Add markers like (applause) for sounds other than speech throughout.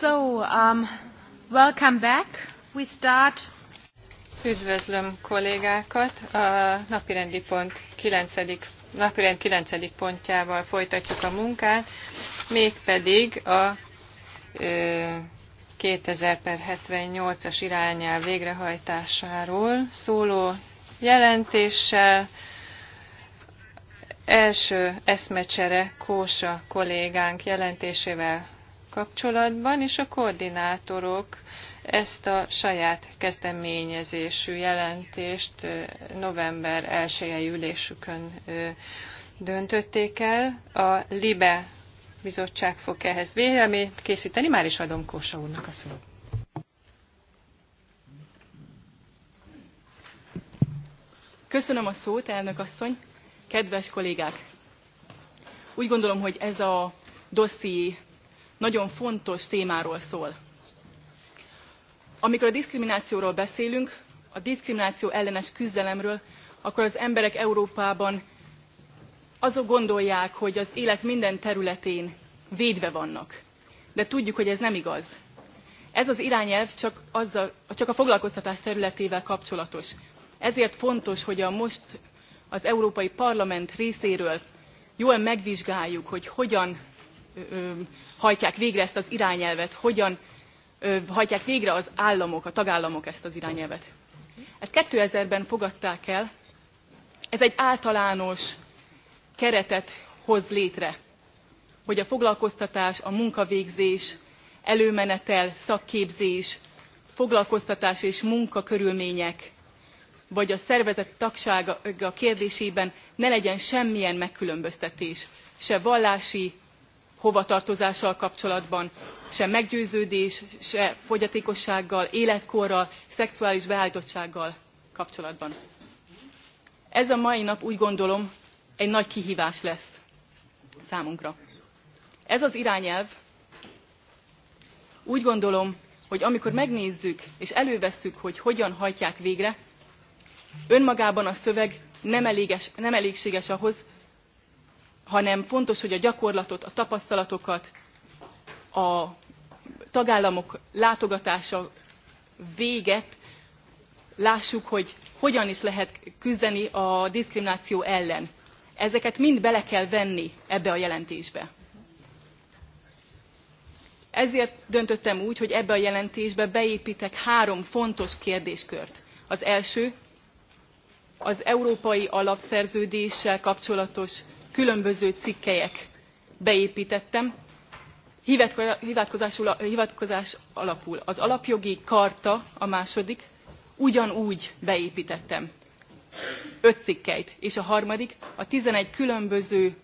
So, um, welcome back. We start. Üdvözlöm kollégákat. A napirendi pont 9. napirend 9. pontjával folytatjuk a munkát, mégpedig a ö, 2000 per 78-as irányel végrehajtásáról szóló jelentéssel. Első eszmecsere Kósa kollégánk jelentésével kapcsolatban, és a koordinátorok ezt a saját kezdeményezésű jelentést november 1-i ülésükön döntötték el. A LIBE bizottság fog ehhez véleményt készíteni. Már is adom Kósa úrnak a szót. Köszönöm a szót, elnök asszony. Kedves kollégák! Úgy gondolom, hogy ez a dosszié nagyon fontos témáról szól. Amikor a diszkriminációról beszélünk, a diszkrimináció ellenes küzdelemről, akkor az emberek Európában azok gondolják, hogy az élet minden területén védve vannak. De tudjuk, hogy ez nem igaz. Ez az irányelv csak, azzal, csak a foglalkoztatás területével kapcsolatos. Ezért fontos, hogy a most az Európai Parlament részéről jól megvizsgáljuk, hogy hogyan hajtják végre ezt az irányelvet, hogyan hajtják végre az államok, a tagállamok ezt az irányelvet. Ezt 2000-ben fogadták el, ez egy általános keretet hoz létre, hogy a foglalkoztatás, a munkavégzés, előmenetel, szakképzés, foglalkoztatás és munkakörülmények, vagy a szervezet tagsága kérdésében ne legyen semmilyen megkülönböztetés, se vallási, hovatartozással kapcsolatban se meggyőződés se fogyatékossággal életkorral szexuális beálltottsággal kapcsolatban. ez a mai nap úgy gondolom egy nagy kihvás lesz számunkra. ez az irányelv úgy gondolom hogy amikor megnézzük és elővesszük hogy hogyan hajtják végre önmagában a szöveg nem, eléges, nem elégséges ahhoz hanem fontos, hogy a gyakorlatot, a tapasztalatokat, a tagállamok látogatása véget lássuk, hogy hogyan is lehet küzdeni a diszkrimináció ellen. Ezeket mind bele kell venni ebbe a jelentésbe. Ezért döntöttem úgy, hogy ebbe a jelentésbe beépítek három fontos kérdéskört. Az első az európai alapszerződéssel kapcsolatos különböző cikkelyek beéptettem hivatkozás alapul az alapjogi karta a második ugyanúgy beéptettem öt cikkelyt és a harmadik a tizenegy különböző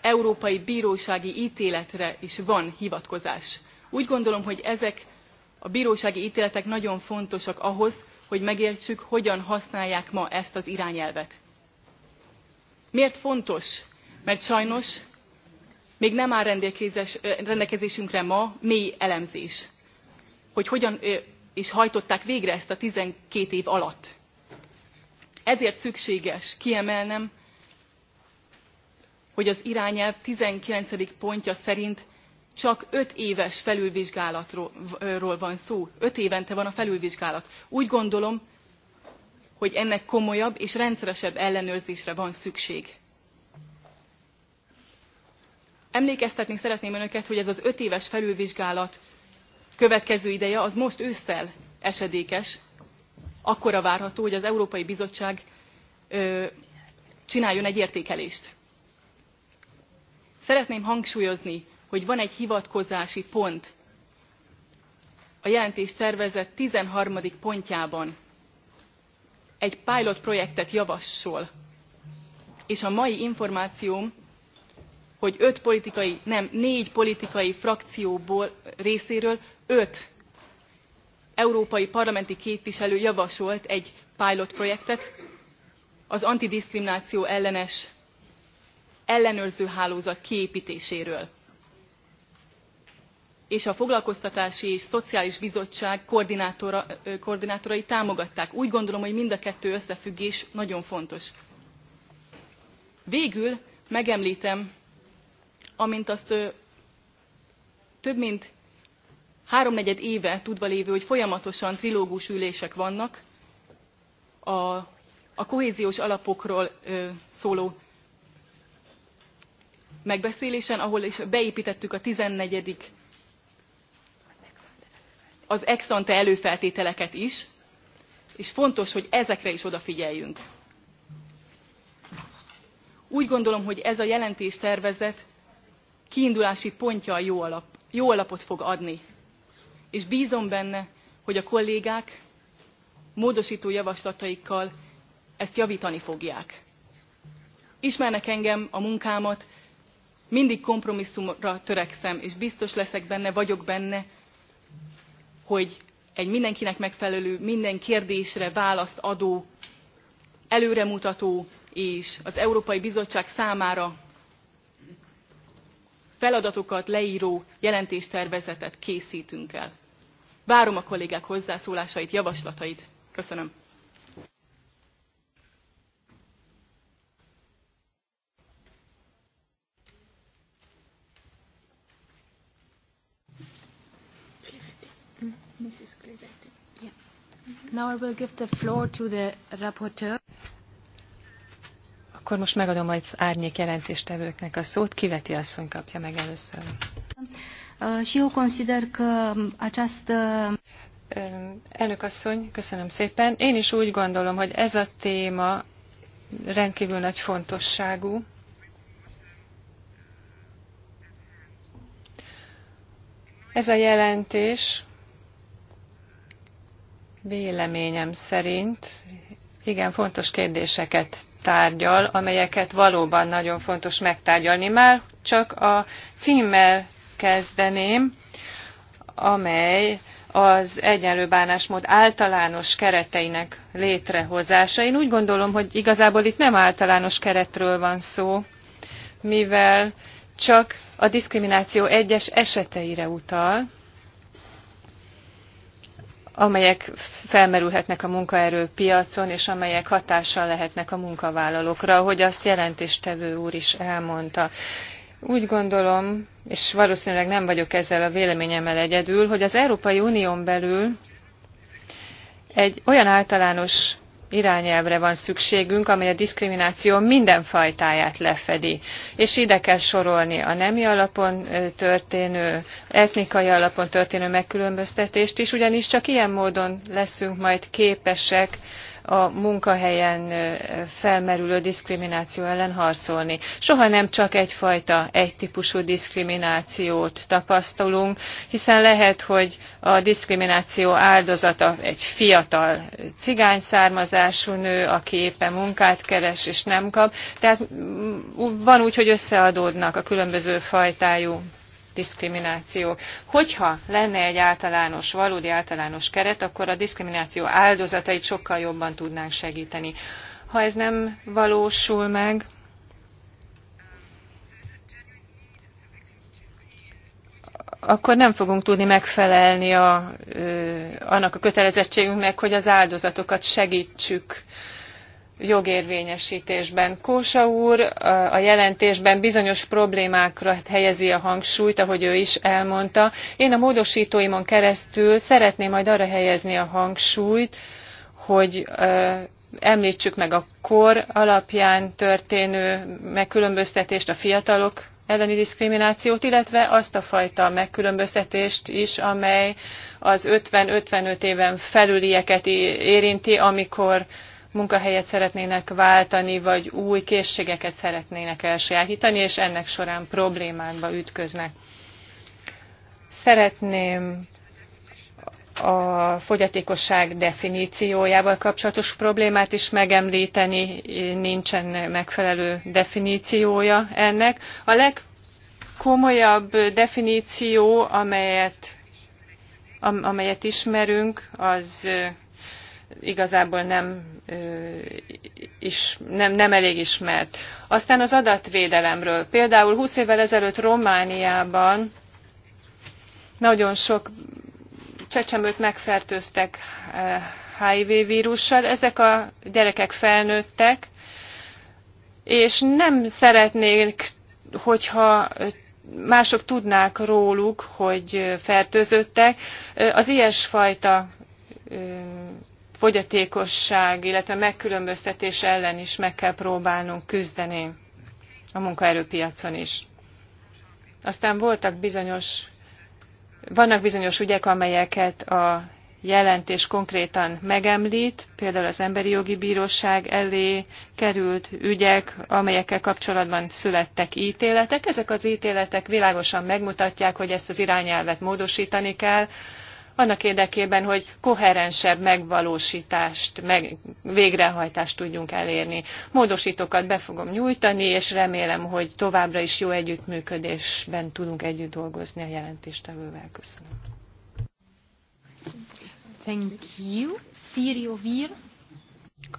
európai brósági téletre is van hivatkozás. úgy gondolom hogy ezek a brósági téletek nagyon fontosak ahhoz hogy megértsük hogyan használják ma ezt az irányelvet. miért fontos mert sajnos még nem áll rendelkezésünkre ma mély elemzés hogy hogyan és hajtották végre ezt a twelve év alatt. ezért szükséges kiemelnem hogy az irányelv nineteen pontja szerint csak 5 éves felülvizsgálatról van szó 5 évente van a felülvizsgálat. úgy gondolom hogy ennek komolyabb és rendszeresebb ellenőrzésre van szükség emlékeztetni szeretném önöket hogy ez az öt éves felülvizsgálat következő ideje az most ősszel esedékes akkora várható hogy az európai bizottság ö, csináljon egy értékelést. szeretném hangsúlyozni hogy van egy hivatkozási pont a jelentés tervezet thirteen pontjában egy pilot projektet javasol és a mai információm hogy öt politikai nem négy politikai frakcióból részéről öt európai parlamenti képviselő javasolt egy pilotprojektet az antidiszkrimináció ellenes ellenőrző hálózat kiépítéséről és a foglalkoztatási és szociális bizottság koordinátora, koordinátorai támogatták. úgy gondolom hogy mind a kettő összefüggés nagyon fontos. végül megemltem amint azt több mint háromnegyed éve tudva lévő, hogy folyamatosan trilógus ülések vannak, a, a kohéziós alapokról ö, szóló megbeszélésen, ahol is beépítettük a 14. az ex-ante előfeltételeket is, és fontos, hogy ezekre is odafigyeljünk. Úgy gondolom, hogy ez a jelentés kiindulási pontja a jó, alap, jó alapot fog adni. És bízom benne, hogy a kollégák módosító javaslataikkal ezt javítani fogják. Ismernek engem, a munkámat, mindig kompromisszumra törekszem, és biztos leszek benne, vagyok benne, hogy egy mindenkinek megfelelő, minden kérdésre választ adó, előremutató és az Európai Bizottság számára feladatokat leíró jelentéstervezetet készítünk el. Várom a kollégák hozzászólásait, javaslatait. Köszönöm. Now I will give the floor to the rapporteur. Akkor most megadom az árnyék jelentéstevőknek a szót. Kiveti asszony kapja meg először. Și eu consider că um, această... Uh, elnök asszony, köszönöm szépen. Én is úgy gondolom, hogy ez a téma rendkívül nagy fontosságú. Ez a jelentés véleményem szerint igen fontos kérdéseket tárgyal, amelyeket valóban nagyon fontos megtárgyalni. Már csak a címmel kezdeném, amely az egyenlő bánásmód általános kereteinek létrehozása. Én úgy gondolom, hogy igazából itt nem általános keretről van szó, mivel csak a diszkrimináció egyes eseteire utal, amelyek felmerülhetnek a munkaerőpiacon, és amelyek hatással lehetnek a munkavállalókra, hogy azt jelentéstevő úr is elmondta. Úgy gondolom, és valószínűleg nem vagyok ezzel a véleményemmel egyedül, hogy az Európai Unión belül egy olyan általános irányelvre van szükségünk, amely a diszkrimináció minden fajtáját lefedi. És ide kell sorolni a nemi alapon történő, etnikai alapon történő megkülönböztetést is, ugyanis csak ilyen módon leszünk majd képesek a munkahelyen felmerülő diszkrimináció ellen harcolni. Soha nem csak egyfajta, egy típusú diszkriminációt tapasztalunk, hiszen lehet, hogy a diszkrimináció áldozata egy fiatal cigány származású nő, aki éppen munkát keres és nem kap. Tehát van úgy, hogy összeadódnak a különböző fajtájú diszkriminációk. Hogyha lenne egy általános, valódi általános keret, akkor a diszkrimináció áldozatait sokkal jobban tudnánk segíteni. Ha ez nem valósul meg, akkor nem fogunk tudni megfelelni a, ö, annak a kötelezettségünknek, hogy az áldozatokat segítsük jogérvényestésben. Kósa úr a jelentésben bizonyos problémákra helyezi a hangsúlyt, ahogy ő is elmondta. Én a módosítóimon keresztül szeretném majd arra helyezni a hangsúlyt, hogy említsük meg a kor alapján történő megkülönböztetést, a fiatalok elleni diszkriminációt, illetve azt a fajta megkülönböztetést is, amely az 50-55 éven felülieket érinti, amikor munkahelyet szeretnének váltani, vagy új készségeket szeretnének elsajátítani, és ennek során problémákba ütköznek. Szeretném a fogyatékosság definíciójával kapcsolatos problémát is megemlíteni, nincsen megfelelő definíciója ennek. A legkomolyabb definíció, amelyet, amelyet ismerünk, az igazából nem, is, nem, nem elég ismert. Aztán az adatvédelemről. Például 20 évvel ezelőtt Romániában nagyon sok csecsemőt megfertőztek HIV vírussal. Ezek a gyerekek felnőttek, és nem szeretnék, hogyha mások tudnák róluk, hogy fertőzöttek. Az ilyesfajta fogyatékosság, illetve megkülönböztetés ellen is meg kell próbálnunk küzdeni a munkaerőpiacon is. Aztán voltak bizonyos, vannak bizonyos ügyek, amelyeket a jelentés konkrétan megemlít, például az Emberi Jogi Bíróság elé került ügyek, amelyekkel kapcsolatban születtek ítéletek. Ezek az ítéletek világosan megmutatják, hogy ezt az irányelvet módosítani kell, annak érdekében, hogy koherensebb megvalósítást, meg, végrehajtást tudjunk elérni. Módosítókat be fogom nyújtani, és remélem, hogy továbbra is jó együttműködésben tudunk együtt dolgozni a jelentéstevővel. Köszönöm. Thank you. Sirio Vir.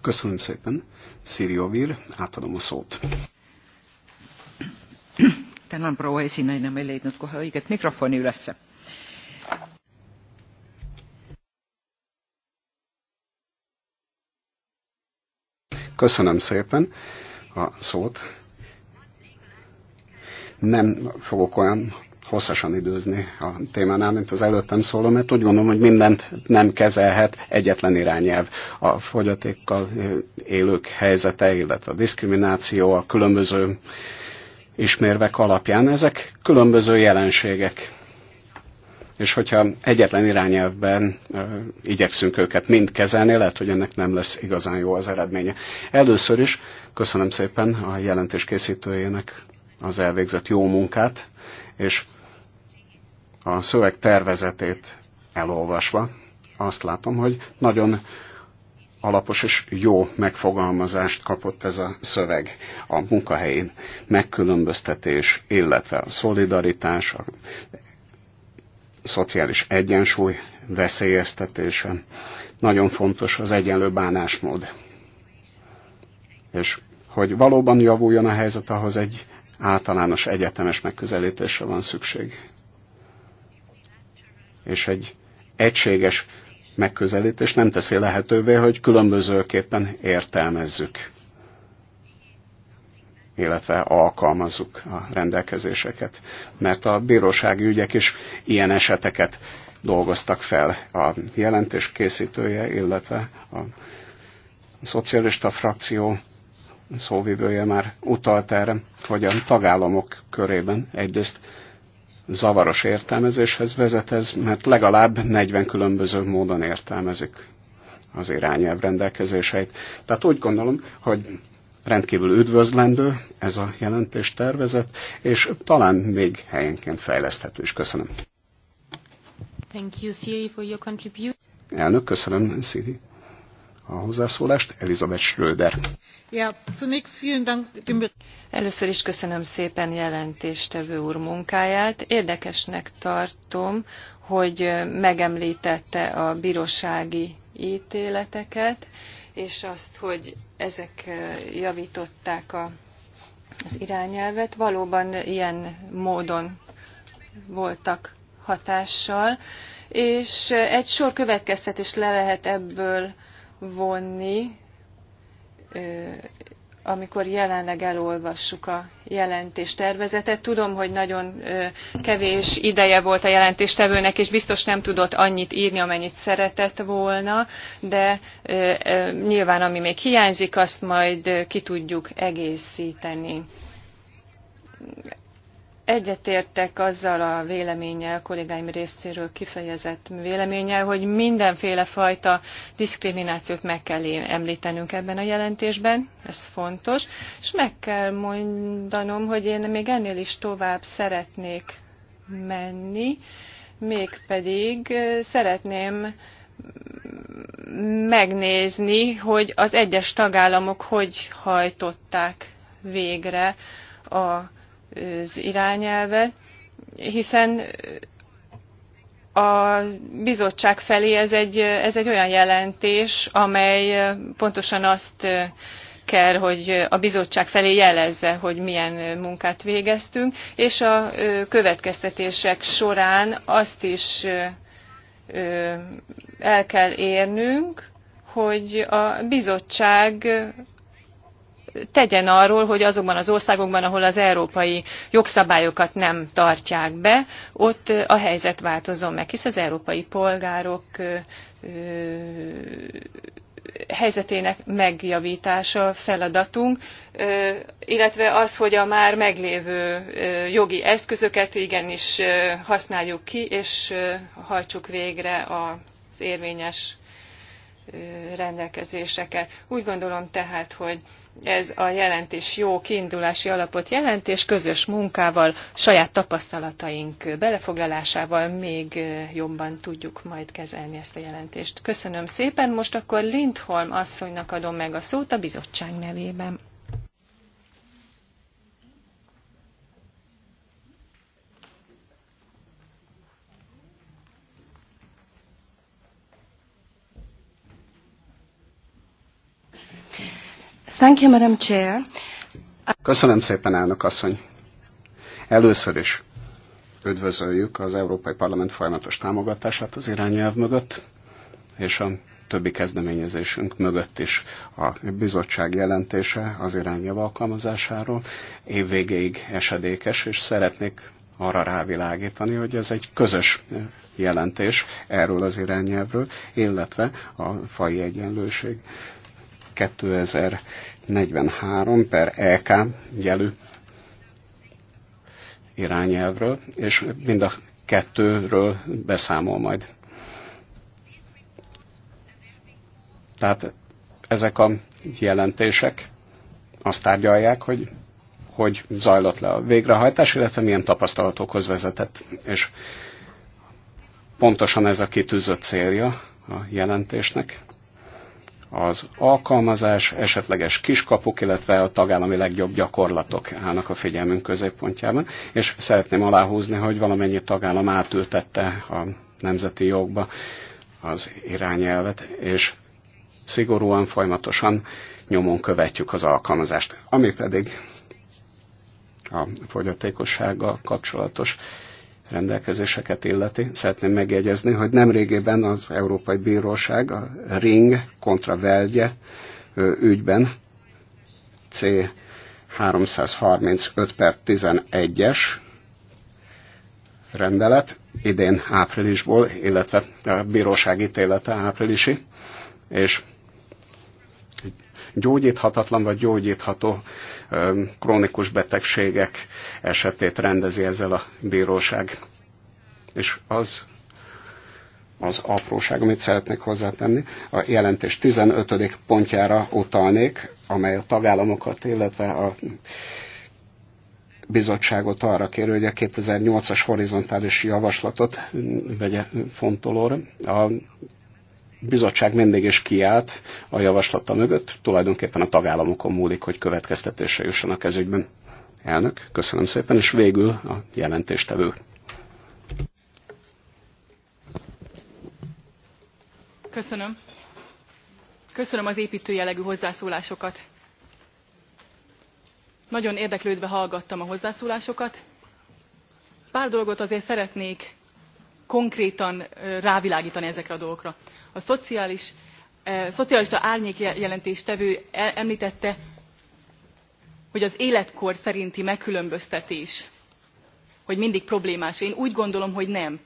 Köszönöm szépen. Sirio Vir, átadom a szót. Tänan proua esinaine, me ei leidnud kohe õiget mikrofoni ülesse Köszönöm szépen a szót. Nem fogok olyan hosszasan időzni a témánál, mint az előttem szóló, mert úgy gondolom, hogy mindent nem kezelhet egyetlen irányelv. A fogyatékkal élők helyzete, illetve a diszkrimináció, a különböző ismérvek alapján ezek különböző jelenségek és hogyha egyetlen irányelvben igyekszünk őket mind kezelni, lehet, hogy ennek nem lesz igazán jó az eredménye. Először is köszönöm szépen a jelentés készítőjének az elvégzett jó munkát, és a szöveg tervezetét elolvasva azt látom, hogy nagyon alapos és jó megfogalmazást kapott ez a szöveg a munkahelyén. Megkülönböztetés, illetve a szolidaritás, a szociális egyensúly veszélyeztetése. Nagyon fontos az egyenlő bánásmód. És hogy valóban javuljon a helyzet, ahhoz egy általános egyetemes megközelítésre van szükség. És egy egységes megközelítés nem teszi lehetővé, hogy különbözőképpen értelmezzük illetve alkalmazzuk a rendelkezéseket. Mert a bírósági ügyek is ilyen eseteket dolgoztak fel a jelentés készítője, illetve a szocialista frakció szóvivője már utalt erre, hogy a tagállamok körében egyrészt zavaros értelmezéshez vezet ez, mert legalább 40 különböző módon értelmezik az irányelv rendelkezéseit. Tehát úgy gondolom, hogy rendkívül üdvözlendő ez a jelentés tervezet, és talán még helyenként fejleszthető is. Köszönöm. Thank you, Siri, for your contribution. Elnök, köszönöm, Siri. A hozzászólást Elizabeth Schröder. Először is köszönöm szépen jelentéstevő úr munkáját. Érdekesnek tartom, hogy megemlítette a bírósági ítéleteket és azt, hogy ezek eh, javították a, az irányelvet. Valóban ilyen módon voltak hatással, és egy sor következtetést le lehet ebből vonni, eh, amikor jelenleg elolvassuk a jelentéstervezetet. Tudom, hogy nagyon kevés ideje volt a jelentéstevőnek, és biztos nem tudott annyit írni, amennyit szeretett volna, de nyilván ami még hiányzik, azt majd ki tudjuk egészíteni Egyetértek azzal a véleménnyel, kollégáim részéről kifejezett véleménnyel, hogy mindenféle fajta diszkriminációt meg kell említenünk ebben a jelentésben, ez fontos, és meg kell mondanom, hogy én még ennél is tovább szeretnék menni, mégpedig szeretném megnézni, hogy az egyes tagállamok hogy hajtották végre a az irányelve, hiszen a bizottság felé ez egy, ez egy olyan jelentés, amely pontosan azt kell, hogy a bizottság felé jelezze, hogy milyen munkát végeztünk, és a következtetések során azt is el kell érnünk, hogy a bizottság tegyen arról, hogy azokban az országokban, ahol az európai jogszabályokat nem tartják be, ott a helyzet változom, meg, hisz az európai polgárok helyzetének megjavítása feladatunk, illetve az, hogy a már meglévő jogi eszközöket igenis használjuk ki, és hajtsuk végre az érvényes rendelkezéseket. Úgy gondolom tehát, hogy ez a jelentés jó kiindulási alapot jelent, és közös munkával, saját tapasztalataink belefoglalásával még jobban tudjuk majd kezelni ezt a jelentést. Köszönöm szépen, most akkor Lindholm asszonynak adom meg a szót a bizottság nevében. Thank you, Madam Chair. Köszönöm szépen, elnök asszony. Először is üdvözöljük az Európai Parlament folyamatos támogatását az irányelv mögött, és a többi kezdeményezésünk mögött is a bizottság jelentése az irányelv alkalmazásáról évvégéig esedékes, és szeretnék arra rávilágítani, hogy ez egy közös jelentés erről az irányelvről, illetve a fai egyenlőség 2043 per EK jelű irányelvről, és mind a kettőről beszámol majd. Tehát ezek a jelentések azt tárgyalják, hogy hogy zajlott le a végrehajtás, illetve milyen tapasztalatokhoz vezetett. És pontosan ez a kitűzött célja a jelentésnek, az alkalmazás, esetleges kiskapuk, illetve a tagállami legjobb gyakorlatok állnak a figyelmünk középpontjában, és szeretném aláhúzni, hogy valamennyi tagállam átültette a nemzeti jogba az irányelvet, és szigorúan, folyamatosan nyomon követjük az alkalmazást. Ami pedig a fogyatékossággal kapcsolatos rendelkezéseket illeti, szeretném megjegyezni, hogy nemrégében az Európai Bíróság a Ring kontra Velgye ügyben C 335 per 11-es rendelet idén áprilisból, illetve a bíróság ítélete áprilisi, és gyógyíthatatlan vagy gyógyítható krónikus betegségek esetét rendezi ezzel a bíróság. És az az apróság, amit szeretnék hozzátenni. A jelentés 15. pontjára utalnék, amely a tagállamokat, illetve a bizottságot arra kérő, hogy a 2008-as horizontális javaslatot vegye fontolóra. A bizottság mindig is kiállt a javaslata mögött, tulajdonképpen a tagállamokon múlik, hogy következtetése jussanak ez ügyben. Elnök, köszönöm szépen, és végül a jelentéstevő. Köszönöm. Köszönöm az építő jellegű hozzászólásokat. Nagyon érdeklődve hallgattam a hozzászólásokat. Pár dolgot azért szeretnék konkrétan rávilágítani ezekre a dolgokra a szociális, eh, szocialista jelentéstevő említette, hogy az életkor szerinti megkülönböztetés, hogy mindig problémás. Én úgy gondolom, hogy nem.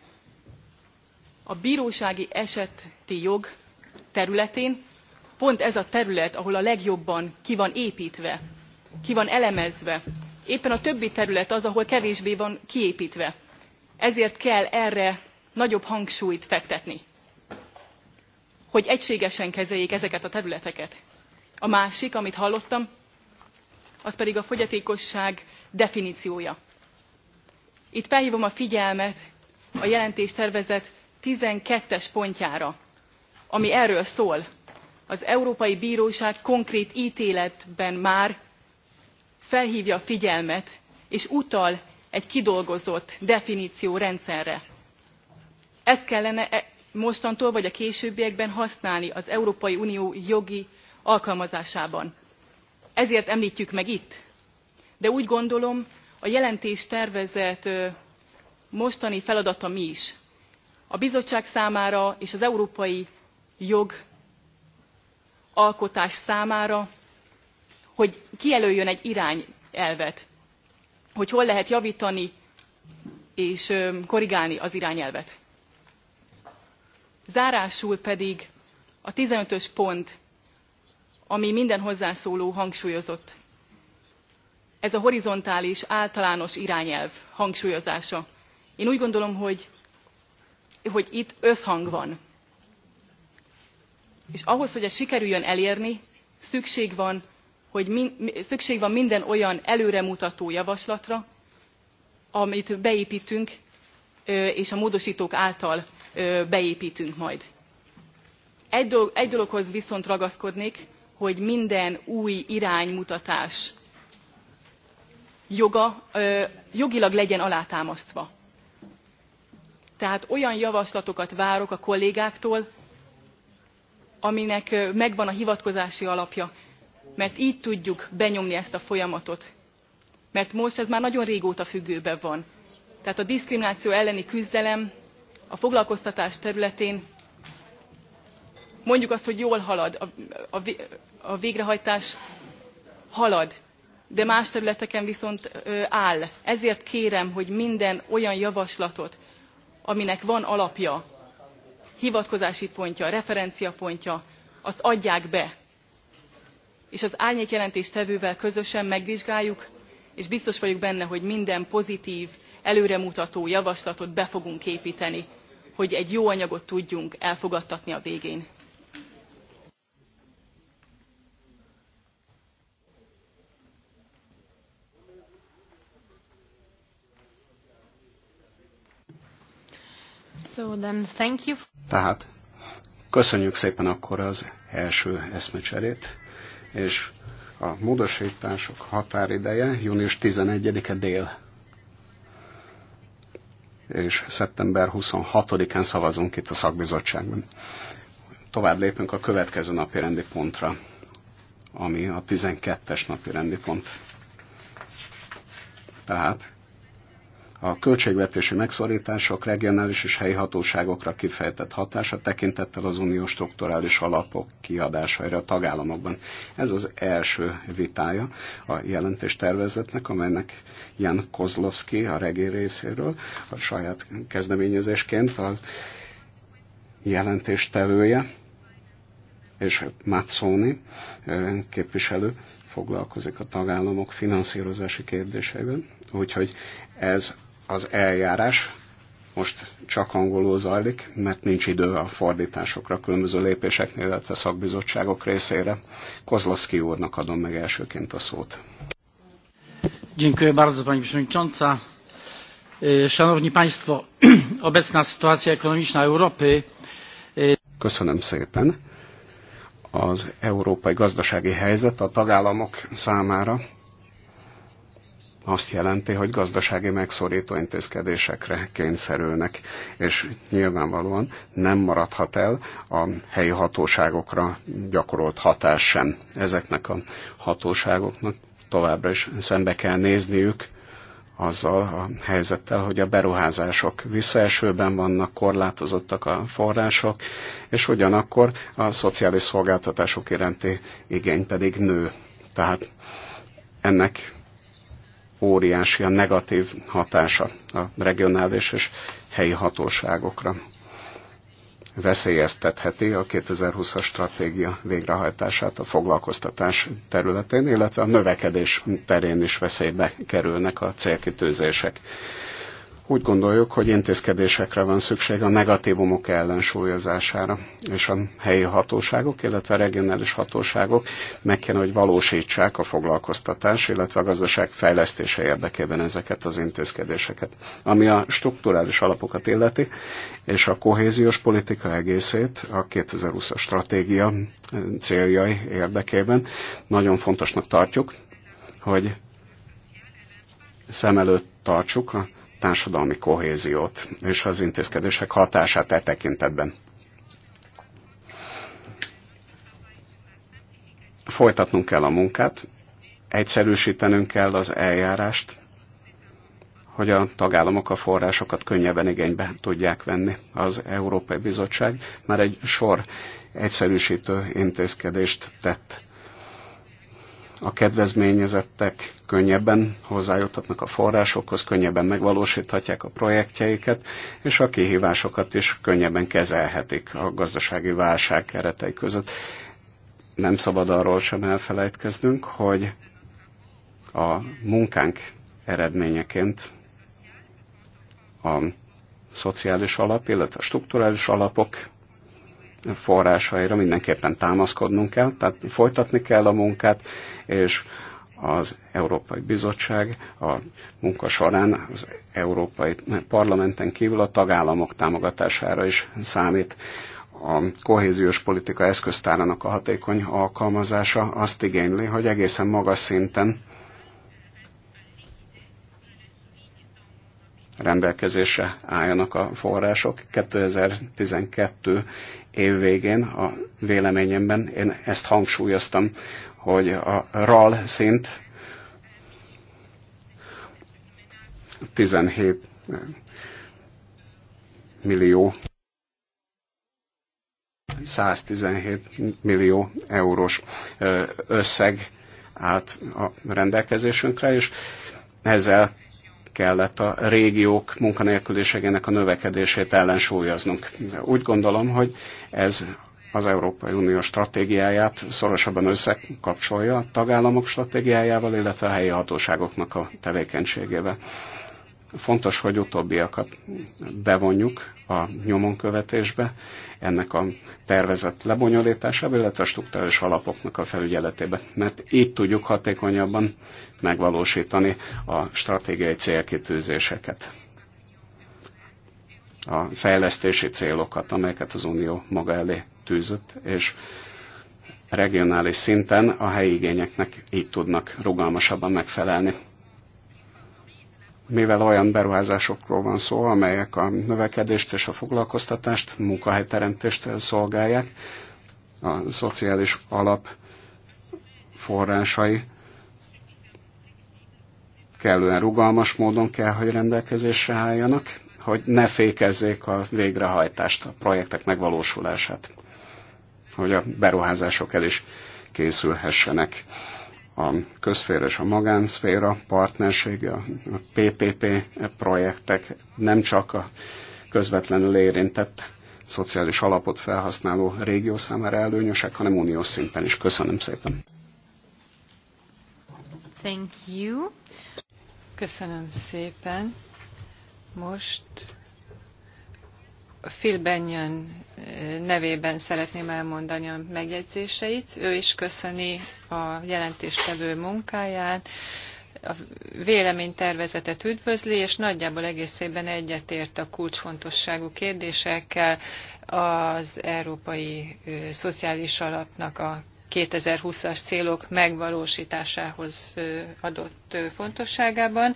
A bírósági eseti jog területén pont ez a terület, ahol a legjobban ki van építve, ki van elemezve. Éppen a többi terület az, ahol kevésbé van kiépítve. Ezért kell erre nagyobb hangsúlyt fektetni hogy egységesen kezeljék ezeket a területeket. a másik amit hallottam az pedig a fogyatékosság definíciója. itt felhívom a figyelmet a jelentéstervezet 12 es pontjára ami erről szól az európai bíróság konkrét ítéletben már felhívja a figyelmet és utal egy kidolgozott definciórendszerre. ezt kellene mostantól vagy a későbbiekben használni az európai unió jogi alkalmazásában. ezért emltjük meg itt de úgy gondolom a jelentéstervezet mostani feladata mi is a bizottság számára és az európai jog alkotás számára hogy kijelöljön egy irányelvet hogy hol lehet javtani és korrigálni az irányelvet zárásul pedig a fifteen ös pont ami minden hozzászóló hangsúlyozott ez a horizontális általános irányelv hangsúlyozása. én úgy gondolom hogy, hogy itt összhang van és ahhoz hogy ezt sikerüljön elérni szükség van, hogy min, szükség van minden olyan előremutató javaslatra amit beépítünk és a módosítók által beépítünk majd. Egy, dolog, egy dologhoz viszont ragaszkodnék, hogy minden új iránymutatás joga, jogilag legyen alátámasztva. Tehát olyan javaslatokat várok a kollégáktól, aminek megvan a hivatkozási alapja, mert így tudjuk benyomni ezt a folyamatot. Mert most ez már nagyon régóta függőben van. Tehát a diszkrimináció elleni küzdelem a foglalkoztatás területén mondjuk azt, hogy jól halad, a, végrehajtás halad, de más területeken viszont áll. Ezért kérem, hogy minden olyan javaslatot, aminek van alapja, hivatkozási pontja, referenciapontja, azt adják be. És az árnyékjelentéstevővel közösen megvizsgáljuk, és biztos vagyok benne, hogy minden pozitív, előremutató javaslatot be fogunk építeni hogy egy jó anyagot tudjunk elfogadtatni a végén. So then, thank you. Tehát köszönjük szépen akkor az első eszmecserét, és a módosítások határideje június 11-e dél és szeptember 26-án szavazunk itt a szakbizottságban. Tovább lépünk a következő napi rendi pontra, ami a 12-es napi rendi pont. Tehát a költségvetési megszorítások regionális és helyi hatóságokra kifejtett hatása tekintettel az unió strukturális alapok kiadásaira a tagállamokban. Ez az első vitája a jelentés tervezetnek amelynek Jan Kozlovski a regény részéről a saját kezdeményezésként a jelentéstevője, és Mazzoni képviselő foglalkozik a tagállamok finanszírozási kérdéseivel, úgyhogy ez az eljárás most csak angolul zajlik, mert nincs idő a fordításokra, különböző lépéseknél, illetve szakbizottságok részére. Kozlovszki úrnak adom meg elsőként a szót. Dziękuję bardzo Pani Przewodnicząca. E, szanowni Państwo, (clears throat) obecna sytuacja ekonomiczna Europy. E, Köszönöm szépen. Az európai gazdasági helyzet a tagállamok számára azt jelenti, hogy gazdasági megszorító intézkedésekre kényszerülnek, és nyilvánvalóan nem maradhat el a helyi hatóságokra gyakorolt hatás sem. Ezeknek a hatóságoknak továbbra is szembe kell nézniük azzal a helyzettel, hogy a beruházások visszaesőben vannak, korlátozottak a források, és ugyanakkor a szociális szolgáltatások iránti igény pedig nő. Tehát ennek óriási a negatív hatása a regionális és helyi hatóságokra. Veszélyeztetheti a 2020-as stratégia végrehajtását a foglalkoztatás területén, illetve a növekedés terén is veszélybe kerülnek a célkitűzések. Úgy gondoljuk, hogy intézkedésekre van szükség a negatívumok ellensúlyozására, és a helyi hatóságok, illetve a regionális hatóságok meg kell, hogy valósítsák a foglalkoztatás, illetve a gazdaság fejlesztése érdekében ezeket az intézkedéseket. Ami a strukturális alapokat illeti, és a kohéziós politika egészét a 2020-as stratégia céljai érdekében nagyon fontosnak tartjuk, hogy szem előtt tartsuk a társadalmi kohéziót és az intézkedések hatását e tekintetben. Folytatnunk kell a munkát, egyszerűsítenünk kell az eljárást, hogy a tagállamok a forrásokat könnyebben igénybe tudják venni. Az Európai Bizottság már egy sor egyszerűsítő intézkedést tett a kedvezményezettek könnyebben hozzájuthatnak a forrásokhoz, könnyebben megvalósíthatják a projektjeiket, és a kihívásokat is könnyebben kezelhetik a gazdasági válság keretei között. Nem szabad arról sem elfelejtkeznünk, hogy a munkánk eredményeként a szociális alap, illetve a strukturális alapok forrásaira mindenképpen támaszkodnunk kell, tehát folytatni kell a munkát, és az Európai Bizottság a munka során az Európai Parlamenten kívül a tagállamok támogatására is számít. A kohéziós politika eszköztárának a hatékony alkalmazása azt igényli, hogy egészen magas szinten rendelkezésre álljanak a források. 2012 év végén a véleményemben én ezt hangsúlyoztam, hogy a RAL szint 17 millió 117 millió eurós összeg állt a rendelkezésünkre, és ezzel kellett a régiók munkanélküliségének a növekedését ellensúlyoznunk. Úgy gondolom, hogy ez az Európai Unió stratégiáját szorosabban összekapcsolja a tagállamok stratégiájával, illetve a helyi hatóságoknak a tevékenységével. Fontos, hogy utóbbiakat bevonjuk a nyomonkövetésbe, ennek a tervezett lebonyolításába, illetve a struktúrális alapoknak a felügyeletébe, mert így tudjuk hatékonyabban megvalósítani a stratégiai célkitűzéseket a fejlesztési célokat, amelyeket az Unió maga elé tűzött, és regionális szinten a helyi igényeknek így tudnak rugalmasabban megfelelni mivel olyan beruházásokról van szó, amelyek a növekedést és a foglalkoztatást, munkahelyteremtést szolgálják, a szociális alap forrásai kellően rugalmas módon kell, hogy rendelkezésre álljanak, hogy ne fékezzék a végrehajtást, a projektek megvalósulását, hogy a beruházások el is készülhessenek a közszféra és a magánszféra partnersége, a PPP projektek nem csak a közvetlenül érintett szociális alapot felhasználó régió számára előnyösek, hanem uniós szinten is. Köszönöm szépen. Thank you. Köszönöm szépen. Most Phil Benyon eh, nevében szeretném elmondani a megjegyzéseit. Ő is köszöni a jelentéstevő munkáját, a véleménytervezetet üdvözli, és nagyjából egészében egyetért a kulcsfontosságú kérdésekkel az Európai Szociális Alapnak a 2020-as célok megvalósításához adott fontosságában.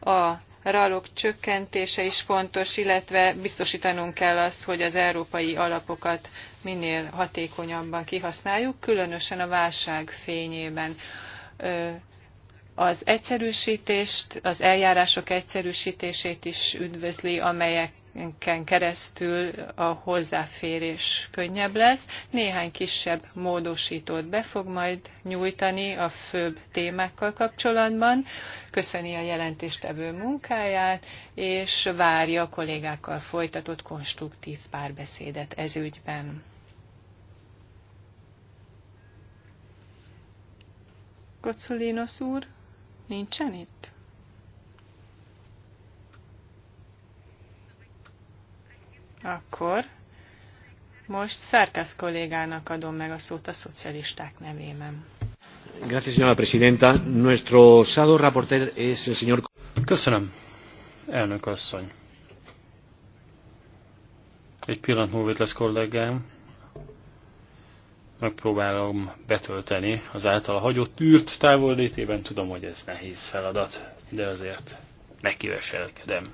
A ralok csökkentése is fontos, illetve biztosítanunk kell azt, hogy az európai alapokat minél hatékonyabban kihasználjuk, különösen a válság fényében. Az egyszerűsítést, az eljárások egyszerűsítését is üdvözli, amelyek ezeken keresztül a hozzáférés könnyebb lesz. Néhány kisebb módosítót be fog majd nyújtani a főbb témákkal kapcsolatban. Köszöni a jelentéstevő munkáját, és várja a kollégákkal folytatott konstruktív párbeszédet ez ügyben. Kocsulinos úr, nincsen itt? Akkor most Szerkesz kollégának adom meg a szót a szocialisták nevében. Gracias, señora presidenta. Nuestro shadow rapporteur es el señor... Köszönöm, elnök asszony. Egy pillanat múlva lesz kollégám. Megpróbálom betölteni az általa hagyott űrt távollétében. Tudom, hogy ez nehéz feladat, de azért nekiveselkedem.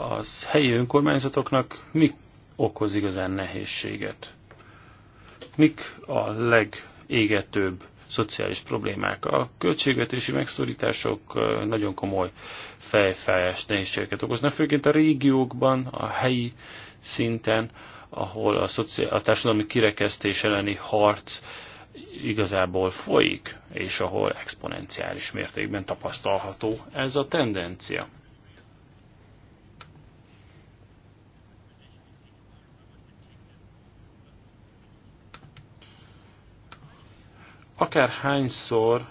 az helyi önkormányzatoknak mi okoz igazán nehézséget? Mik a legégetőbb szociális problémák? A költségvetési megszorítások nagyon komoly fejfájás nehézségeket okoznak, főként a régiókban, a helyi szinten, ahol a, a társadalmi kirekesztés elleni harc igazából folyik, és ahol exponenciális mértékben tapasztalható ez a tendencia. akár hányszor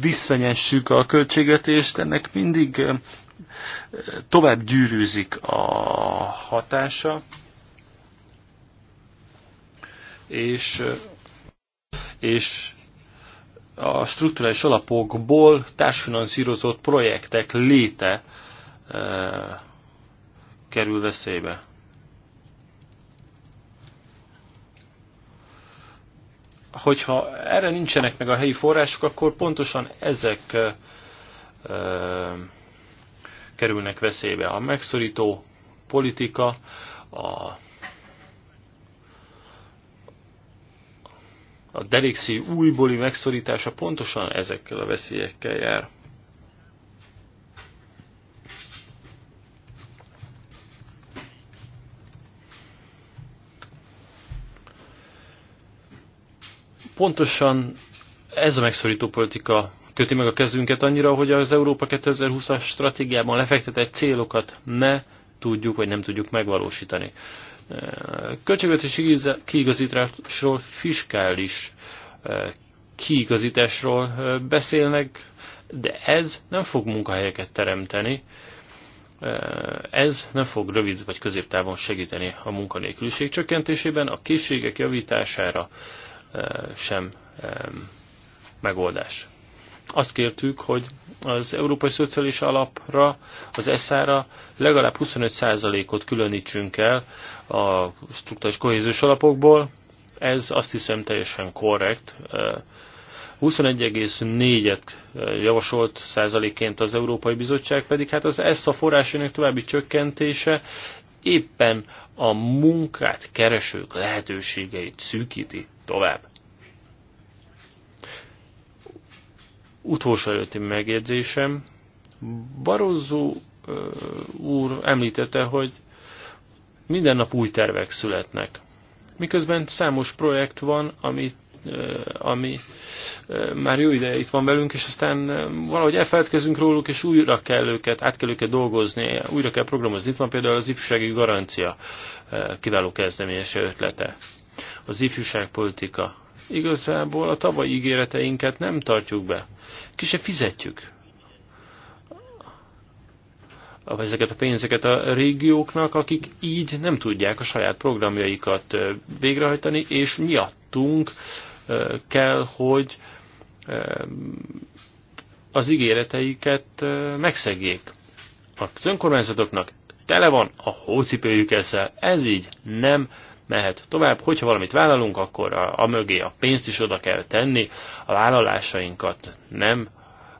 visszanyessük a költségvetést, ennek mindig tovább gyűrűzik a hatása, és, és a strukturális alapokból társfinanszírozott projektek léte kerül veszélybe. Hogyha erre nincsenek meg a helyi források, akkor pontosan ezek kerülnek veszélybe. A megszorító politika, a, a derékszív újbóli megszorítása pontosan ezekkel a veszélyekkel jár. Pontosan ez a megszorító politika köti meg a kezünket annyira, hogy az Európa 2020-as stratégiában lefektetett célokat ne tudjuk, vagy nem tudjuk megvalósítani. Költségvetési kiigazításról, fiskális eh, kiigazításról eh, beszélnek, de ez nem fog munkahelyeket teremteni, eh, ez nem fog rövid vagy középtávon segíteni a munkanélküliség csökkentésében, a készségek javítására, sem megoldás. Azt kértük, hogy az Európai Szociális Alapra, az ESZÁ-ra legalább 25%-ot különítsünk el a struktúrás kohéziós alapokból. Ez azt hiszem teljesen korrekt. 21,4-et javasolt százalékként az Európai Bizottság, pedig hát az ESZA forrásainak további csökkentése éppen a munkát keresők lehetőségeit szűkíti tovább. Utolsó előtti megjegyzésem. Barozzó úr említette, hogy minden nap új tervek születnek. Miközben számos projekt van, amit ami már jó ideje itt van velünk, és aztán valahogy elfeledkezünk róluk, és újra kell őket, át kell őket dolgozni, újra kell programozni. Itt van például az ifjúsági garancia kiváló kezdeményes ötlete. Az ifjúságpolitika. Igazából a tavalyi ígéreteinket nem tartjuk be. Ki se fizetjük ezeket a pénzeket a régióknak, akik így nem tudják a saját programjaikat végrehajtani, és miattunk kell, hogy az ígéreteiket megszegjék. A önkormányzatoknak tele van a hócipőjük ezzel. Ez így nem mehet tovább. Hogyha valamit vállalunk, akkor a, a mögé a pénzt is oda kell tenni, a vállalásainkat nem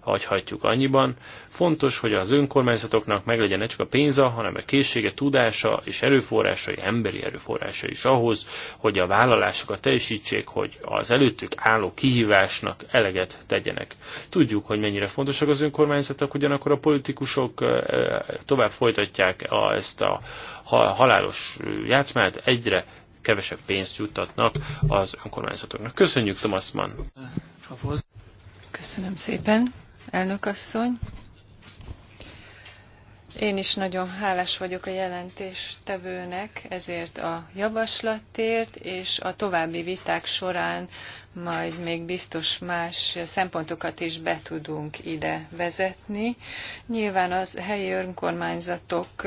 hagyhatjuk annyiban. Fontos, hogy az önkormányzatoknak meglegyen ne csak a pénza, hanem a készsége, tudása és erőforrásai, emberi erőforrása is ahhoz, hogy a vállalásokat teljesítsék, hogy az előttük álló kihívásnak eleget tegyenek. Tudjuk, hogy mennyire fontosak az önkormányzatok, ugyanakkor a politikusok tovább folytatják ezt a halálos játszmát, egyre kevesebb pénzt juttatnak az önkormányzatoknak. Köszönjük, Thomas Mann! Köszönöm szépen! elnök asszony. Én is nagyon hálás vagyok a jelentéstevőnek ezért a javaslatért, és a további viták során majd még biztos más szempontokat is be tudunk ide vezetni. Nyilván az helyi önkormányzatok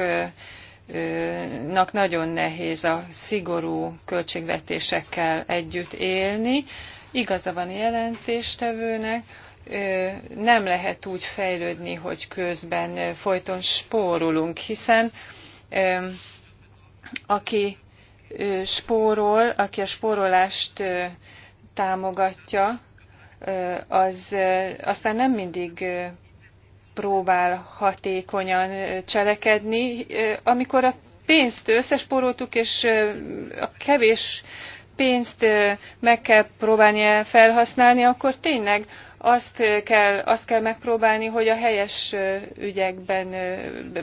nagyon nehéz a szigorú költségvetésekkel együtt élni. Igaza van a jelentéstevőnek, nem lehet úgy fejlődni, hogy közben folyton spórolunk, hiszen aki spórol, aki a spórolást támogatja, az aztán nem mindig próbál hatékonyan cselekedni. Amikor a pénzt összespóroltuk, és a kevés pénzt meg kell próbálni felhasználni, akkor tényleg azt kell, azt kell megpróbálni, hogy a helyes ügyekben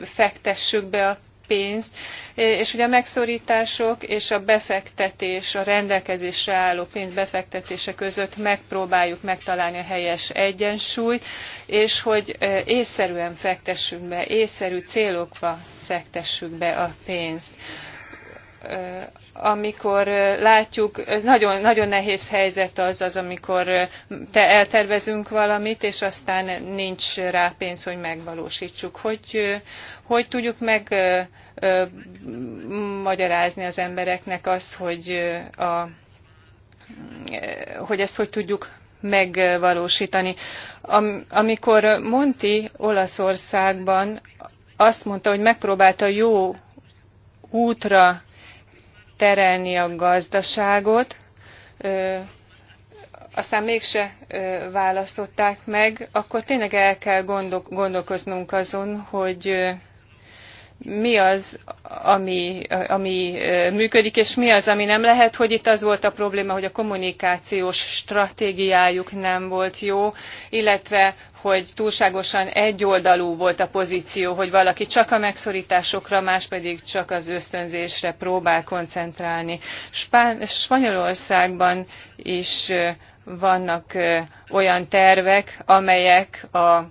fektessük be a pénzt, és hogy a megszorítások és a befektetés, a rendelkezésre álló pénz befektetése között megpróbáljuk megtalálni a helyes egyensúlyt, és hogy észszerűen fektessünk be, észszerű célokba fektessük be a pénzt. Eh, amikor eh, látjuk, eh, nagyon, nagyon nehéz helyzet az, az, amikor te eltervezünk valamit, és aztán nincs rá pénz, hogy megvalósítsuk. Hogy, hogy tudjuk meg magyarázni az embereknek azt, hogy, a, hogy ezt hogy tudjuk megvalósítani. Am, amikor Monti Olaszországban azt mondta, hogy megpróbálta jó útra terelni a gazdaságot, aztán mégse választották meg, akkor tényleg el kell gondol, gondolkoznunk azon, hogy mi az, ami, ami működik, és mi az, ami nem lehet, hogy itt az volt a probléma, hogy a kommunikációs stratégiájuk nem volt jó, illetve hogy túlságosan egyoldalú volt a pozíció, hogy valaki csak a megszorításokra, más pedig csak az ösztönzésre próbál koncentrálni. Spán- Spanyolországban is vannak olyan tervek, amelyek a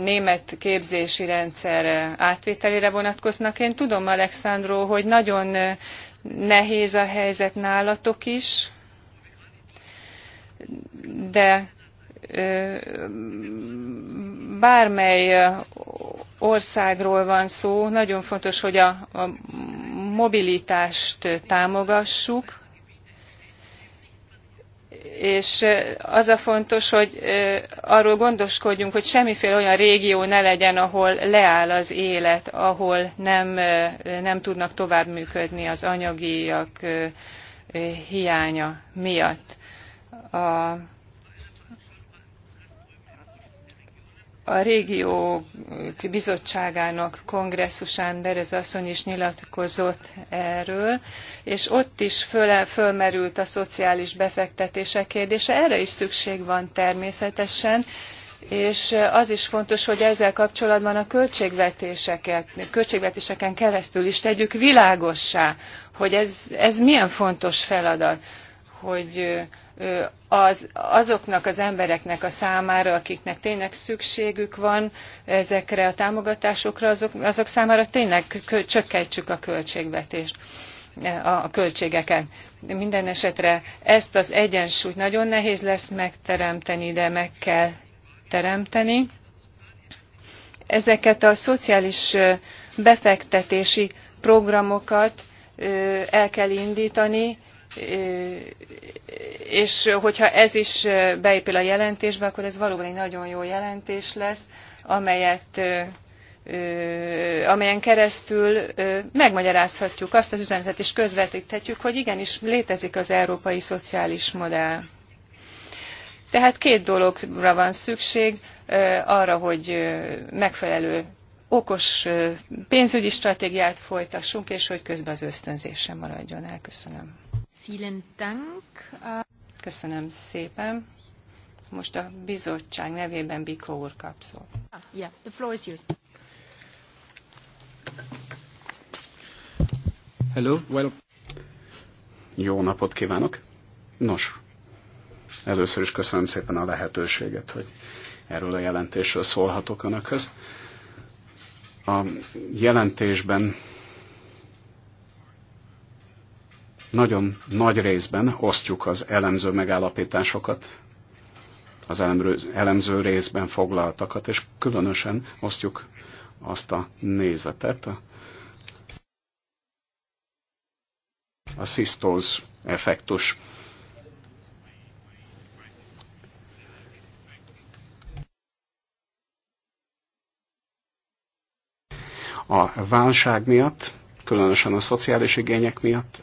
német képzési rendszer átvételére vonatkoznak. Én tudom, Alexandró, hogy nagyon nehéz a helyzet nálatok is, de bármely országról van szó, nagyon fontos, hogy a mobilitást támogassuk, és az a fontos, hogy arról gondoskodjunk, hogy semmiféle olyan régió ne legyen, ahol leáll az élet, ahol nem, nem tudnak tovább működni az anyagiak hiánya miatt. A a régió bizottságának kongresszusán Berez asszony is nyilatkozott erről, és ott is föl, fölmerült a szociális befektetések kérdése. Erre is szükség van természetesen, és az is fontos, hogy ezzel kapcsolatban a költségvetéseket, költségvetéseken keresztül is tegyük világossá, hogy ez, ez milyen fontos feladat, hogy az, azoknak az embereknek a számára, akiknek tényleg szükségük van ezekre a támogatásokra, azok, azok számára tényleg kö, csökkentsük a költségvetést, a, a költségeken. De minden esetre ezt az egyensúlyt nagyon nehéz lesz megteremteni, de meg kell teremteni. Ezeket a szociális befektetési programokat el kell indítani, és hogyha ez is beépül a jelentésbe, akkor ez valóban egy nagyon jó jelentés lesz, amelyet amelyen keresztül megmagyarázhatjuk azt az üzenetet, és közvetíthetjük, hogy igenis létezik az európai szociális modell. Tehát két dologra van szükség, arra, hogy megfelelő okos pénzügyi stratégiát folytassunk, és hogy közben az ösztönzés sem maradjon el. Vielen Dank. Köszönöm szépen. Most a bizottság nevében Biko úr kap szó. Ah, yeah, the floor is yours. Hello, well. Jó napot kívánok! Nos, először is köszönöm szépen a lehetőséget, hogy erről a jelentésről szólhatok önökhöz. A jelentésben nagyon nagy részben osztjuk az elemző megállapításokat, az elemző részben foglaltakat, és különösen osztjuk azt a nézetet, a szisztóz effektus. A válság miatt, különösen a szociális igények miatt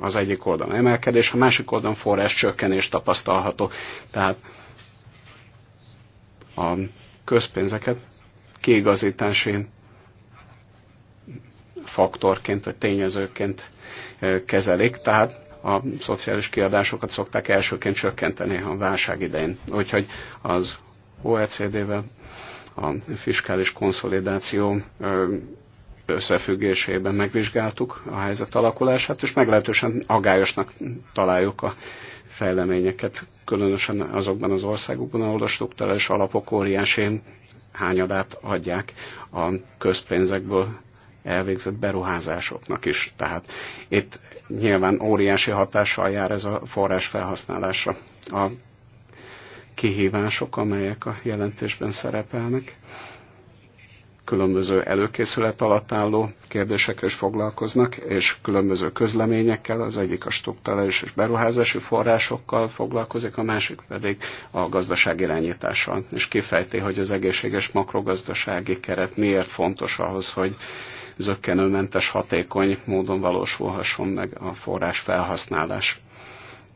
az egyik oldalon emelkedés, a másik oldalon forrás csökkenés tapasztalható. Tehát a közpénzeket kiigazítási faktorként vagy tényezőként kezelik, tehát a szociális kiadásokat szokták elsőként csökkenteni a válság idején. Úgyhogy az OECD-vel a fiskális konszolidáció összefüggésében megvizsgáltuk a helyzet alakulását, és meglehetősen agályosnak találjuk a fejleményeket, különösen azokban az országokban, ahol a struktúrális alapok óriási hányadát adják a közpénzekből elvégzett beruházásoknak is. Tehát itt nyilván óriási hatással jár ez a forrás felhasználásra. A kihívások, amelyek a jelentésben szerepelnek, különböző előkészület alatt álló kérdésekkel is foglalkoznak, és különböző közleményekkel, az egyik a struktúrális és beruházási forrásokkal foglalkozik, a másik pedig a irányítással, és kifejti, hogy az egészséges makrogazdasági keret miért fontos ahhoz, hogy zöggenőmentes, hatékony módon valósulhasson meg a forrás felhasználás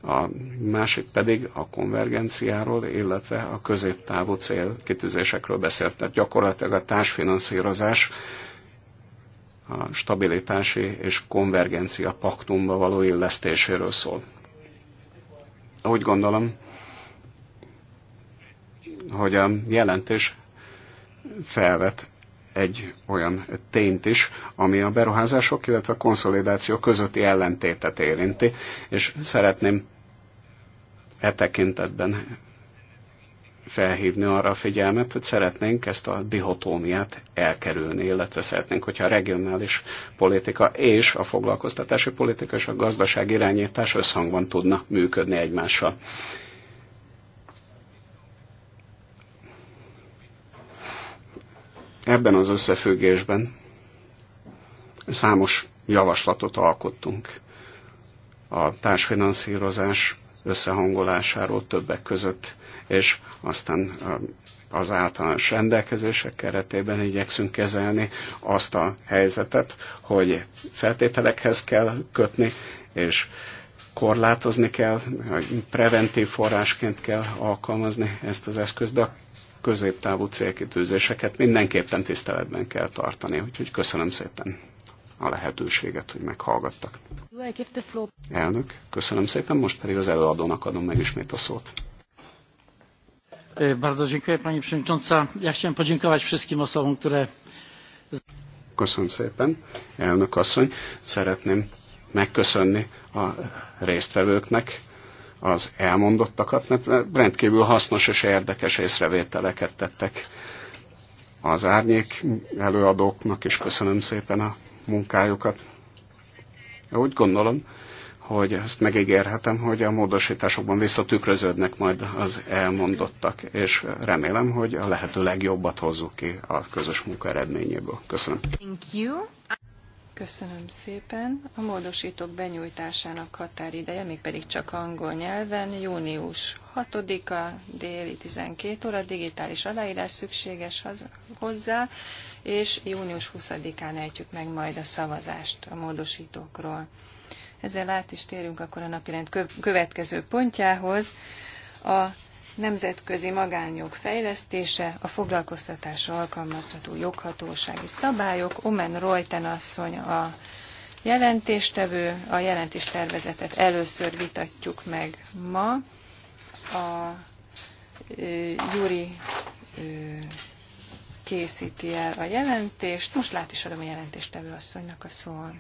a másik pedig a konvergenciáról, illetve a középtávú célkitűzésekről beszélt. Tehát gyakorlatilag a társfinanszírozás a stabilitási és konvergencia paktumba való illesztéséről szól. Úgy gondolom, hogy a jelentés felvet egy olyan tényt is, ami a beruházások, illetve a konszolidáció közötti ellentétet érinti, és szeretném e tekintetben felhívni arra a figyelmet, hogy szeretnénk ezt a dihotómiát elkerülni, illetve szeretnénk, hogyha a regionális politika és a foglalkoztatási politika és a gazdaság irányítás összhangban tudna működni egymással. Ebben az összefüggésben számos javaslatot alkottunk a társfinanszírozás összehangolásáról többek között, és aztán az általános rendelkezések keretében igyekszünk kezelni azt a helyzetet, hogy feltételekhez kell kötni, és korlátozni kell, preventív forrásként kell alkalmazni ezt az eszközt, de a középtávú célkitűzéseket mindenképpen tiszteletben kell tartani. Úgyhogy köszönöm szépen a lehetőséget, hogy meghallgattak. Elnök, köszönöm szépen, most pedig az előadónak adom meg ismét a szót. E, bardzo dziękuję Pani Przewodnicząca. Ja chciałem podziękować wszystkim osobom, które... Köszönöm szépen, elnök asszony. Szeretném megköszönni a résztvevőknek az elmondottakat, mert rendkívül hasznos és érdekes észrevételeket tettek az árnyék előadóknak, és köszönöm szépen a munkájukat. Úgy gondolom, hogy ezt megígérhetem, hogy a módosításokban visszatükröződnek majd az elmondottak, és remélem, hogy a lehető legjobbat hozzuk ki a közös munka eredményéből. Köszönöm. Thank you. Köszönöm szépen. A módosítók benyújtásának határideje, mégpedig csak angol nyelven, június 6-a déli 12 óra, digitális aláírás szükséges hozzá, és június 20-án ejtjük meg majd a szavazást a módosítókról. Ezzel át is térünk akkor a napirend következő pontjához. A nemzetközi magánjog fejlesztése, a foglalkoztatásra alkalmazható joghatósági szabályok. Omen Reuten asszony a jelentéstevő, a jelentéstervezetet először vitatjuk meg ma. A Júri készíti el a jelentést. Most lát is adom a jelentéstevő asszonynak a szót.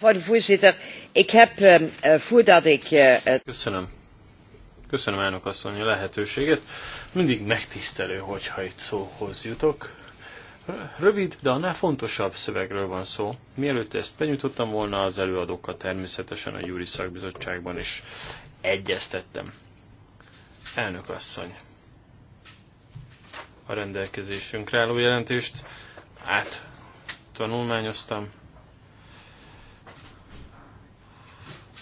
Voorzitter, ik heb ehm, eh, voordat ik. Eh, eh, Köszönöm. Köszönöm elnök asszony a lehetőséget. Mindig megtisztelő, hogyha itt szóhoz jutok. Rövid, de annál fontosabb szövegről van szó. Mielőtt ezt benyújtottam volna, az előadókkal természetesen a Júri Szakbizottságban is egyeztettem. Elnök asszony, a rendelkezésünkre álló jelentést át tanulmányoztam,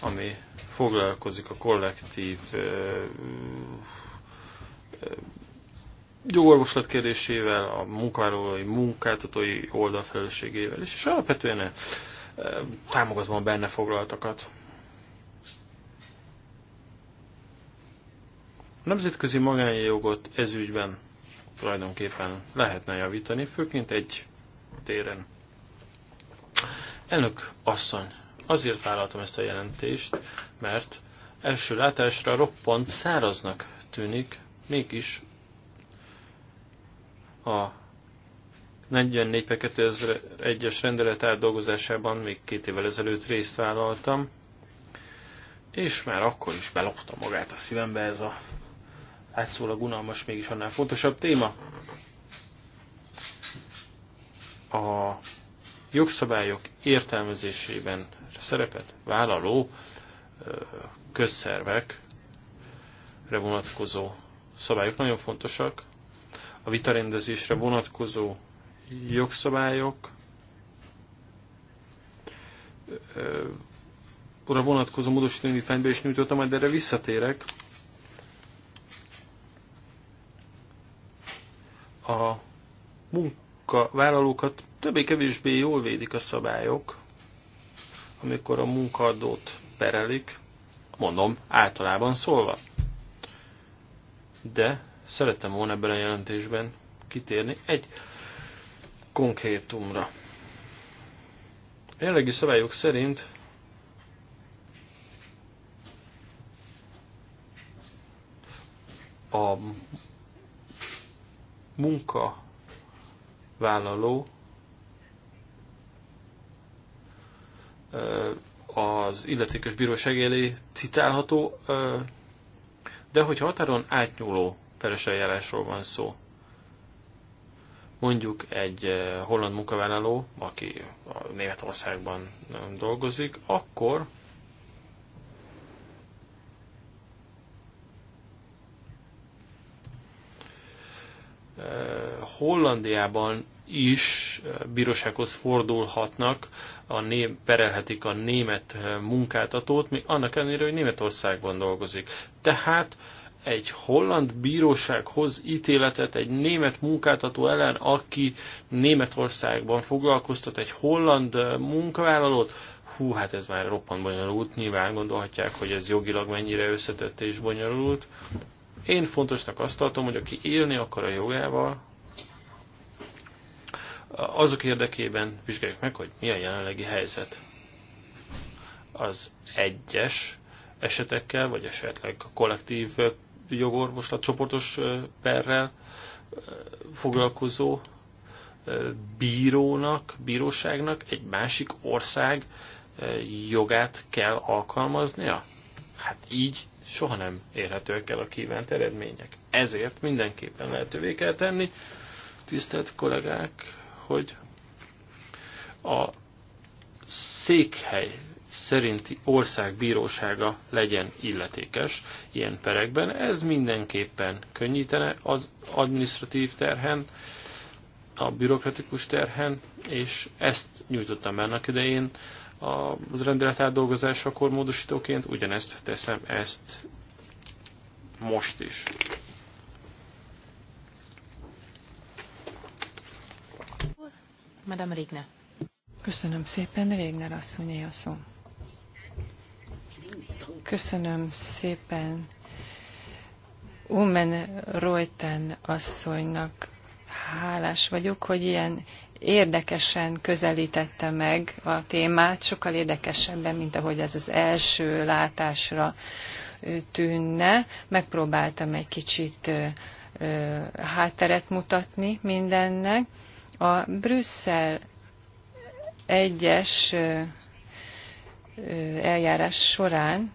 ami foglalkozik a kollektív jogorvoslat kérdésével, a munkavállalói, munkáltatói oldalfelelősségével, és, és alapvetően támogatom a benne foglaltakat. A nemzetközi magánjogot ezügyben tulajdonképpen lehetne javítani, főként egy téren. Elnök asszony, azért vállaltam ezt a jelentést, mert első látásra roppant száraznak tűnik, mégis a 44 2001-es rendelet átdolgozásában még két évvel ezelőtt részt vállaltam, és már akkor is belopta magát a szívembe ez a átszólag unalmas, mégis annál fontosabb téma. A jogszabályok értelmezésében szerepet vállaló közszervekre vonatkozó szabályok nagyon fontosak. A vitarendezésre vonatkozó jogszabályok ura vonatkozó módosító indítványba is nyújtottam, majd erre visszatérek. a munkavállalókat többé-kevésbé jól védik a szabályok, amikor a munkaadót perelik, mondom, általában szólva. De szerettem volna ebben a jelentésben kitérni egy konkrétumra. A jelenlegi szabályok szerint a munkavállaló az illetékes bíróság elé citálható, de hogyha határon átnyúló peres eljárásról van szó, mondjuk egy holland munkavállaló, aki Németországban dolgozik, akkor Eh, Hollandiában is eh, bírósághoz fordulhatnak, a ném, perelhetik a német eh, munkáltatót, még annak ellenére, hogy Németországban dolgozik. Tehát egy holland bírósághoz ítéletet egy német munkáltató ellen, aki Németországban foglalkoztat egy holland munkavállalót, hú, hát ez már roppant bonyolult, nyilván gondolhatják, hogy ez jogilag mennyire összetett és bonyolult, én fontosnak azt tartom, hogy aki élni akar a jogával, azok érdekében vizsgáljuk meg, hogy mi a jelenlegi helyzet. Az egyes esetekkel, vagy esetleg a kollektív jogorvoslat csoportos perrel foglalkozó bírónak, bíróságnak egy másik ország jogát kell alkalmaznia? Hát így soha nem érhetőek el a kívánt eredmények. Ezért mindenképpen lehetővé kell tenni, tisztelt kollégák, hogy a székhely szerinti országbírósága legyen illetékes ilyen perekben. Ez mindenképpen könnyítene az administratív terhen, a bürokratikus terhen, és ezt nyújtottam ennek idején az rendelet átdolgozásakor módosítóként, ugyanezt teszem ezt most is. Madame Régner. Köszönöm szépen, Régner asszonyé a szó. Köszönöm szépen Umen Rojten asszonynak hálás vagyok, hogy ilyen érdekesen közelítette meg a témát, sokkal érdekesebben, mint ahogy ez az első látásra tűnne. Megpróbáltam egy kicsit hátteret mutatni mindennek. A Brüsszel egyes eljárás során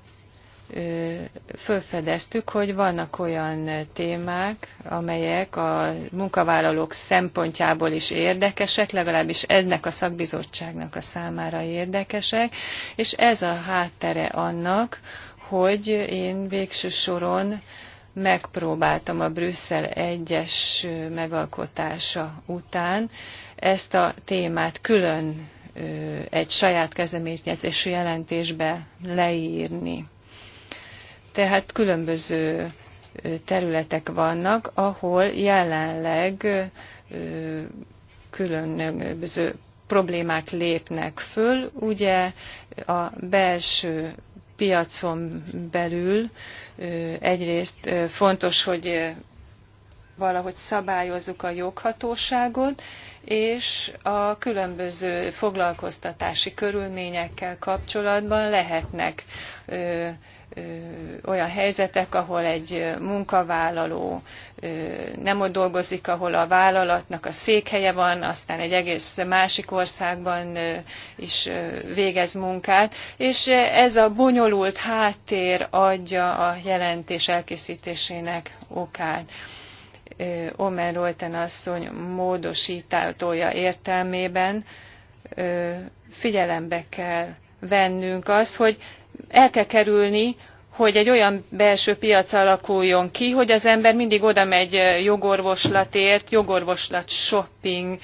fölfedeztük, hogy vannak olyan témák, amelyek a munkavállalók szempontjából is érdekesek, legalábbis ennek a szakbizottságnak a számára érdekesek, és ez a háttere annak, hogy én végső soron megpróbáltam a Brüsszel egyes megalkotása után ezt a témát külön egy saját kezdeményezésű jelentésbe leírni tehát különböző területek vannak, ahol jelenleg különböző problémák lépnek föl. Ugye a belső piacon belül egyrészt fontos, hogy valahogy szabályozzuk a joghatóságot, és a különböző foglalkoztatási körülményekkel kapcsolatban lehetnek olyan helyzetek, ahol egy munkavállaló nem ott dolgozik, ahol a vállalatnak a székhelye van, aztán egy egész másik országban is végez munkát, és ez a bonyolult háttér adja a jelentés elkészítésének okát. Omer Rolten asszony módosítója értelmében figyelembe kell vennünk azt, hogy el kell kerülni, hogy egy olyan belső piac alakuljon ki, hogy az ember mindig oda megy jogorvoslatért, jogorvoslat shopping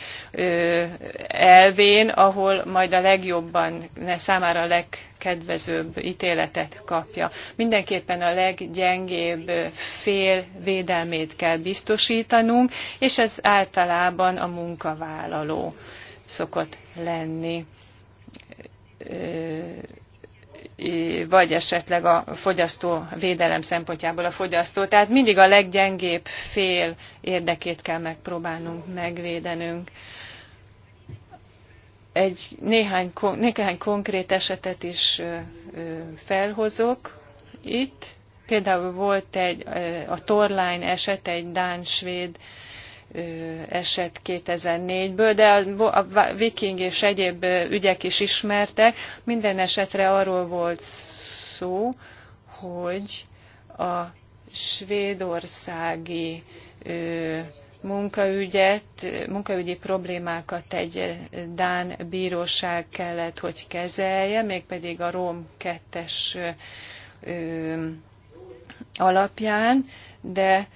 elvén, ahol majd a legjobban, számára a legkedvezőbb ítéletet kapja. Mindenképpen a leggyengébb fél védelmét kell biztosítanunk, és ez általában a munkavállaló szokott lenni vagy esetleg a fogyasztó védelem szempontjából a fogyasztó. Tehát mindig a leggyengébb fél érdekét kell megpróbálnunk megvédenünk. Egy néhány, néhány konkrét esetet is felhozok itt. Például volt egy, a Torline eset, egy dán-svéd eset 2004-ből, de a viking és egyéb ügyek is ismertek. Minden esetre arról volt szó, hogy a svédországi munkaügyet, munkaügyi problémákat egy Dán bíróság kellett, hogy kezelje, mégpedig a Róm 2 alapján, de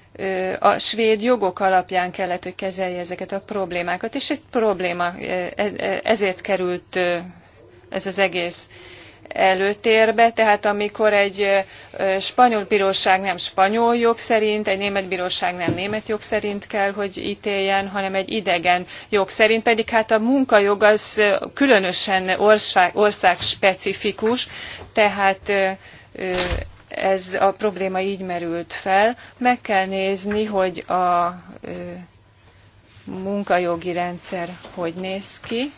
a svéd jogok alapján kellett, hogy kezelje ezeket a problémákat, és egy probléma, e, e, ezért került ez az egész előtérbe, tehát amikor egy spanyol bíróság nem spanyol jog szerint, egy német bíróság nem német jog szerint kell, hogy ítéljen, hanem egy idegen jog szerint, pedig hát a munkajog az különösen ország, országspecifikus, tehát ez a probléma így merült fel. Meg kell nézni, hogy a munkajogi rendszer hogy néz ki,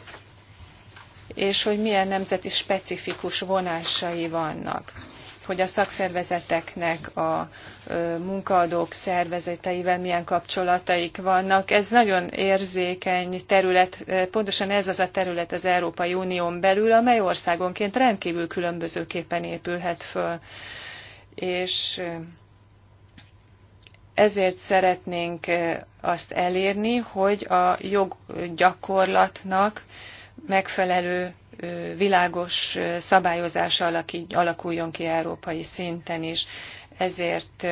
és hogy milyen nemzeti specifikus vonásai vannak hogy a szakszervezeteknek a munkaadók szervezeteivel milyen kapcsolataik vannak. Ez nagyon érzékeny terület, pontosan ez az a terület az Európai Unión belül, amely országonként rendkívül különbözőképpen épülhet föl és eh, ezért szeretnénk eh, azt elérni, hogy a joggyakorlatnak megfelelő eh, világos szabályozása alakuljon ki európai szinten is. Ezért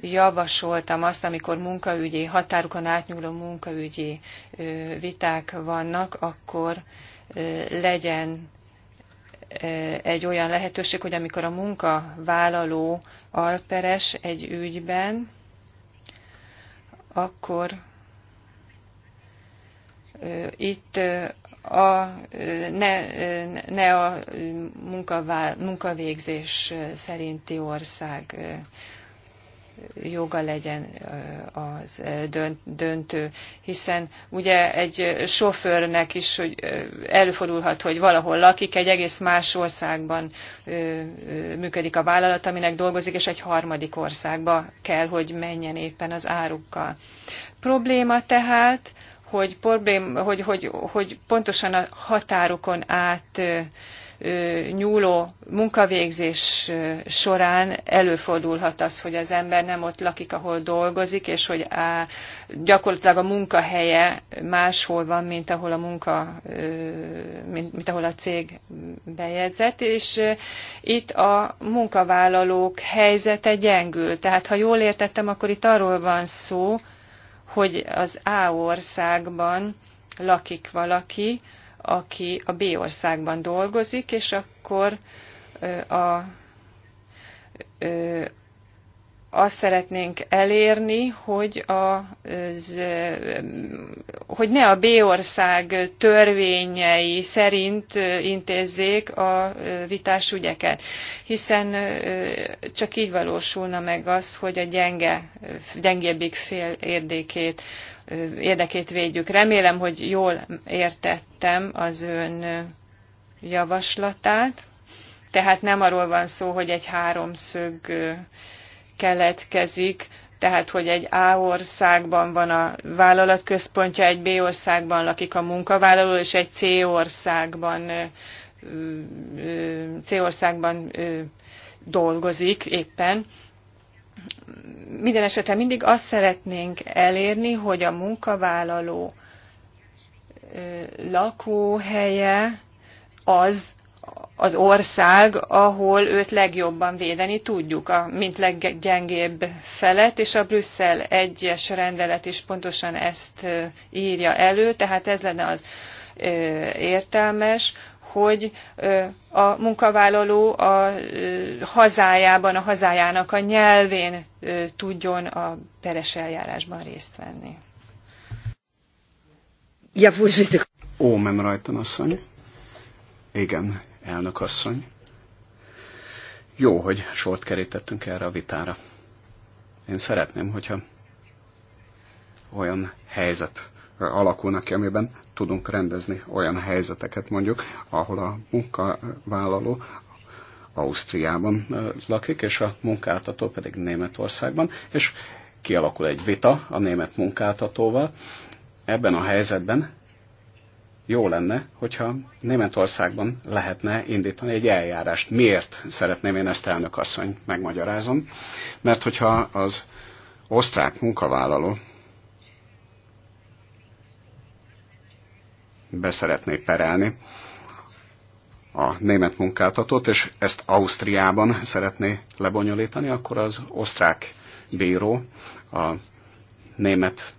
javasoltam azt, amikor munkaügyi, határokon átnyúló munkaügyi viták vannak, akkor legyen Eh, egy olyan lehetőség, hogy amikor a munkavállaló alperes egy ügyben, akkor eh, itt eh, a, ne, ne a munkavá, munkavégzés szerinti ország joga legyen az döntő, hiszen ugye egy sofőrnek is hogy előfordulhat, hogy valahol lakik, egy egész más országban működik a vállalat, aminek dolgozik, és egy harmadik országba kell, hogy menjen éppen az árukkal. Probléma tehát, hogy, problém, hogy, hogy, hogy pontosan a határokon át nyúló munkavégzés során előfordulhat az, hogy az ember nem ott lakik, ahol dolgozik, és hogy á, gyakorlatilag a munkahelye máshol van, mint ahol a munka, mint, mint ahol a cég bejegyzett, és itt a munkavállalók helyzete gyengül. Tehát, ha jól értettem, akkor itt arról van szó, hogy az A országban lakik valaki, aki a B országban dolgozik, és akkor a, azt szeretnénk elérni, hogy, a, az, hogy ne a B-ország törvényei szerint intézzék a vitás ügyeket, hiszen csak így valósulna meg az, hogy a gyenge, gyengébbik fél érdekét érdekét védjük. Remélem, hogy jól értettem az ön javaslatát. Tehát nem arról van szó, hogy egy háromszög keletkezik, tehát hogy egy A országban van a vállalat központja, egy B országban lakik a munkavállaló, és egy C országban, C országban dolgozik éppen minden mindig azt szeretnénk elérni, hogy a munkavállaló lakóhelye az az ország, ahol őt legjobban védeni tudjuk, a, mint leggyengébb felet, és a Brüsszel egyes rendelet is pontosan ezt írja elő, tehát ez lenne az értelmes, hogy a munkavállaló a hazájában, a hazájának a nyelvén tudjon a peres eljárásban részt venni. Ja, voorzitter. Ómen rajtan asszony. Igen, elnök asszony. Jó, hogy sort kerítettünk erre a vitára. Én szeretném, hogyha olyan helyzet alakulnak ki, amiben tudunk rendezni olyan helyzeteket mondjuk, ahol a munkavállaló Ausztriában lakik, és a munkáltató pedig Németországban, és kialakul egy vita a német munkáltatóval. Ebben a helyzetben jó lenne, hogyha Németországban lehetne indítani egy eljárást. Miért szeretném én ezt elnök asszony? Megmagyarázom. Mert hogyha az osztrák munkavállaló szeretné perelni a német munkáltatót, és ezt Ausztriában szeretné lebonyolítani, akkor az osztrák bíró a német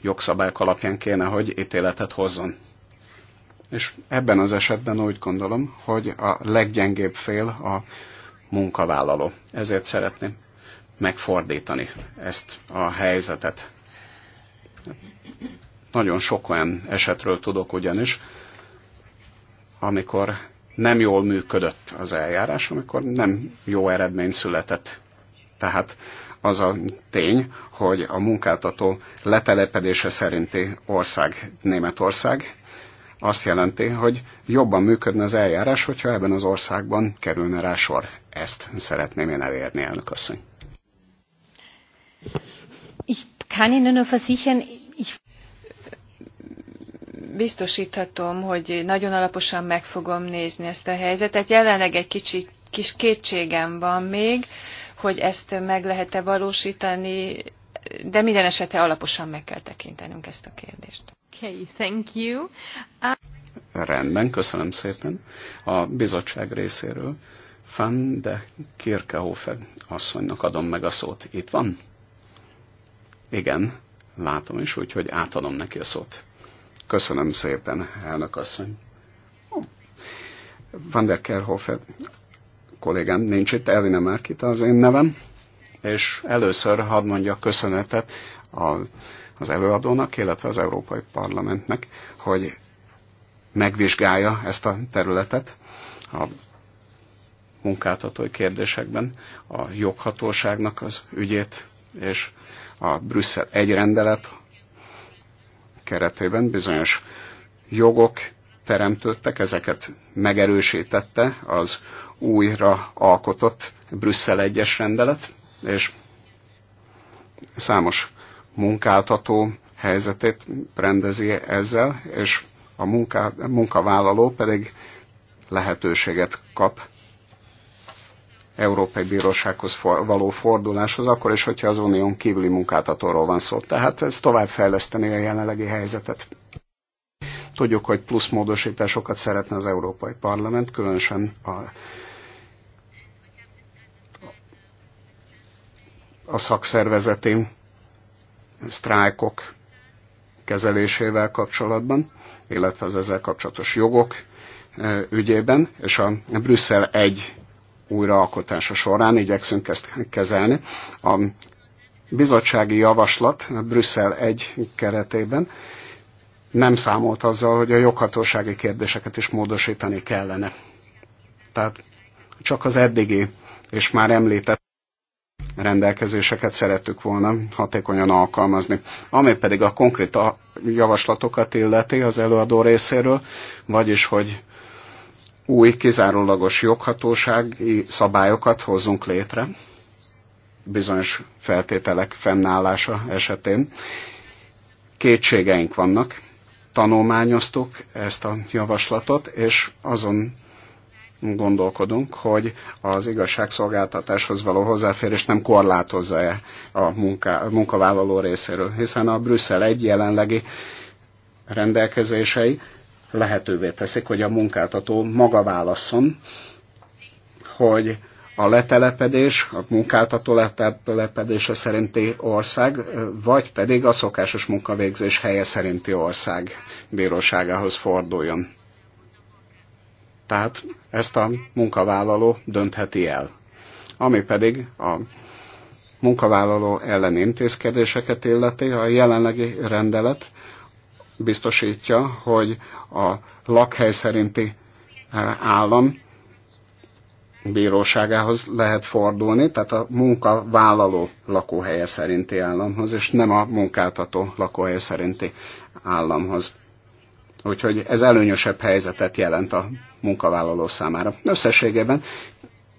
jogszabályok alapján kéne, hogy ítéletet hozzon. És ebben az esetben úgy gondolom, hogy a leggyengébb fél a munkavállaló. Ezért szeretném megfordítani ezt a helyzetet. Nagyon sok olyan esetről tudok ugyanis, amikor nem jól működött az eljárás, amikor nem jó eredmény született. Tehát az a tény, hogy a munkáltató letelepedése szerinti ország Németország, azt jelenti, hogy jobban működne az eljárás, hogyha ebben az országban kerülne rá sor. Ezt szeretném én elérni, elnök asszony. Ich kann Ihnen nur versichern, biztosíthatom, hogy nagyon alaposan meg fogom nézni ezt a helyzetet. Jelenleg egy kicsit kis kétségem van még, hogy ezt meg lehet-e valósítani, de minden esetre alaposan meg kell tekintenünk ezt a kérdést. Okay, thank you. Uh... Rendben, köszönöm szépen. A bizottság részéről Fan de Kirkehofer asszonynak adom meg a szót. Itt van? Igen, látom is, úgyhogy átadom neki a szót. Köszönöm szépen, elnök asszony. Van der Kerhofer kollégám nincs itt, Elvina Márkita az én nevem, és először hadd mondja köszönetet az előadónak, illetve az Európai Parlamentnek, hogy megvizsgálja ezt a területet a munkáltatói kérdésekben, a joghatóságnak az ügyét, és a Brüsszel egy rendelet keretében bizonyos jogok teremtődtek, ezeket megerősítette az újra alkotott Brüsszel egyes rendelet, és számos munkáltató helyzetét rendezi ezzel, és a munká, munkavállaló pedig lehetőséget kap Európai Bírósághoz való forduláshoz, akkor is, hogyha az unión kívüli munkáltatóról van szó. Tehát ez tovább fejleszteni a jelenlegi helyzetet. Tudjuk, hogy plusz módosításokat szeretne az Európai Parlament, különösen a a szakszervezeti sztrájkok kezelésével kapcsolatban, illetve az ezzel kapcsolatos jogok ügyében, és a Brüsszel egy újraalkotása során igyekszünk ezt kezelni. A bizottsági javaslat Brüsszel egy keretében nem számolt azzal, hogy a joghatósági kérdéseket is módosítani kellene. Tehát csak az eddigi és már említett rendelkezéseket szerettük volna hatékonyan alkalmazni. Ami pedig a konkrét javaslatokat illeti az előadó részéről, vagyis hogy új kizárólagos joghatósági szabályokat hozunk létre bizonyos feltételek fennállása esetén. Kétségeink vannak, tanulmányoztuk ezt a javaslatot, és azon gondolkodunk, hogy az igazságszolgáltatáshoz való hozzáférés nem korlátozza-e a, munká, a munkavállaló részéről, hiszen a Brüsszel egy jelenlegi rendelkezései lehetővé teszik, hogy a munkáltató maga válaszon, hogy a letelepedés, a munkáltató letelepedése szerinti ország, vagy pedig a szokásos munkavégzés helye szerinti ország bíróságához forduljon. Tehát ezt a munkavállaló döntheti el. Ami pedig a munkavállaló ellen intézkedéseket illeti, a jelenlegi rendelet biztosítja, hogy a lakhely szerinti eh, állam bíróságához lehet fordulni, tehát a munkavállaló lakóhelye szerinti államhoz, és nem a munkáltató lakóhelye szerinti államhoz. Úgyhogy ez előnyösebb helyzetet jelent a munkavállaló számára. Összességében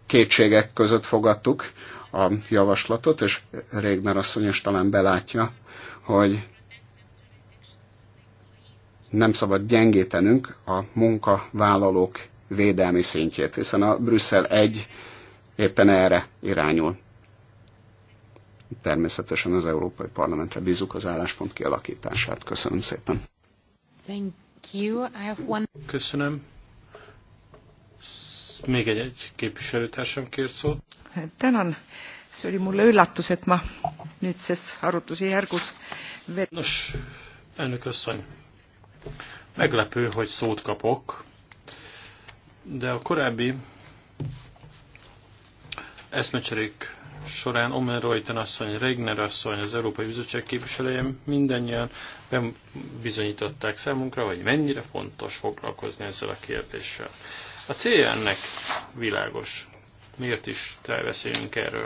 kétségek között fogadtuk a javaslatot, és Régner asszony is talán belátja, hogy nem szabad gyengítenünk a munkavállalók védelmi szintjét, hiszen a Brüsszel egy éppen erre irányul. Természetesen az Európai Parlamentre bízunk az álláspont kialakítását. Köszönöm szépen. Thank you. I have one... Köszönöm. Még egy, egy képviselőtársam kért szót. Tänan. Se oli mulle üllatus, et ma nüüdses arutluse järgus... Nos, elnök asszony, Meglepő, hogy szót kapok, de a korábbi eszmecserék során Omen Reuten asszony, Regner asszony, az Európai Bizottság képviselője mindannyian bizonyították számunkra, hogy mennyire fontos foglalkozni ezzel a kérdéssel. A célja ennek világos. Miért is beszélünk erről?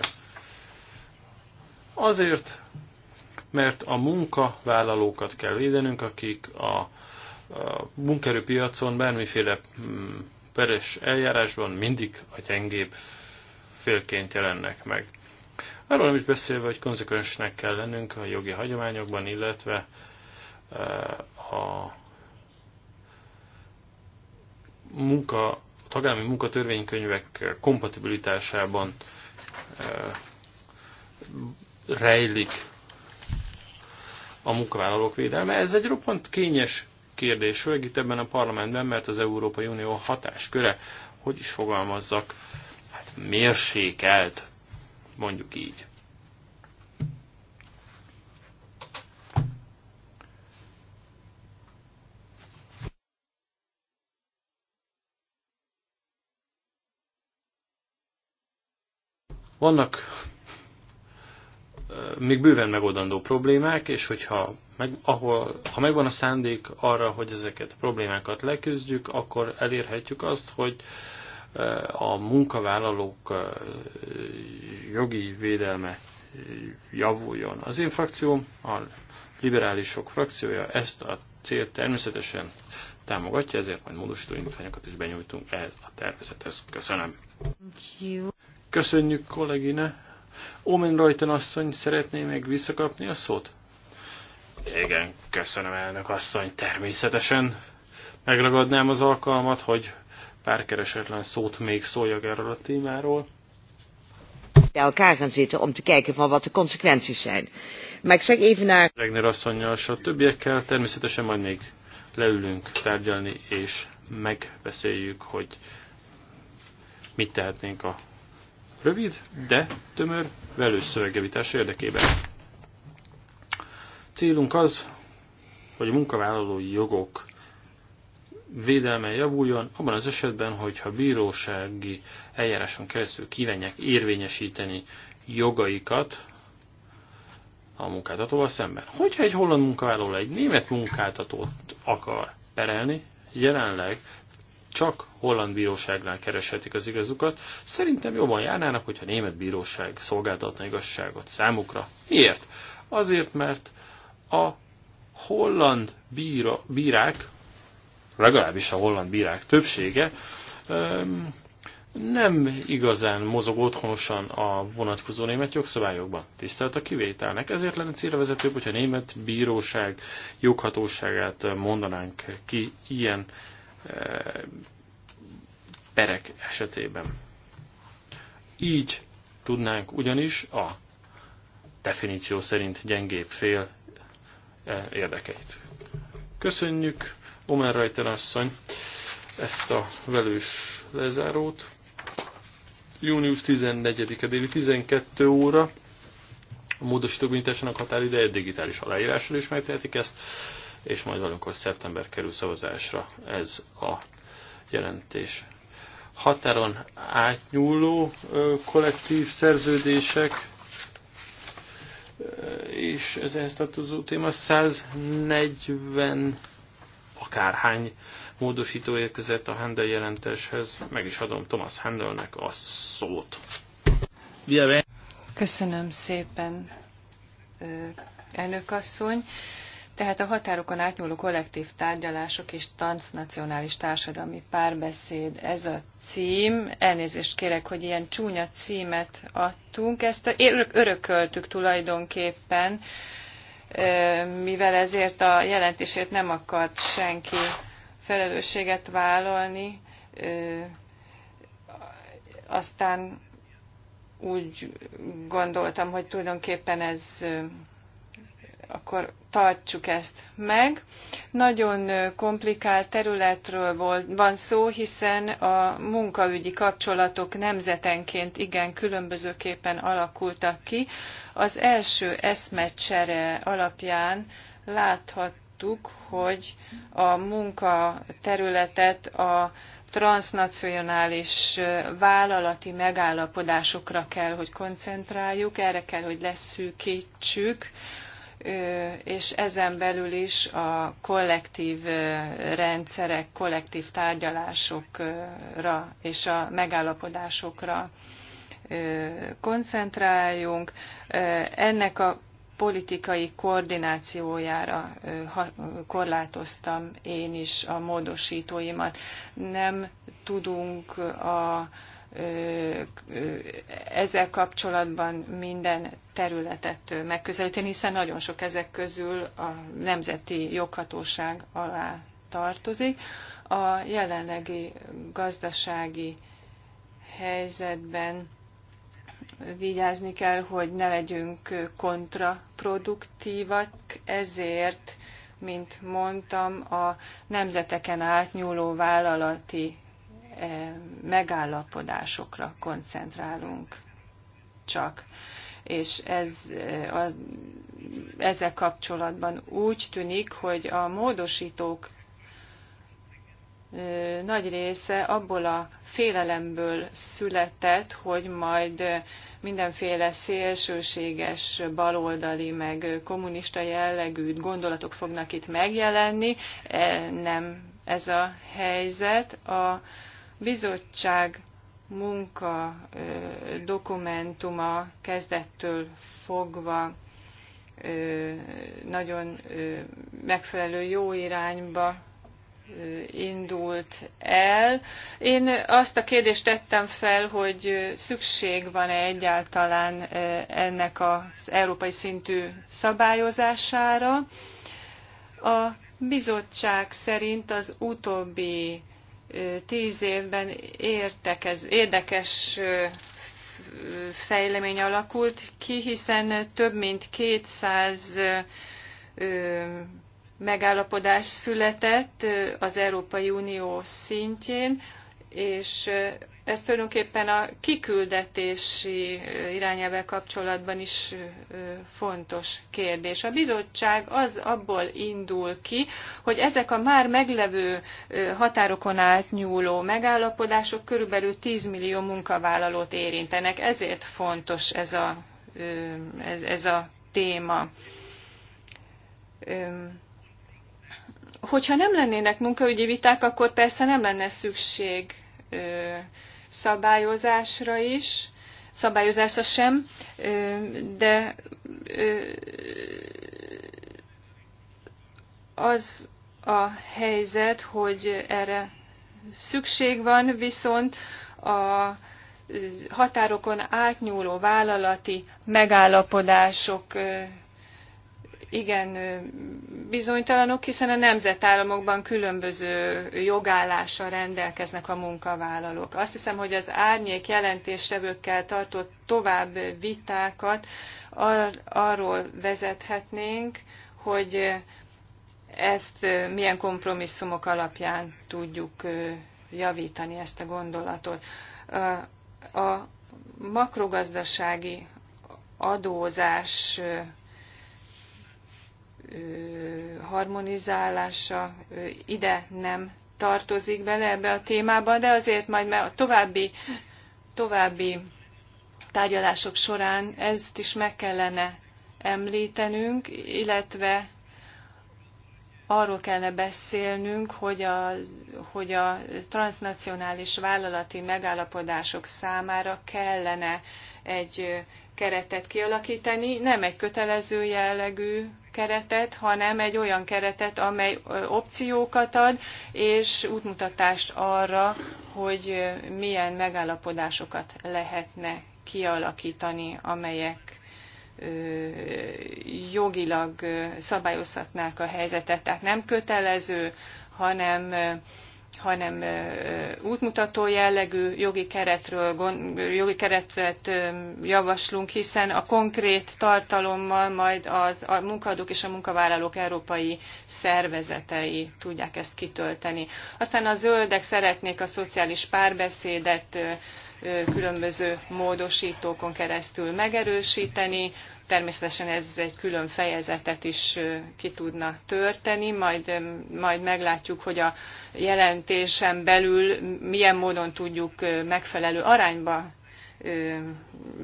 Azért, mert a munkavállalókat kell védenünk, akik a a munkerőpiacon bármiféle mm, peres eljárásban mindig a gyengébb félként jelennek meg. Arról nem is beszélve, hogy konzekvensnek kell lennünk a jogi hagyományokban, illetve eh, a munka, a tagállami munkatörvénykönyvek kompatibilitásában eh, rejlik a munkavállalók védelme. Ez egy roppant kényes kérdés, főleg itt ebben a parlamentben, mert az Európai Unió hatásköre, hogy is fogalmazzak, hát mérsékelt, mondjuk így. Vannak még bőven megoldandó problémák, és hogyha meg, ahol, ha megvan a szándék arra, hogy ezeket a problémákat leküzdjük, akkor elérhetjük azt, hogy e, a munkavállalók e, jogi védelme javuljon. Az én frakcióm, a liberálisok frakciója ezt a célt természetesen támogatja, ezért majd módosító indítványokat is benyújtunk ehhez a tervezethez. Köszönöm. Köszönjük kollégine, Omen Rajten asszony szeretné még visszakapni a szót? Igen, köszönöm elnök asszony, természetesen megragadnám az alkalmat, hogy pár keresetlen szót még szóljak erről a témáról. Bij elkaar gaan zitten om te kijken van wat de consequenties zijn. Maar ik zeg even naar... Regner asszonynal, a többiekkel természetesen majd még leülünk tárgyalni, és megbeszéljük, hogy mit tehetnénk a Rövid, de tömör, velős szövegjavítás érdekében. Célunk az, hogy a munkavállalói jogok védelme javuljon, abban az esetben, hogyha bírósági eljáráson keresztül kívánják érvényesíteni jogaikat a munkáltatóval szemben. Hogyha egy holland munkavállaló egy német munkáltatót akar perelni, jelenleg csak holland bíróságnál kereshetik az igazukat. Szerintem jobban járnának, hogyha a német bíróság szolgáltatna igazságot számukra. Miért? Azért, mert a holland bíra, bírák, legalábbis a holland bírák többsége, nem igazán mozog otthonosan a vonatkozó német jogszabályokban. Tisztelt a kivételnek, ezért lenne célvezetőbb, hogyha a német bíróság joghatóságát mondanánk ki ilyen Eh, perek esetében. Így tudnánk ugyanis a definíció szerint gyengébb fél eh, érdekeit. Köszönjük, Omer Rajten asszony, ezt a velős lezárót. Június 14-e déli 12 óra a módosítók nyitásának határideje digitális aláírással is megtehetik ezt és majd valamikor szeptember kerül szavazásra ez a jelentés. Határon átnyúló kollektív szerződések és ez ehhez tartozó téma 140 akárhány módosító érkezett a Handel jelentéshez. Meg is adom Thomas Handelnek a szót. Köszönöm szépen, elnök asszony. Tehát a határokon átnyúló kollektív tárgyalások és transnacionális társadalmi párbeszéd, ez a cím. Elnézést kérek, hogy ilyen csúnya címet adtunk. Ezt örököltük tulajdonképpen, mivel ezért a jelentését nem akart senki felelősséget vállalni. Aztán úgy gondoltam, hogy tulajdonképpen ez akkor tartsuk ezt meg. Nagyon komplikált területről volt, van szó, hiszen a munkaügyi kapcsolatok nemzetenként igen különbözőképpen alakultak ki. Az első eszmecsere alapján láthattuk, hogy a munkaterületet a transnacionális vállalati megállapodásokra kell, hogy koncentráljuk, erre kell, hogy leszűkítsük. Lesz és ezen belül is a kollektív rendszerek, kollektív tárgyalásokra és a megállapodásokra koncentráljunk. Ennek a politikai koordinációjára korlátoztam én is a módosítóimat. Nem tudunk a ezzel kapcsolatban minden területet megközelíteni, hiszen nagyon sok ezek közül a nemzeti joghatóság alá tartozik. A jelenlegi gazdasági helyzetben vigyázni kell, hogy ne legyünk kontraproduktívak, ezért, mint mondtam, a nemzeteken átnyúló vállalati Eh, megállapodásokra koncentrálunk csak. És ez, eh, a, ezzel kapcsolatban úgy tűnik, hogy a módosítók eh, nagy része abból a félelemből született, hogy majd mindenféle szélsőséges, baloldali, meg kommunista jellegű gondolatok fognak itt megjelenni. Nem ez a helyzet. A bizottság munka dokumentuma kezdettől fogva nagyon megfelelő jó irányba indult el. Én azt a kérdést tettem fel, hogy szükség van-e egyáltalán ennek az európai szintű szabályozására. A bizottság szerint az utóbbi tíz évben értekez, érdekes fejlemény alakult ki, hiszen több mint 200 megállapodás született az Európai Unió szintjén, és ez tulajdonképpen a kiküldetési irányelvvel kapcsolatban is fontos kérdés. A bizottság az abból indul ki, hogy ezek a már meglevő határokon átnyúló megállapodások körülbelül 10 millió munkavállalót érintenek, ezért fontos ez a, ez, ez a téma hogyha nem lennének munkaügyi viták, akkor persze nem lenne szükség szabályozásra is, szabályozásra sem, de az a helyzet, hogy erre szükség van, viszont a határokon átnyúló vállalati megállapodások igen bizonytalanok, hiszen a nemzetállamokban különböző jogállással rendelkeznek a munkavállalók. Azt hiszem, hogy az árnyék jelentéstevőkkel tartott tovább vitákat ar- arról vezethetnénk, hogy ezt milyen kompromisszumok alapján tudjuk javítani ezt a gondolatot. A makrogazdasági adózás harmonizálása ide nem tartozik bele ebbe a témába, de azért majd mert a további, további tárgyalások során ezt is meg kellene említenünk, illetve arról kellene beszélnünk, hogy a, hogy a transnacionális vállalati megállapodások számára kellene egy keretet kialakítani, nem egy kötelező jellegű keretet, hanem egy olyan keretet, amely opciókat ad, és útmutatást arra, hogy milyen megállapodásokat lehetne kialakítani, amelyek jogilag szabályozhatnák a helyzetet. Tehát nem kötelező, hanem hanem útmutató jellegű jogi keretről, jogi keretet javaslunk, hiszen a konkrét tartalommal majd az, a munkadók és a munkavállalók európai szervezetei tudják ezt kitölteni. Aztán a zöldek szeretnék a szociális párbeszédet különböző módosítókon keresztül megerősíteni, Természetesen ez egy külön fejezetet is ki tudna törteni, majd, majd meglátjuk, hogy a jelentésen belül milyen módon tudjuk megfelelő arányba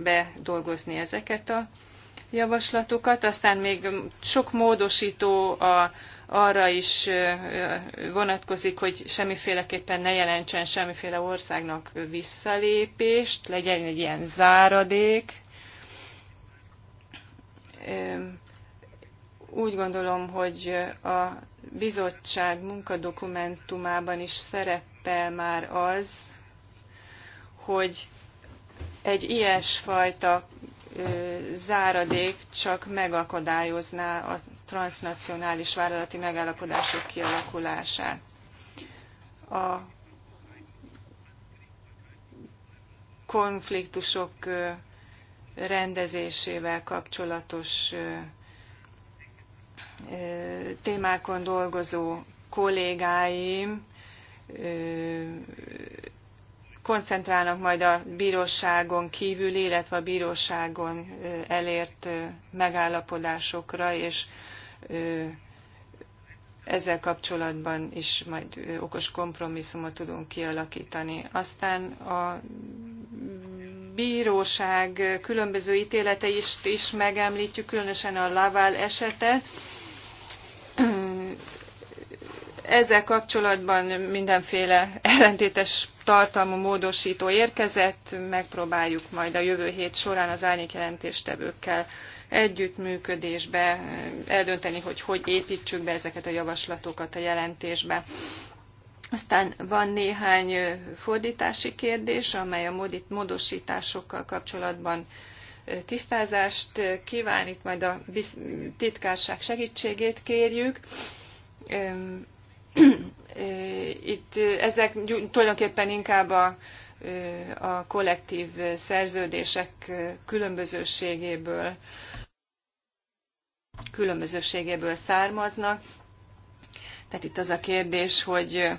bedolgozni ezeket a javaslatokat. Aztán még sok módosító a, arra is vonatkozik, hogy semmiféleképpen ne jelentsen semmiféle országnak visszalépést, legyen egy ilyen záradék, úgy gondolom, hogy a bizottság munkadokumentumában is szerepel már az, hogy egy ilyesfajta záradék csak megakadályozná a transnacionális vállalati megállapodások kialakulását. A konfliktusok rendezésével kapcsolatos témákon dolgozó kollégáim koncentrálnak majd a bíróságon kívül, illetve a bíróságon elért megállapodásokra, és ezzel kapcsolatban is majd okos kompromisszumot tudunk kialakítani. Aztán a bíróság különböző ítéleteit is megemlítjük, különösen a Laval esetet. Ezzel kapcsolatban mindenféle ellentétes tartalmú módosító érkezett, megpróbáljuk majd a jövő hét során az árnyékjelentéstevőkkel együttműködésbe eldönteni, hogy hogy építsük be ezeket a javaslatokat a jelentésbe. Aztán van néhány fordítási kérdés, amely a módosításokkal kapcsolatban tisztázást kíván, itt majd a titkárság segítségét kérjük. Itt ezek tulajdonképpen inkább a, a kollektív szerződések különbözőségéből különbözőségéből származnak, tehát itt az a kérdés, hogy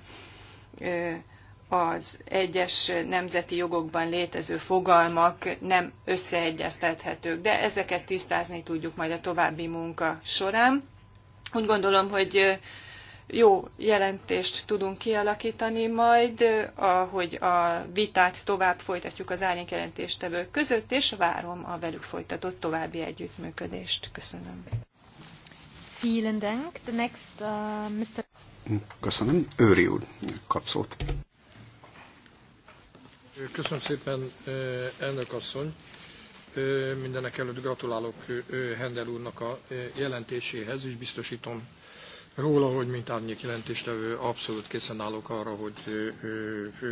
az egyes nemzeti jogokban létező fogalmak nem összeegyeztethetők, de ezeket tisztázni tudjuk majd a további munka során. Úgy gondolom, hogy jó jelentést tudunk kialakítani majd, ahogy a vitát tovább folytatjuk az árnyékjelentéstevők között, és várom a velük folytatott további együttműködést. Köszönöm. Vielen Dank. The next, uh, Mr. Köszönöm. Őri úr kap szót. Köszönöm szépen, elnök asszony. Mindenek előtt gratulálok Hendel úrnak a jelentéséhez, és biztosítom Róla, hogy mint árnyék jelentéstevő, abszolút készen állok arra, hogy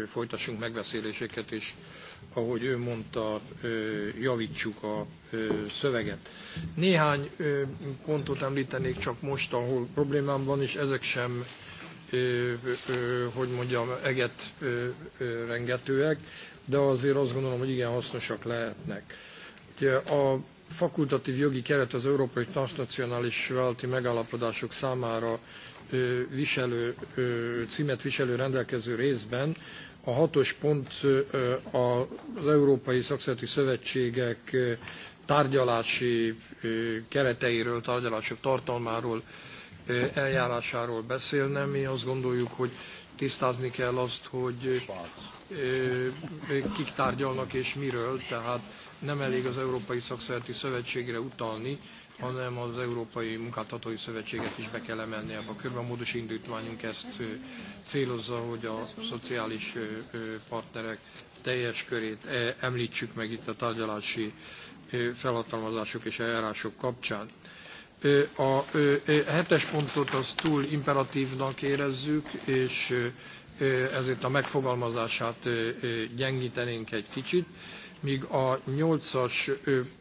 folytassunk megbeszéléseket, és ahogy ő mondta, javítsuk a szöveget. Néhány pontot említenék csak most, ahol problémám van, és ezek sem, hogy mondjam, eget rengetőek, de azért azt gondolom, hogy igen hasznosak lehetnek. Ugye a fakultatív jogi keret az európai transnacionális vállalati megállapodások számára viselő, címet viselő rendelkező részben a hatos pont az Európai Szakszereti Szövetségek tárgyalási kereteiről, tárgyalások tartalmáról, eljárásáról beszélne. Mi azt gondoljuk, hogy tisztázni kell azt, hogy kik tárgyalnak és miről, tehát nem elég az Európai Szakszereti Szövetségre utalni, hanem az Európai Munkáltatói Szövetséget is be kell emelni ebbe a körbe. A módos indítványunk ezt célozza, hogy a szociális partnerek teljes körét e, említsük meg itt a tárgyalási felhatalmazások és eljárások kapcsán. A hetes pontot az túl imperatívnak érezzük, és ezért a megfogalmazását gyengítenénk egy kicsit míg a nyolcas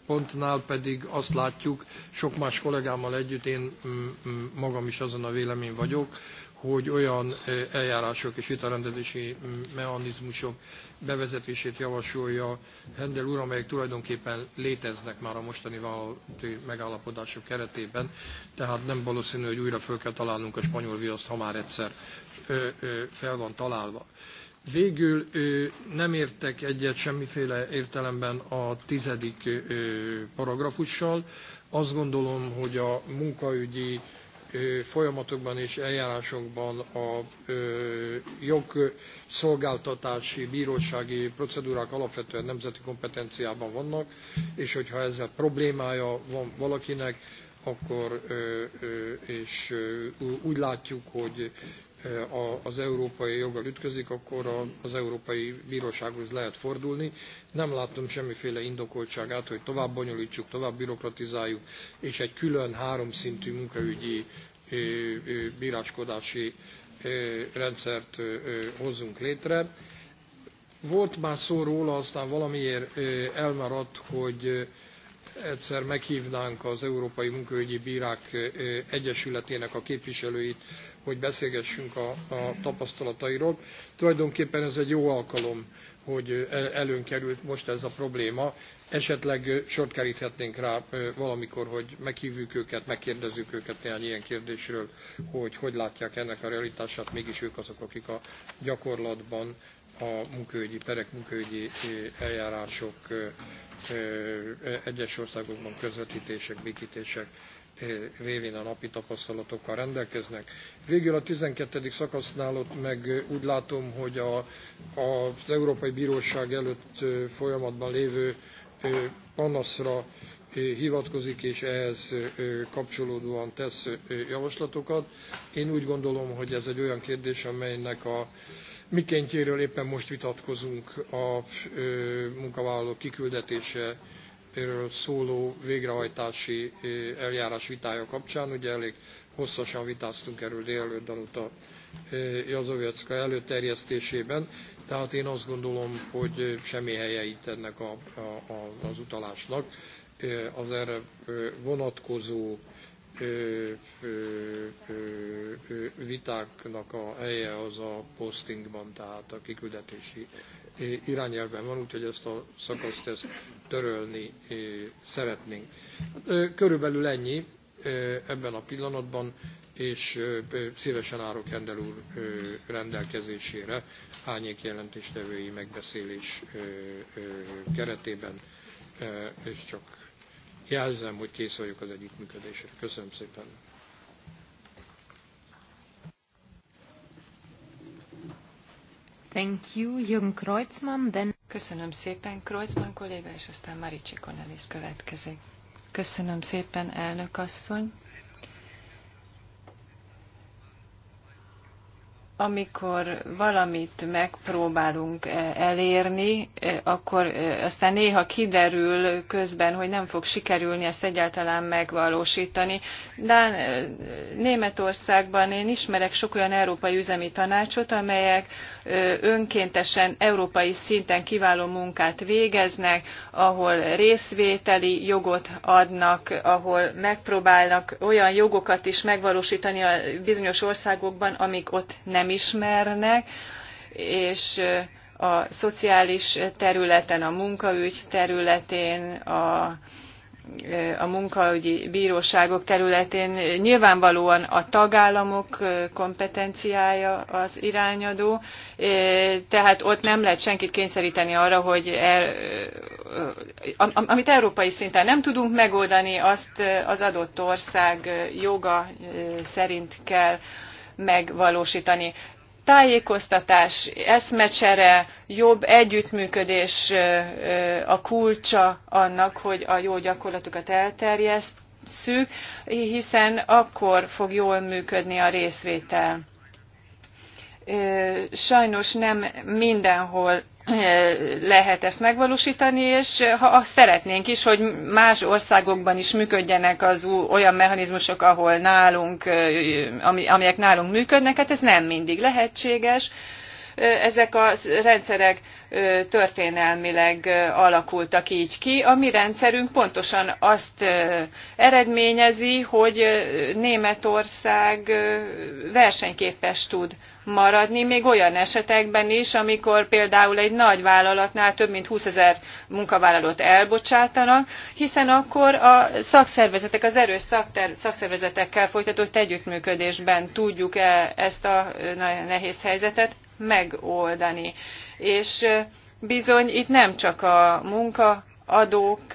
pontnál pedig azt látjuk, sok más kollégámmal együtt én mm, mm, magam is azon a vélemény vagyok, hogy olyan eljárások és vitarendezési mm, mechanizmusok bevezetését javasolja Hendel úr, amelyek tulajdonképpen léteznek már a mostani vállalati megállapodások keretében, tehát nem valószínű, hogy újra föl kell találnunk a spanyol viaszt, ha már egyszer fel van találva. Végül nem értek egyet semmiféle értelemben a tizedik paragrafussal. Azt gondolom, hogy a munkaügyi folyamatokban és eljárásokban a jogszolgáltatási, bírósági procedúrák alapvetően nemzeti kompetenciában vannak, és hogyha ezzel problémája van valakinek, akkor és úgy látjuk, hogy az európai joggal ütközik, akkor az Európai Bírósághoz lehet fordulni. Nem látom semmiféle indokoltságát, hogy tovább bonyolítsuk, tovább bürokratizáljuk, és egy külön háromszintű munkaügyi bíráskodási rendszert hozzunk létre. Volt már szó róla, aztán valamiért elmaradt, hogy egyszer meghívnánk az Európai Munkaügyi Bírák Egyesületének a képviselőit hogy beszélgessünk a, a tapasztalatairól. Tulajdonképpen ez egy jó alkalom, hogy előn került most ez a probléma. Esetleg sort keríthetnénk rá valamikor, hogy meghívjuk őket, megkérdezzük őket néhány ilyen kérdésről, hogy hogy látják ennek a realitását, mégis ők azok, akik a gyakorlatban a munkaügyi perek, munkaügyi eljárások egyes országokban közvetítések, békítések révén a napi tapasztalatokkal rendelkeznek. Végül a 12. szakasznál ott meg úgy látom, hogy a, az Európai Bíróság előtt folyamatban lévő panaszra hivatkozik és ehhez kapcsolódóan tesz javaslatokat. Én úgy gondolom, hogy ez egy olyan kérdés, amelynek a mikéntjéről éppen most vitatkozunk a munkavállalók kiküldetése szóló végrehajtási eljárás vitája kapcsán. Ugye elég hosszasan vitáztunk erről délelőtt Danuta Jazovjecka előterjesztésében, tehát én azt gondolom, hogy semmi helye itt ennek a, a, a, az utalásnak. Az erre vonatkozó vitáknak a helye az a postingban, tehát a kiküldetési irányelven van, úgyhogy ezt a szakaszt ezt törölni szeretnénk. Körülbelül ennyi ebben a pillanatban, és szívesen árok Hendel úr rendelkezésére árnyék jelentéstevői megbeszélés keretében, és csak jelzem, hogy kész vagyok az együttműködésre. Köszönöm szépen! Thank you, Jürgen Kreuzmann, then... Köszönöm szépen, Kreuzmann kolléga, és aztán Marici Konelis következik. Köszönöm szépen, elnök asszony. amikor valamit megpróbálunk e, elérni, e, akkor e, aztán néha kiderül közben, hogy nem fog sikerülni ezt egyáltalán megvalósítani. De Németországban én ismerek sok olyan európai üzemi tanácsot, amelyek önkéntesen európai szinten kiváló munkát végeznek, ahol részvételi jogot adnak, ahol megpróbálnak olyan jogokat is megvalósítani a bizonyos országokban, amik ott nem nem ismernek, és a szociális területen, a munkaügy területén, a, a munkaügyi bíróságok területén nyilvánvalóan a tagállamok kompetenciája az irányadó, tehát ott nem lehet senkit kényszeríteni arra, hogy el, er, amit európai szinten nem tudunk megoldani, azt az adott ország joga szerint kell megvalósítani. Tájékoztatás, eszmecsere, jobb együttműködés a kulcsa annak, hogy a jó gyakorlatokat elterjesszük, hiszen akkor fog jól működni a részvétel sajnos nem mindenhol lehet ezt megvalósítani, és ha szeretnénk is, hogy más országokban is működjenek az olyan mechanizmusok, ahol nálunk, amelyek nálunk működnek, hát ez nem mindig lehetséges. Ezek a rendszerek történelmileg alakultak így ki. A mi rendszerünk pontosan azt eredményezi, hogy Németország versenyképes tud maradni, még olyan esetekben is, amikor például egy nagy vállalatnál több mint 20 ezer munkavállalót elbocsátanak, hiszen akkor a szakszervezetek, az erős szakszervezetekkel folytatott együttműködésben tudjuk -e ezt a nehéz helyzetet megoldani. És bizony itt nem csak a munkaadók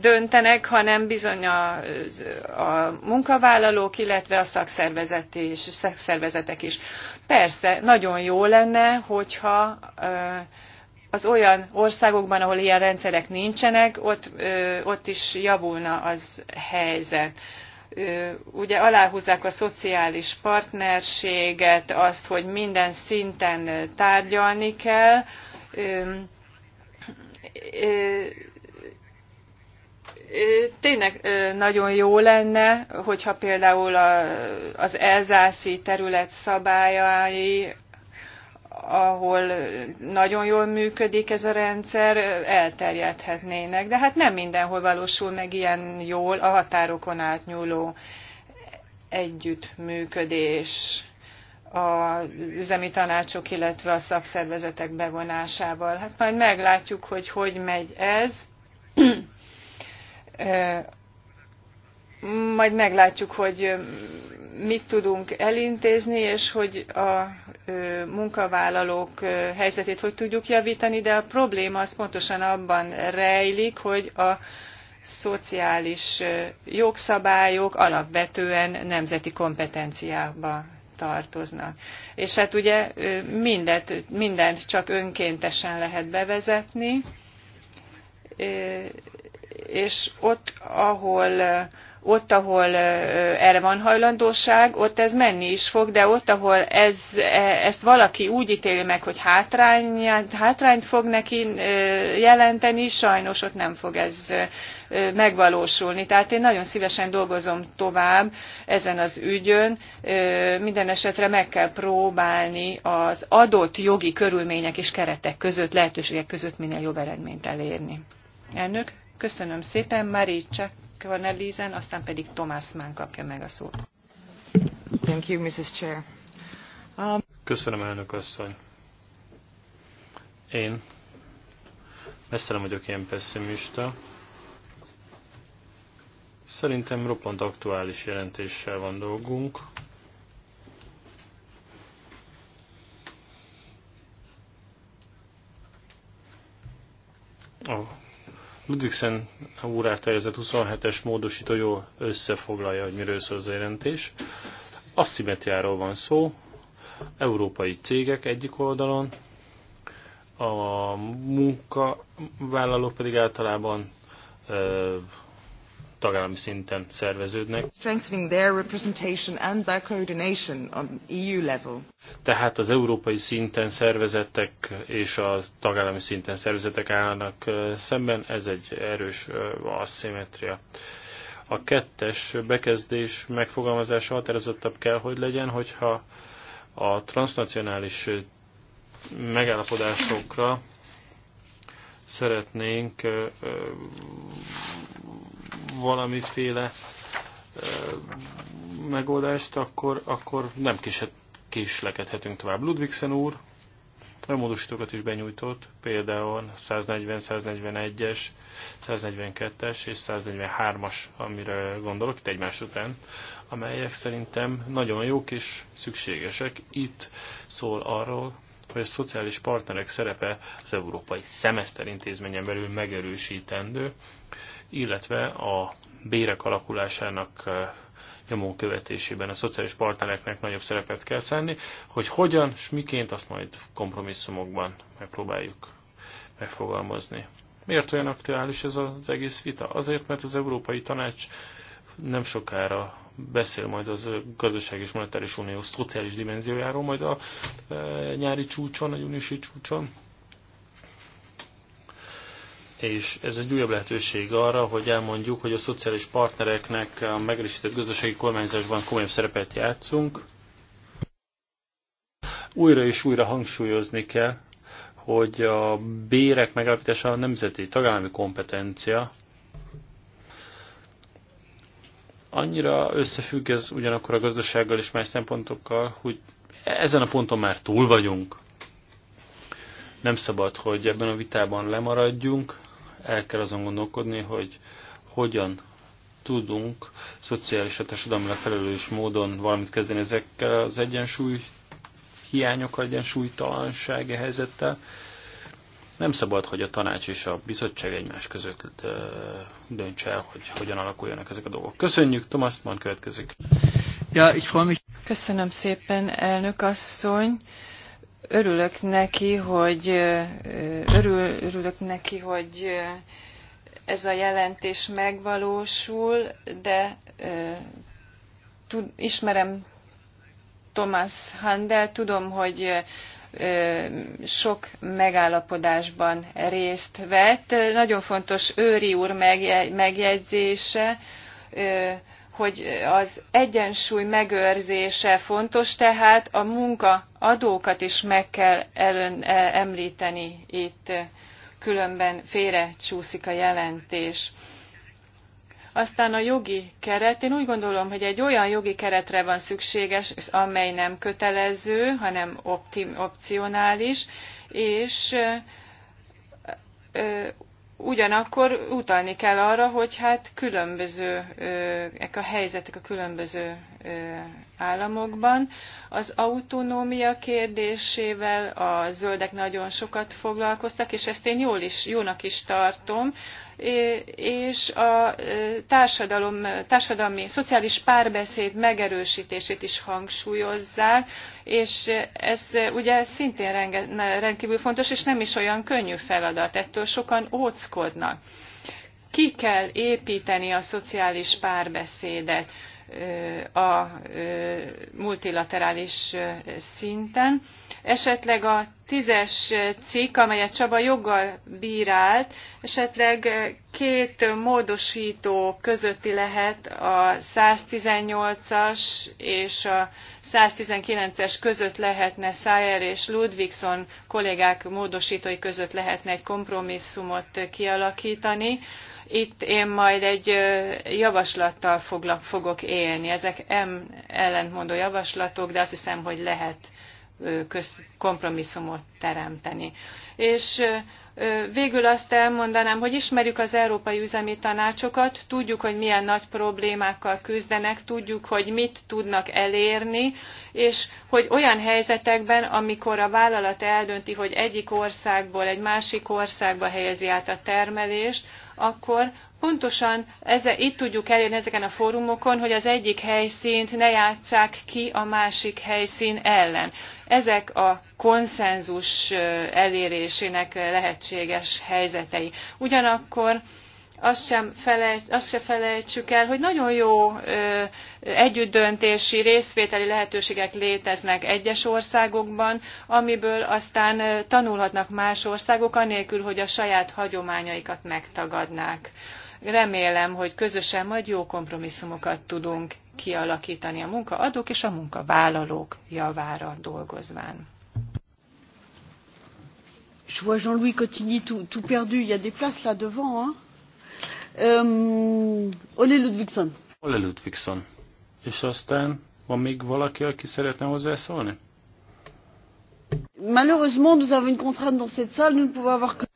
döntenek, hanem bizony a, a munkavállalók, illetve a szakszervezet és szakszervezetek is. Persze, nagyon jó lenne, hogyha az olyan országokban, ahol ilyen rendszerek nincsenek, ott, ott is javulna az helyzet ugye aláhúzzák a szociális partnerséget, azt, hogy minden szinten tárgyalni kell, Tényleg nagyon jó lenne, hogyha például az elzászi terület szabályai, ahol nagyon jól működik ez a rendszer, elterjedhetnének. De hát nem mindenhol valósul meg ilyen jól a határokon átnyúló együttműködés az üzemi tanácsok, illetve a szakszervezetek bevonásával. Hát majd meglátjuk, hogy hogy megy ez majd meglátjuk, hogy mit tudunk elintézni, és hogy a munkavállalók helyzetét hogy tudjuk javítani, de a probléma az pontosan abban rejlik, hogy a szociális jogszabályok alapvetően nemzeti kompetenciába tartoznak. És hát ugye mindet, mindent csak önkéntesen lehet bevezetni, és ott, ahol ott, ahol erre van hajlandóság, ott ez menni is fog, de ott, ahol ez, e, ezt valaki úgy ítéli meg, hogy hátrány, hátrányt fog neki jelenteni, sajnos ott nem fog ez megvalósulni. Tehát én nagyon szívesen dolgozom tovább ezen az ügyön. Minden esetre meg kell próbálni az adott jogi körülmények és keretek között, lehetőségek között minél jobb eredményt elérni. Elnök? Köszönöm szépen, Mari Csakvanelizen, aztán pedig Tomás Mán kapja meg a szót. Thank you, Mrs. Chair. Um... Köszönöm, elnök asszony. Én messze nem vagyok ilyen pessimista. Szerintem roppant aktuális jelentéssel van dolgunk. A Ludvigsen úr által 27-es módosító jól összefoglalja, hogy miről szól az a jelentés. Asszimetriáról van szó, európai cégek egyik oldalon, a munkavállalók pedig általában tagállami szinten szerveződnek. Strengthening their representation and their coordination on EU level. Tehát az európai szinten szervezettek és a tagállami szinten szervezetek állnak szemben, ez egy erős asszimetria. A kettes bekezdés megfogalmazása határozottabb kell, hogy legyen, hogyha a transnacionális megállapodásokra szeretnénk valamiféle megoldást, akkor, akkor nem késlekedhetünk tovább. Ludvigsen úr a módosítókat is benyújtott, például 140, 141-es, 142-es és 143-as, amire gondolok, itt egymás után, amelyek szerintem nagyon jók és szükségesek. Itt szól arról, hogy a szociális partnerek szerepe az európai szemeszter intézményen belül megerősítendő, illetve a bérek alakulásának eh, nyomon követésében a szociális partnereknek nagyobb szerepet kell szenni, hogy hogyan és miként azt majd kompromisszumokban megpróbáljuk megfogalmazni. Miért olyan aktuális ez az egész vita? Azért, mert az Európai Tanács nem sokára beszél majd az gazdaság és monetáris unió szociális dimenziójáról, majd a e, nyári csúcson, a júniusi csúcson. És ez egy újabb lehetőség arra, hogy elmondjuk, hogy a szociális partnereknek a megerősített gazdasági kormányzásban komolyabb szerepet játszunk. Újra és újra hangsúlyozni kell, hogy a bérek megállapítása a nemzeti tagállami kompetencia, Annyira összefügg ez ugyanakkor a gazdasággal és más szempontokkal, hogy ezen a ponton már túl vagyunk. Nem szabad, hogy ebben a vitában lemaradjunk, el kell azon gondolkodni, hogy hogyan tudunk szociális a társadalomra felelős módon valamit kezdeni ezekkel az egyensúly hiányokkal, egyensúlytalansági helyzettel. Nem szabad, hogy a tanács és a bizottság egymás között döntse el, hogy hogyan alakuljanak ezek a dolgok. Köszönjük, Tomasz, majd következik. Ja, ich freue mich. Köszönöm szépen, elnök asszony. Örülök neki, hogy örül, örülök neki, hogy ez a jelentés megvalósul, de tud, ismerem Thomas Handel, tudom, hogy sok megállapodásban részt vett. Nagyon fontos Őri úr megjegyzése, hogy az egyensúly megőrzése fontos, tehát a munkaadókat is meg kell elön, e, említeni itt, különben félre csúszik a jelentés. Aztán a jogi keret, én úgy gondolom, hogy egy olyan jogi keretre van szükséges, amely nem kötelező, hanem optim, opcionális, és ugyanakkor utalni kell arra, hogy hát különbözőek a helyzetek a különböző államokban. Az autonómia kérdésével a zöldek nagyon sokat foglalkoztak, és ezt én jól is, jónak is tartom, és a társadalom, társadalmi, szociális párbeszéd megerősítését is hangsúlyozzák, és ez ugye szintén rendkívül fontos, és nem is olyan könnyű feladat, ettől sokan óckodnak. Ki kell építeni a szociális párbeszédet a multilaterális szinten, esetleg a tízes cikk, amelyet Csaba joggal bírált, esetleg két módosító közötti lehet a 118-as és a 119-es között lehetne Szájer és Ludvigson kollégák módosítói között lehetne egy kompromisszumot kialakítani. Itt én majd egy javaslattal foglak, fogok élni. Ezek M ellentmondó javaslatok, de azt hiszem, hogy lehet kompromisszumot teremteni. És végül azt elmondanám, hogy ismerjük az európai üzemi tanácsokat, tudjuk, hogy milyen nagy problémákkal küzdenek, tudjuk, hogy mit tudnak elérni, és hogy olyan helyzetekben, amikor a vállalat eldönti, hogy egyik országból egy másik országba helyezi át a termelést, akkor pontosan eze, itt tudjuk elérni ezeken a fórumokon, hogy az egyik helyszínt ne játsszák ki a másik helyszín ellen. Ezek a konszenzus elérésének lehetséges helyzetei. Ugyanakkor azt sem felejt, azt se felejtsük el, hogy nagyon jó ö, együttdöntési, részvételi lehetőségek léteznek egyes országokban, amiből aztán ö, tanulhatnak más országok, anélkül, hogy a saját hagyományaikat megtagadnák. Remélem, hogy közösen majd jó kompromisszumokat tudunk kialakítani a munkaadók és a munkavállalók javára dolgozván. Je vois Jean-Louis Cotigny tout, tout perdu. Il y a des places là devant. Hein? Um, euh, Olé Ludvigson. Olé Ludvigson. És aztán van még valaki, aki szeretne hozzászólni? Malheureusement, nous avons une contrainte dans cette salle. Nous ne pouvons avoir que...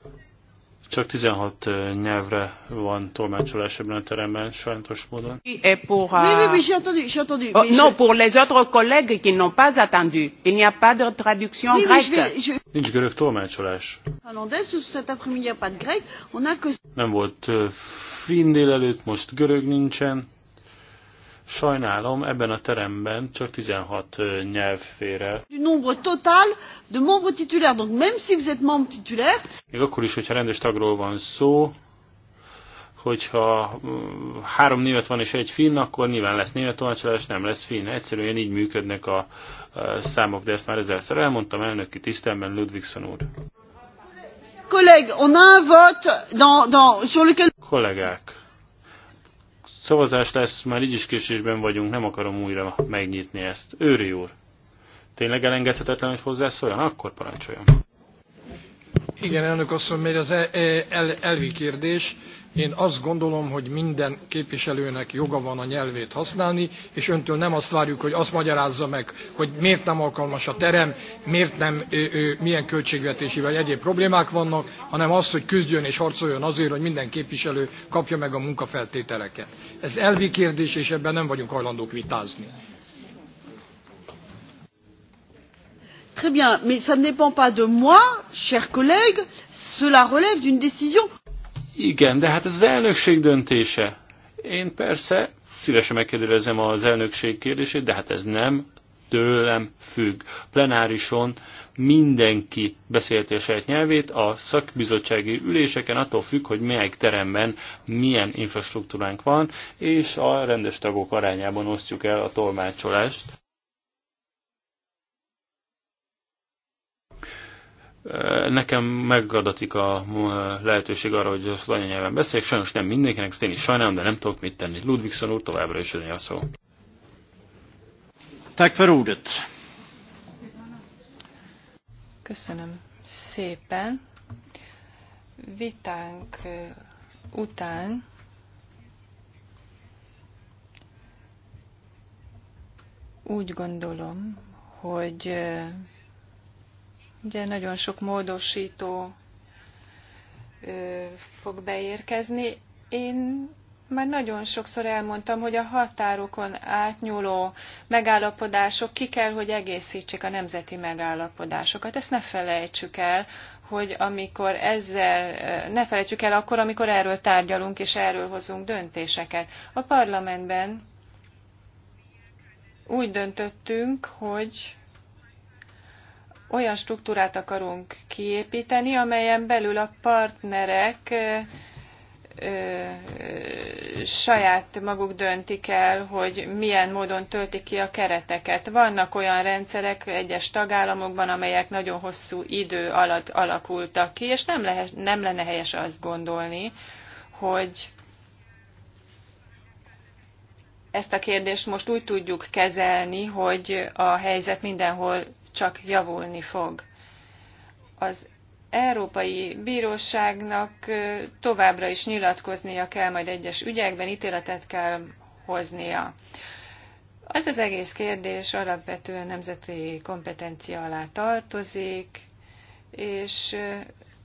Csak 16 nyelvre van tolmácsolás ebben a teremben, sajnos módon. Et pour, uh... Oui, oui, euh, oui, j'ai entendu, j'ai entendu. Oh, non, pour les autres collègues qui n'ont pas attendu, il n'y a pas de traduction oui, grecque. je Nincs görög tolmácsolás. cet après-midi, a pas de grec, on a que... Nem volt finn délelőtt, most görög nincsen. Sajnálom, ebben a teremben csak 16 nyelv fér el. Du nombre total de membres titulaires, donc même si vous êtes membre titulaire. Még akkor is, hogyha rendes tagról van szó, hogyha három német van és egy finn, akkor nyilván lesz német tolmácsolás, nem lesz finn. Egyszerűen így működnek a számok, de ezt már ezerszer elmondtam elnöki tisztelben Ludvigson úr. Kollég, on a vote dans, dans, sur lequel... Kollégák, Szavazás lesz, már így is késésben vagyunk, nem akarom újra megnyitni ezt. Őri úr, tényleg elengedhetetlen, hogy hozzászóljon? Akkor parancsoljon. Igen, elnök asszony, mert az el, e- el, elvi kérdés én azt gondolom, hogy minden képviselőnek joga van a nyelvét használni, és öntől nem azt várjuk, hogy azt magyarázza meg, hogy miért nem alkalmas a terem, miért nem, ö, ö, milyen költségvetési vagy egyéb problémák vannak, hanem azt, hogy küzdjön és harcoljon azért, hogy minden képviselő kapja meg a munkafeltételeket. Ez elvi kérdés, és ebben nem vagyunk hajlandók vitázni. Très bien, mais ça ne dépend pas de moi, chers collègues, cela relève d'une décision igen, de hát ez az elnökség döntése. Én persze szívesen megkérdezem az elnökség kérdését, de hát ez nem tőlem függ. Plenárison mindenki beszélti a saját nyelvét, a szakbizottsági üléseken attól függ, hogy melyik teremben milyen infrastruktúránk van, és a rendes tagok arányában osztjuk el a tolmácsolást. Nekem megadatik a lehetőség arra, hogy az anyanyelven beszéljek. Sajnos nem mindenkinek, ezt én is sajnálom, de nem tudok mit tenni. Ludvigson úr, továbbra is a szó. Tack för Köszönöm szépen. Vitánk után úgy gondolom, hogy Ugye nagyon sok módosító fog beérkezni. Én már nagyon sokszor elmondtam, hogy a határokon átnyúló megállapodások ki kell, hogy egészítsék a nemzeti megállapodásokat. Ezt ne felejtsük el, hogy amikor ezzel, ne felejtsük el akkor, amikor erről tárgyalunk és erről hozunk döntéseket. A parlamentben úgy döntöttünk, hogy olyan struktúrát akarunk kiépíteni, amelyen belül a partnerek saját maguk döntik el, hogy milyen módon töltik ki a kereteket. Vannak olyan rendszerek egyes tagállamokban, amelyek nagyon hosszú idő alatt alakultak ki, és nem, lehet, nem lenne helyes azt gondolni, hogy ezt a kérdést most úgy tudjuk kezelni, hogy a helyzet mindenhol csak javulni fog. Az Európai Bíróságnak továbbra is nyilatkoznia kell, majd egyes ügyekben ítéletet kell hoznia. Az az egész kérdés alapvetően nemzeti kompetencia alá tartozik, és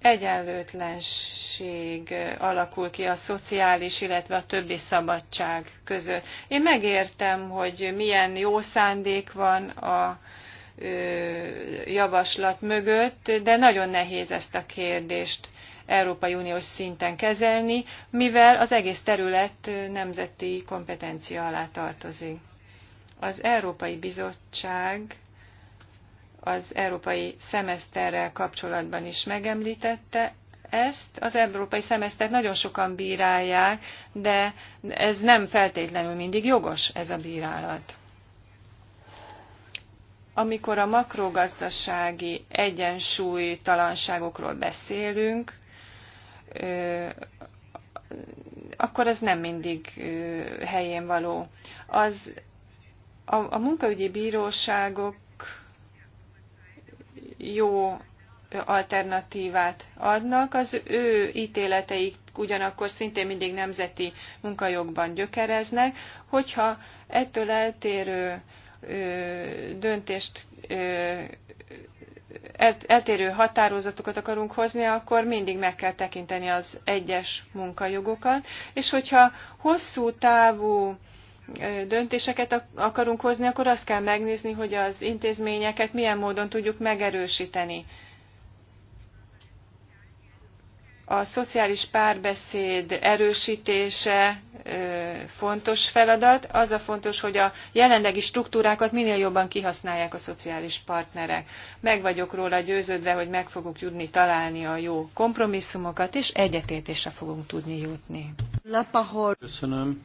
egyenlőtlenség alakul ki a szociális, illetve a többi szabadság között. Én megértem, hogy milyen jó szándék van a javaslat mögött, de nagyon nehéz ezt a kérdést Európai Uniós szinten kezelni, mivel az egész terület nemzeti kompetencia alá tartozik. Az Európai Bizottság az európai szemeszterrel kapcsolatban is megemlítette ezt. Az európai szemesztert nagyon sokan bírálják, de ez nem feltétlenül mindig jogos ez a bírálat amikor a makrogazdasági egyensúlytalanságokról beszélünk, akkor ez nem mindig helyén való. Az, a, a munkaügyi bíróságok jó alternatívát adnak, az ő ítéleteik ugyanakkor szintén mindig nemzeti munkajogban gyökereznek, hogyha ettől eltérő döntést eltérő határozatokat akarunk hozni, akkor mindig meg kell tekinteni az egyes munkajogokat, és hogyha hosszú távú döntéseket akarunk hozni, akkor azt kell megnézni, hogy az intézményeket milyen módon tudjuk megerősíteni a szociális párbeszéd erősítése fontos feladat. Az a fontos, hogy a jelenlegi struktúrákat minél jobban kihasználják a szociális partnerek. Meg vagyok róla győződve, hogy meg fogunk tudni találni a jó kompromisszumokat, és egyetértésre fogunk tudni jutni. Lapahol. Köszönöm.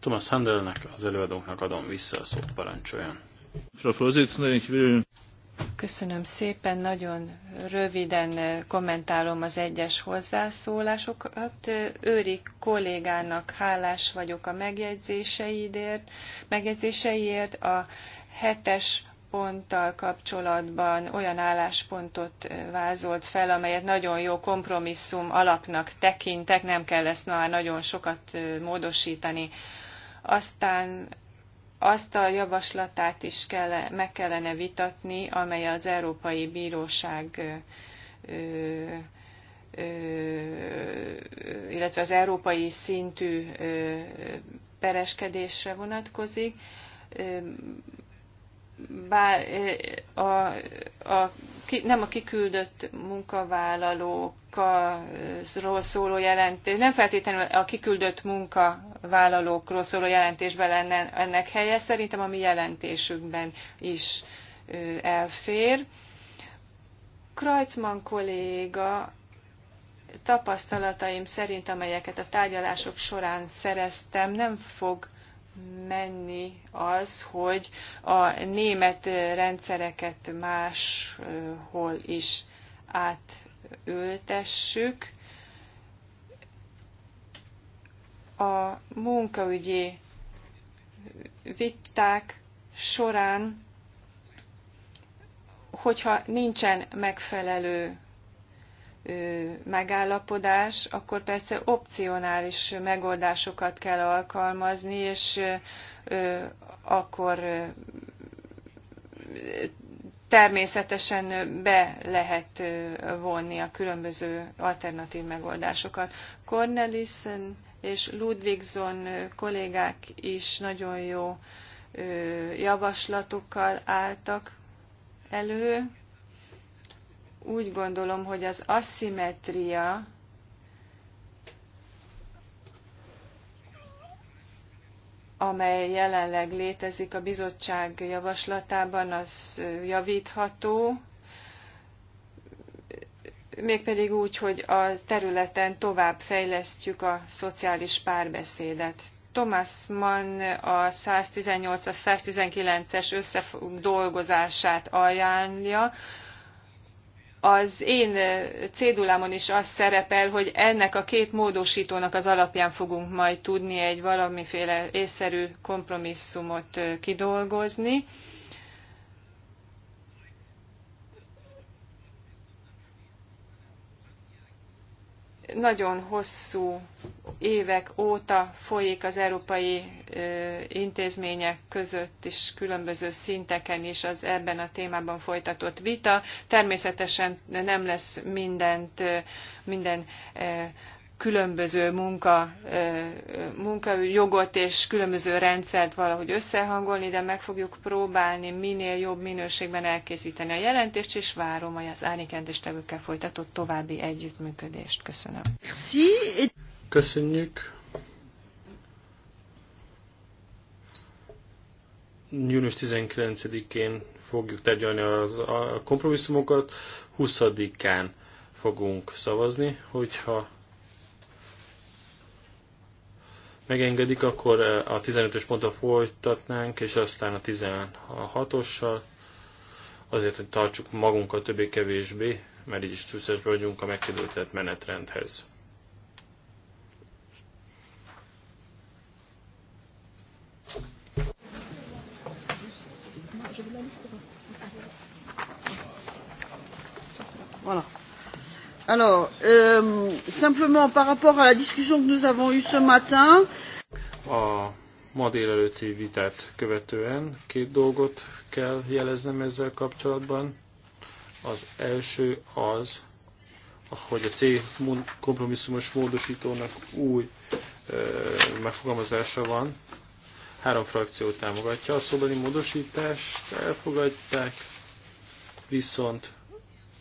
Thomas Handelnek, az előadónknak adom vissza a szót, parancsoljon. Köszönöm szépen, nagyon röviden eh, kommentálom az egyes hozzászólásokat. Eh, Őri kollégának hálás vagyok a megjegyzéseidért, megjegyzéseiért. A hetes ponttal kapcsolatban olyan álláspontot eh, vázolt fel, amelyet nagyon jó kompromisszum alapnak tekintek, nem kell ezt már nagyon sokat módosítani. Aztán azt a javaslatát is kell, meg kellene vitatni, amely az Európai Bíróság illetve az európai szintű pereskedésre vonatkozik bár a, a, a, nem a kiküldött munkavállalókról szóló jelentés, nem feltétlenül a kiküldött munkavállalókról szóló jelentésben lenne ennek helye, szerintem a mi jelentésükben is elfér. Krajcman kolléga tapasztalataim szerint, amelyeket a tárgyalások során szereztem, nem fog menni az, hogy a német rendszereket máshol is átültessük. A munkaügyi vitták során, hogyha nincsen megfelelő megállapodás, akkor persze opcionális megoldásokat kell alkalmazni, és akkor természetesen be lehet vonni a különböző alternatív megoldásokat. Cornelissen és Ludwigson kollégák is nagyon jó javaslatokkal álltak elő, úgy gondolom, hogy az asszimetria amely jelenleg létezik a bizottság javaslatában, az javítható, mégpedig úgy, hogy a területen tovább fejlesztjük a szociális párbeszédet. Thomas Mann a 118-119-es összefog dolgozását ajánlja, az én cédulámon is az szerepel, hogy ennek a két módosítónak az alapján fogunk majd tudni egy valamiféle észszerű kompromisszumot kidolgozni. nagyon hosszú évek óta folyik az európai intézmények között és különböző szinteken is az ebben a témában folytatott vita. Természetesen nem lesz mindent, minden különböző munka, munkajogot és különböző rendszert valahogy összehangolni, de meg fogjuk próbálni minél jobb minőségben elkészíteni a jelentést, és várom hogy az árnyékentéstevőkkel folytatott további együttműködést. Köszönöm. Köszönjük. Június 19-én fogjuk tárgyalni a kompromisszumokat, 20-án fogunk szavazni, hogyha megengedik, akkor eh, a 15-ös ponttal folytatnánk, és aztán a 16-ossal, azért, hogy tartsuk magunkat többé-kevésbé, mert így is csúszásban vagyunk a megkérdőtett menetrendhez. Euh, simplement par rapport à la discussion que nous avons eue ce matin. A ma délelőtti vitát követően két dolgot kell jeleznem ezzel kapcsolatban. Az első az, hogy a C kompromisszumos módosítónak új ö, megfogalmazása van. Három frakció támogatja a szobani módosítást, elfogadták, viszont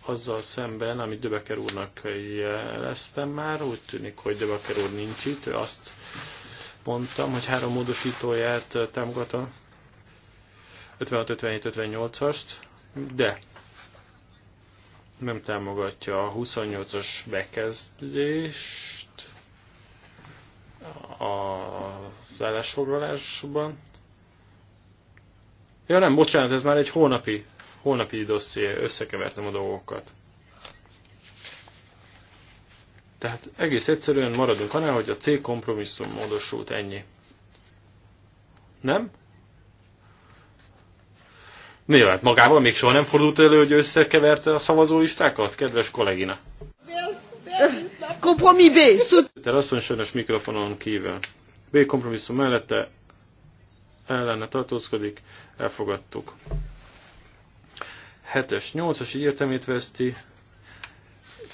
azzal szemben, amit Döbeker úrnak jeleztem már, úgy tűnik, hogy Döbeker úr nincs itt, ő azt mondtam, hogy három módosítóját támogatom, 56-57-58-ast, de nem támogatja a 28-as bekezdést az állásfoglalásban. Ja nem, bocsánat, ez már egy hónapi holnapi dosszié, összekevertem a dolgokat. Tehát egész egyszerűen maradunk annál, hogy a C kompromisszum módosult ennyi. Nem? Néha, hát magával még soha nem fordult elő, hogy összekeverte a szavazólistákat, kedves kollégina. Kompromis B. Tehát asszony sajnos mikrofonon kívül. B kompromisszum mellette ellene tartózkodik, elfogadtuk. 7-es, 8-as így értelmét veszti,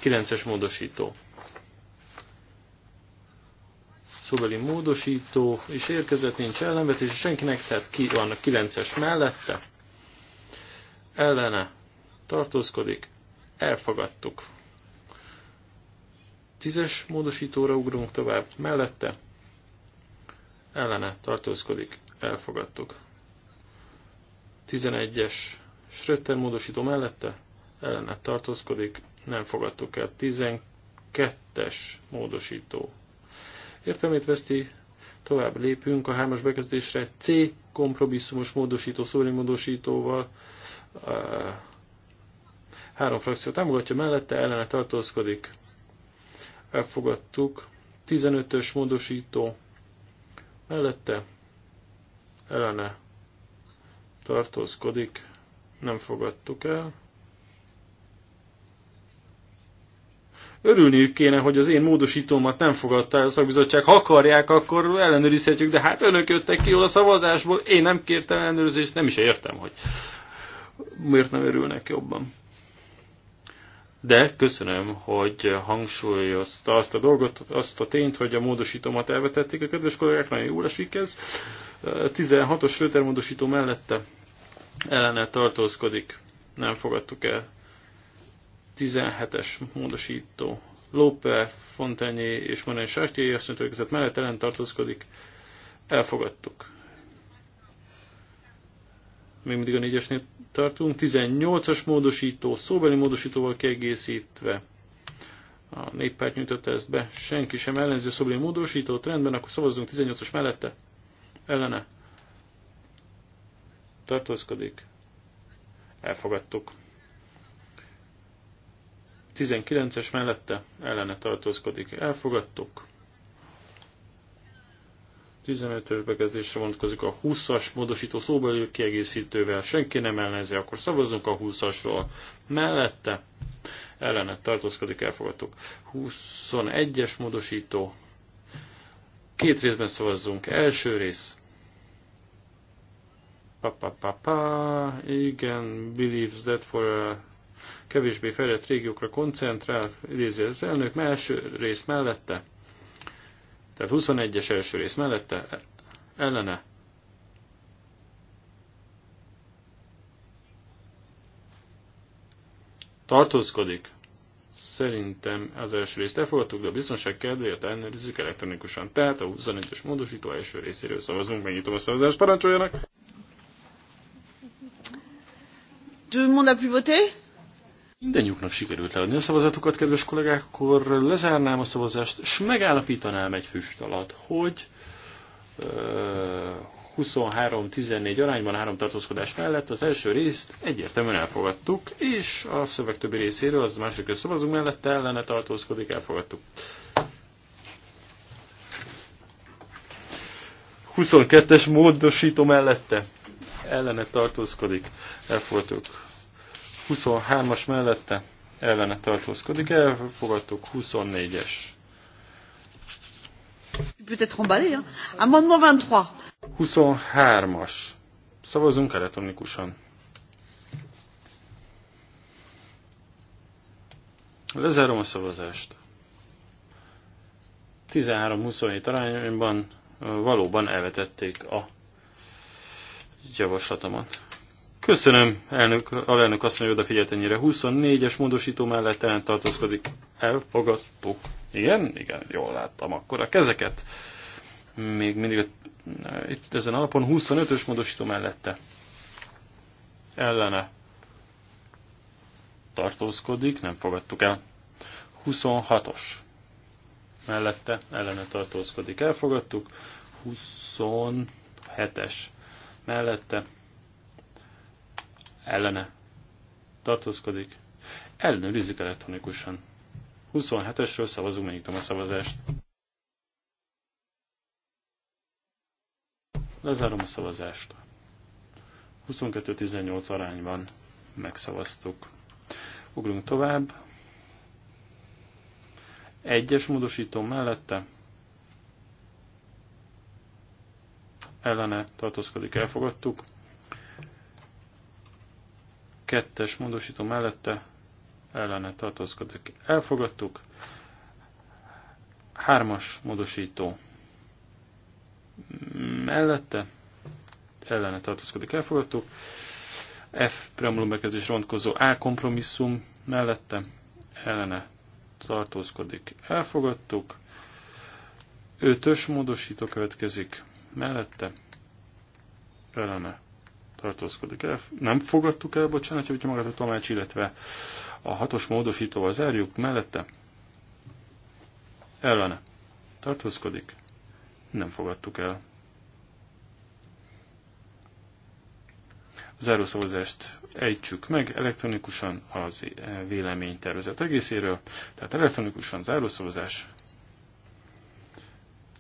9-es módosító. Szóbeli módosító is érkezett, nincs ellenvetés senkinek, tehát ki van a 9-es mellette, ellene tartózkodik, elfogadtuk. 10-es módosítóra ugrunk tovább, mellette, ellene tartózkodik, elfogadtuk. 11-es Schröter módosító mellette ellenet tartózkodik, nem fogadtuk el. 12-es módosító. Értelmét veszti, tovább lépünk a hármas bekezdésre C kompromisszumos módosító módosítóval. Három frakció támogatja mellette, ellene tartózkodik. Elfogadtuk. 15-ös módosító mellette, ellene tartózkodik nem fogadtuk el. Örülniük kéne, hogy az én módosítómat nem fogadta el a szakbizottság. Ha akarják, akkor ellenőrizhetjük, de hát önök jöttek ki a szavazásból, én nem kértem ellenőrzést, nem is értem, hogy miért nem örülnek jobban. De köszönöm, hogy hangsúlyozta azt a dolgot, azt a tényt, hogy a módosítómat elvetették a kedves kollégák, nagyon jól esik ez. 16-os módosító mellette ellene tartózkodik, nem fogadtuk el. 17-es módosító Lópe, Fontenyé és Manen Sartjai asszonytól között mellett ellen tartózkodik, elfogadtuk. Még mindig a 4-esnél tartunk. 18-as módosító, szóbeli módosítóval kiegészítve. A néppárt nyújtotta ezt be. Senki sem ellenzi a szóbeli módosítót. Rendben, akkor szavazzunk 18-as mellette. Ellene tartózkodik, elfogadtuk. 19-es mellette ellene tartózkodik, elfogadtuk. 15-ös bekezdésre vonatkozik a 20-as módosító szóbeli kiegészítővel. Senki nem ellenzi, akkor szavazunk a 20-asról. Mellette ellene tartózkodik, elfogadtuk. 21-es módosító. Két részben szavazzunk. Első rész pa, pa, pa, pa, igen, believes that for a kevésbé fejlett régiókra koncentrál, idézi az elnök, első rész mellette, tehát 21-es első rész mellette, ellene. Tartózkodik. Szerintem az első részt elfogadtuk, de a biztonság kedvéért ellenőrizzük elektronikusan. Tehát a 21-es módosító első részéről szavazunk, megnyitom a szavazást, parancsoljanak! Tout le monde a pu voter? Mindenjuknak sikerült leadni a szavazatukat, kedves kollégák, akkor lezárnám a szavazást, és megállapítanám egy füst alatt, hogy euh, 23-14 arányban három tartózkodás mellett az első részt egyértelműen elfogadtuk, és a szöveg többi részéről az másik szavazunk mellette ellene tartózkodik, elfogadtuk. 22-es módosító mellette ellene tartózkodik, elfogadtuk 23-as mellette, ellene tartózkodik, elfogadtuk 24-es. Peut-être emballé, hein? Amendement 23. 23-as. Szavazunk elektronikusan. Lezárom a szavazást. 13-27 arányban valóban elvetették a javaslatomat. Köszönöm, elnök, alelnök azt mondja, odafigyelt ennyire. 24-es módosító mellett tartózkodik. Elfogadtuk. Igen? Igen, jól láttam akkor a kezeket. Még mindig itt ezen alapon 25-ös módosító mellette. Ellene tartózkodik, nem fogadtuk el. 26-os mellette ellene tartózkodik, elfogadtuk. 27-es mellette ellene tartózkodik. Ellenőrizzük elektronikusan. 27-esről szavazunk, még a szavazást. Lezárom a szavazást. 22-18 arányban megszavaztuk. Ugrunk tovább. Egyes módosító mellette ellene tartózkodik, elfogadtuk. Kettes módosító mellette ellene tartózkodik, elfogadtuk. Hármas módosító mellette ellene tartózkodik, elfogadtuk. F preambulum bekezdés rontkozó A kompromisszum mellette ellene tartózkodik. Elfogadtuk. Ötös módosító következik mellette ellene tartózkodik el. Nem fogadtuk el, bocsánat, hogyha magát a tanács, illetve a hatos módosítóval zárjuk, mellette ellene tartózkodik. Nem fogadtuk el. A zárószavazást ejtsük meg elektronikusan az véleménytervezet egészéről, tehát elektronikusan zárószavazás.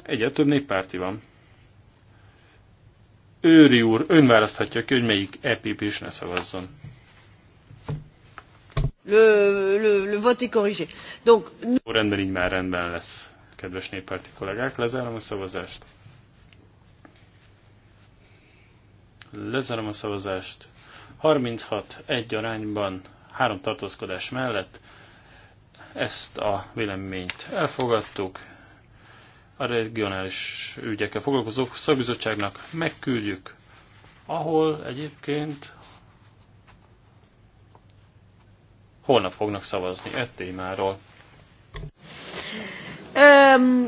Egyet- több néppárti van. Őri úr, ön választhatja ki, hogy melyik epp is ne szavazzon. Le, le, le vote corrigé. Donc, Rendben, így már rendben lesz, kedves néppárti kollégák. Lezárom a szavazást. Lezárom a szavazást. 36 egy arányban, három tartózkodás mellett ezt a véleményt elfogadtuk a regionális ügyekkel foglalkozó szakbizottságnak megküldjük, ahol egyébként holnap fognak szavazni e témáról. Ehm,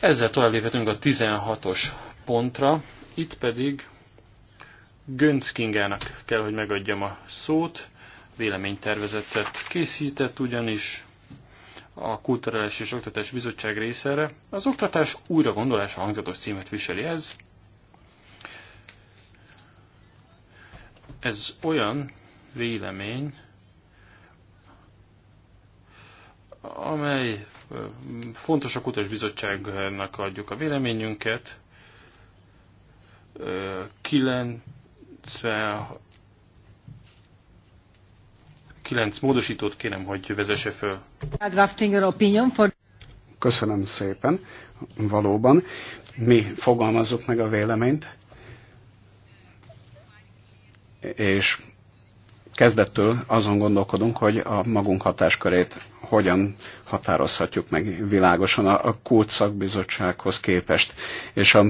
Ezzel tovább léphetünk a 16-os pontra, itt pedig Gönc kell, hogy megadjam a szót, véleménytervezetet készített ugyanis, a Kulturális és Oktatás Bizottság részére. Az oktatás újra gondolása hangzatos címet viseli ez. Ez olyan vélemény, amely fontos a Kutas Bizottságnak adjuk a véleményünket. 96 kilenc módosítót kérem, hogy vezesse föl. Köszönöm szépen, valóban. Mi fogalmazzuk meg a véleményt, és kezdettől azon gondolkodunk, hogy a magunk hatáskörét hogyan határozhatjuk meg világosan a kult szakbizottsághoz képest. És a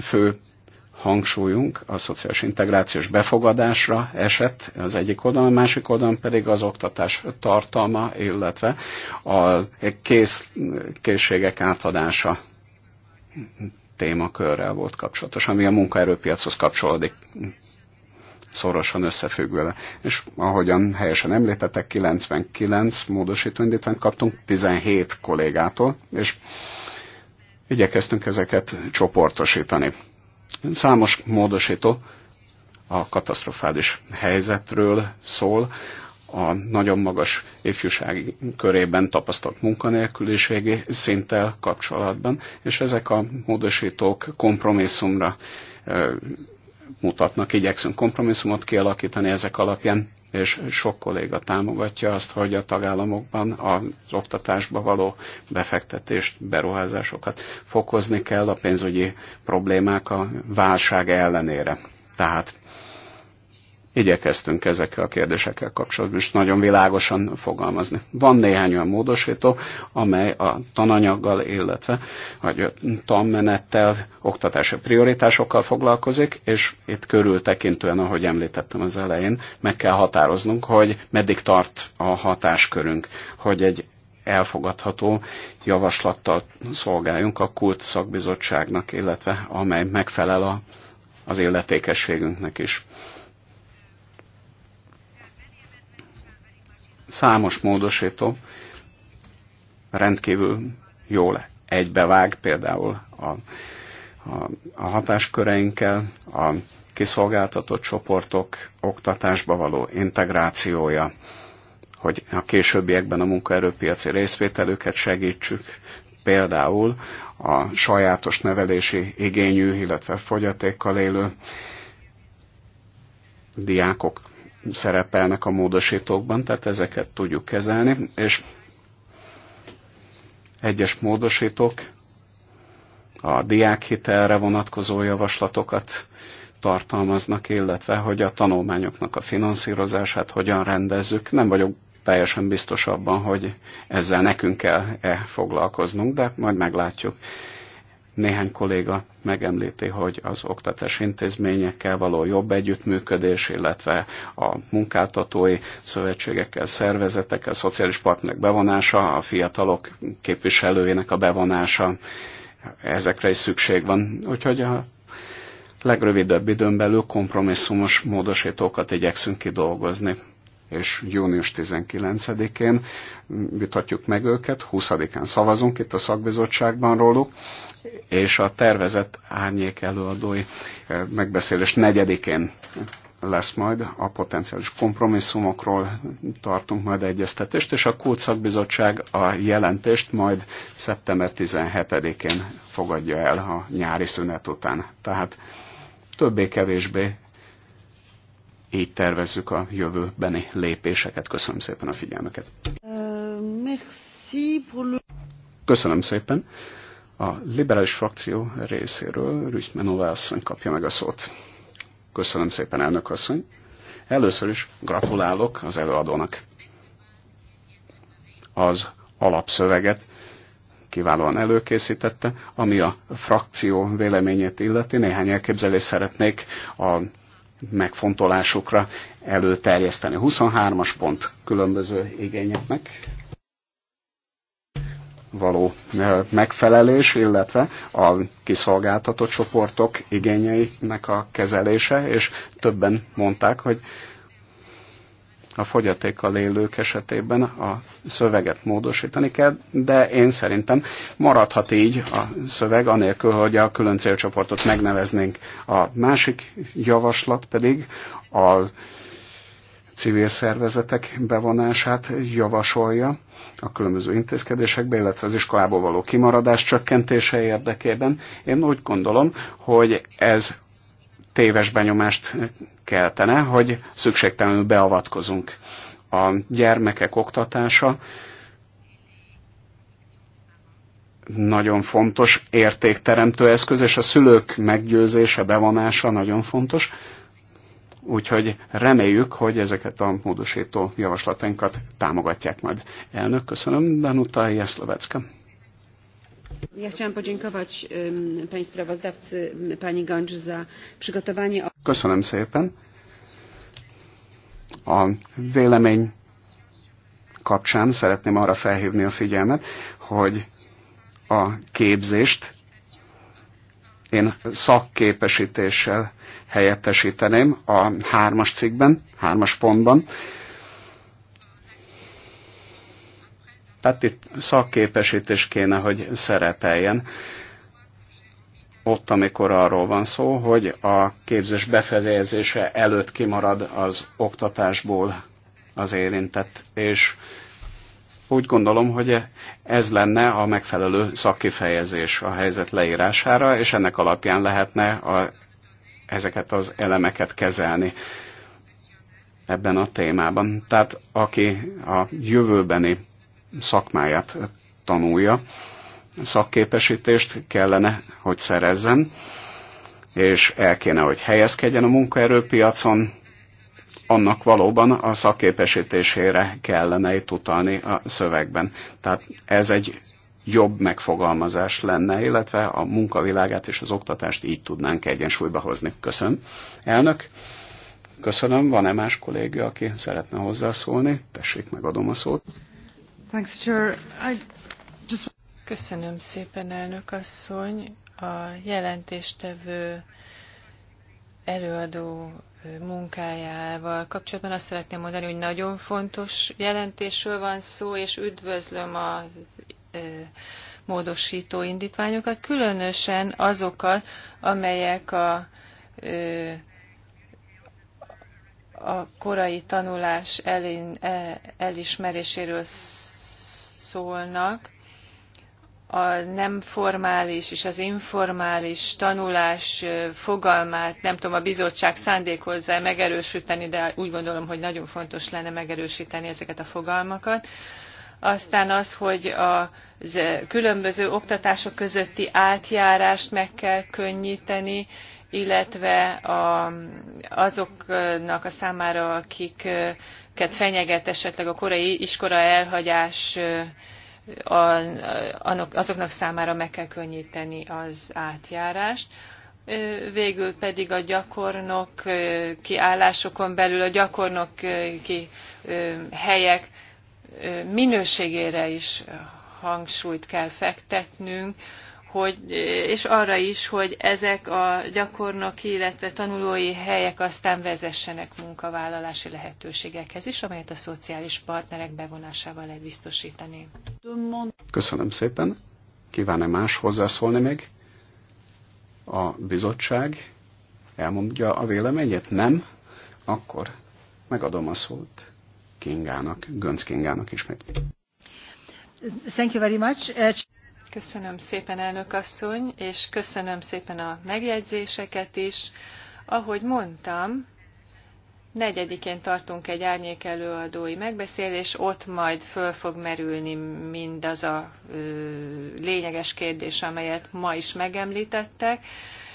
fő hangsúlyunk a szociális integrációs befogadásra esett az egyik oldalon, a másik oldalon pedig az oktatás tartalma, illetve a kész, készségek átadása témakörrel volt kapcsolatos, ami a munkaerőpiachoz kapcsolódik szorosan összefüggve. És ahogyan helyesen említettek, 99 módosító indítványt kaptunk 17 kollégától, és igyekeztünk ezeket csoportosítani Számos módosító a katasztrofális helyzetről szól, a nagyon magas ifjúsági körében tapasztalt munkanélküliségi szinttel kapcsolatban, és ezek a módosítók kompromisszumra mutatnak, igyekszünk kompromisszumot kialakítani ezek alapján, és sok kolléga támogatja azt, hogy a tagállamokban az oktatásba való befektetést, beruházásokat fokozni kell a pénzügyi problémák a válság ellenére. Tehát igyekeztünk ezekkel a kérdésekkel kapcsolatban is nagyon világosan fogalmazni. Van néhány olyan módosító, amely a tananyaggal, illetve a tanmenettel, oktatási prioritásokkal foglalkozik, és itt körültekintően, ahogy említettem az elején, meg kell határoznunk, hogy meddig tart a hatáskörünk, hogy egy elfogadható javaslattal szolgáljunk a kult szakbizottságnak, illetve amely megfelel a, az illetékességünknek is számos módosító rendkívül jól egybevág például a, a, a hatásköreinkkel, a kiszolgáltatott csoportok oktatásba való integrációja, hogy a későbbiekben a munkaerőpiaci részvételüket segítsük, például a sajátos nevelési igényű, illetve fogyatékkal élő diákok szerepelnek a módosítókban, tehát ezeket tudjuk kezelni, és egyes módosítók a diákhitelre vonatkozó javaslatokat tartalmaznak, illetve hogy a tanulmányoknak a finanszírozását hogyan rendezzük. Nem vagyok teljesen biztos abban, hogy ezzel nekünk kell -e foglalkoznunk, de majd meglátjuk. Néhány kolléga megemlíti, hogy az oktatási intézményekkel való jobb együttműködés, illetve a munkáltatói szövetségekkel, szervezetekkel, szociális partnerek bevonása, a fiatalok képviselőjének a bevonása, ezekre is szükség van. Úgyhogy a legrövidebb időn belül kompromisszumos módosítókat igyekszünk kidolgozni és június 19-én vitatjuk meg őket, 20-án szavazunk itt a szakbizottságban róluk, és a tervezett árnyék előadói eh, megbeszélés 4-én lesz majd, a potenciális kompromisszumokról tartunk majd egyeztetést, és a Kult Szakbizottság a jelentést majd szeptember 17-én fogadja el a nyári szünet után. Tehát többé-kevésbé így tervezzük a jövőbeni lépéseket. Köszönöm szépen a figyelmeket. Köszönöm szépen. A liberális frakció részéről Rüsmenová asszony kapja meg a szót. Köszönöm szépen, elnök asszony. Először is gratulálok az előadónak. Az alapszöveget kiválóan előkészítette, ami a frakció véleményét illeti. Néhány elképzelést szeretnék a megfontolásukra előterjeszteni. 23-as pont különböző igényeknek való megfelelés, illetve a kiszolgáltatott csoportok igényeinek a kezelése, és többen mondták, hogy a fogyatékkal élők esetében a szöveget módosítani kell, de én szerintem maradhat így a szöveg, anélkül, hogy a külön célcsoportot megneveznénk. A másik javaslat pedig a civil szervezetek bevonását javasolja a különböző intézkedésekbe, illetve az iskolából való kimaradás csökkentése érdekében. Én úgy gondolom, hogy ez téves benyomást keltene, hogy szükségtelenül beavatkozunk. A gyermekek oktatása nagyon fontos értékteremtő eszköz, és a szülők meggyőzése, bevonása nagyon fontos. Úgyhogy reméljük, hogy ezeket a módosító javaslatainkat támogatják majd. Elnök, köszönöm, Danuta Jeszlovecka. Ja chciałam podziękować pani sprawozdawcy, pani Gącz za przygotowanie. Köszönöm szépen. A vélemény kapcsán szeretném arra felhívni a figyelmet, hogy a képzést én szakképesítéssel helyettesíteném a hármas cikkben, hármas pontban, Tehát itt szakképesítés kéne, hogy szerepeljen. Ott, amikor arról van szó, hogy a képzés befejezése előtt kimarad az oktatásból az érintett, és úgy gondolom, hogy ez lenne a megfelelő szakkifejezés a helyzet leírására, és ennek alapján lehetne a, ezeket az elemeket kezelni ebben a témában. Tehát aki a jövőbeni szakmáját tanulja, szakképesítést kellene, hogy szerezzen, és el kéne, hogy helyezkedjen a munkaerőpiacon, annak valóban a szakképesítésére kellene itt utalni a szövegben. Tehát ez egy jobb megfogalmazás lenne, illetve a munkavilágát és az oktatást így tudnánk egyensúlyba hozni. Köszönöm. Elnök, köszönöm. Van-e más kolléga, aki szeretne hozzászólni? Tessék, megadom a szót. Köszönöm szépen, elnök asszony. A jelentéstevő előadó munkájával kapcsolatban azt szeretném mondani, hogy nagyon fontos jelentésről van szó, és üdvözlöm a e, módosító indítványokat, különösen azokat, amelyek a, e, a korai tanulás e, elismeréséről szólnak, a nem formális és az informális tanulás fogalmát, nem tudom, a bizottság szándékozza -e megerősíteni, de úgy gondolom, hogy nagyon fontos lenne megerősíteni ezeket a fogalmakat. Aztán az, hogy a különböző oktatások közötti átjárást meg kell könnyíteni, illetve a, azoknak a számára, akik fenyeget esetleg a korai iskola elhagyás, azoknak számára meg kell könnyíteni az átjárást. Végül pedig a gyakornok kiállásokon belül a gyakornok ki helyek minőségére is hangsúlyt kell fektetnünk, hogy, és arra is, hogy ezek a gyakornoki, illetve tanulói helyek aztán vezessenek munkavállalási lehetőségekhez is, amelyet a szociális partnerek bevonásával lehet biztosítani. Köszönöm szépen. Kíván-e más hozzászólni még? A bizottság elmondja a véleményét? Nem? Akkor megadom a szót Kingának, Gönc Kingának ismét. Thank you very much. Köszönöm szépen, elnök asszony, és köszönöm szépen a megjegyzéseket is. Ahogy mondtam, negyedikén tartunk egy árnyék előadói megbeszélés, ott majd föl fog merülni mindaz a ö, lényeges kérdés, amelyet ma is megemlítettek.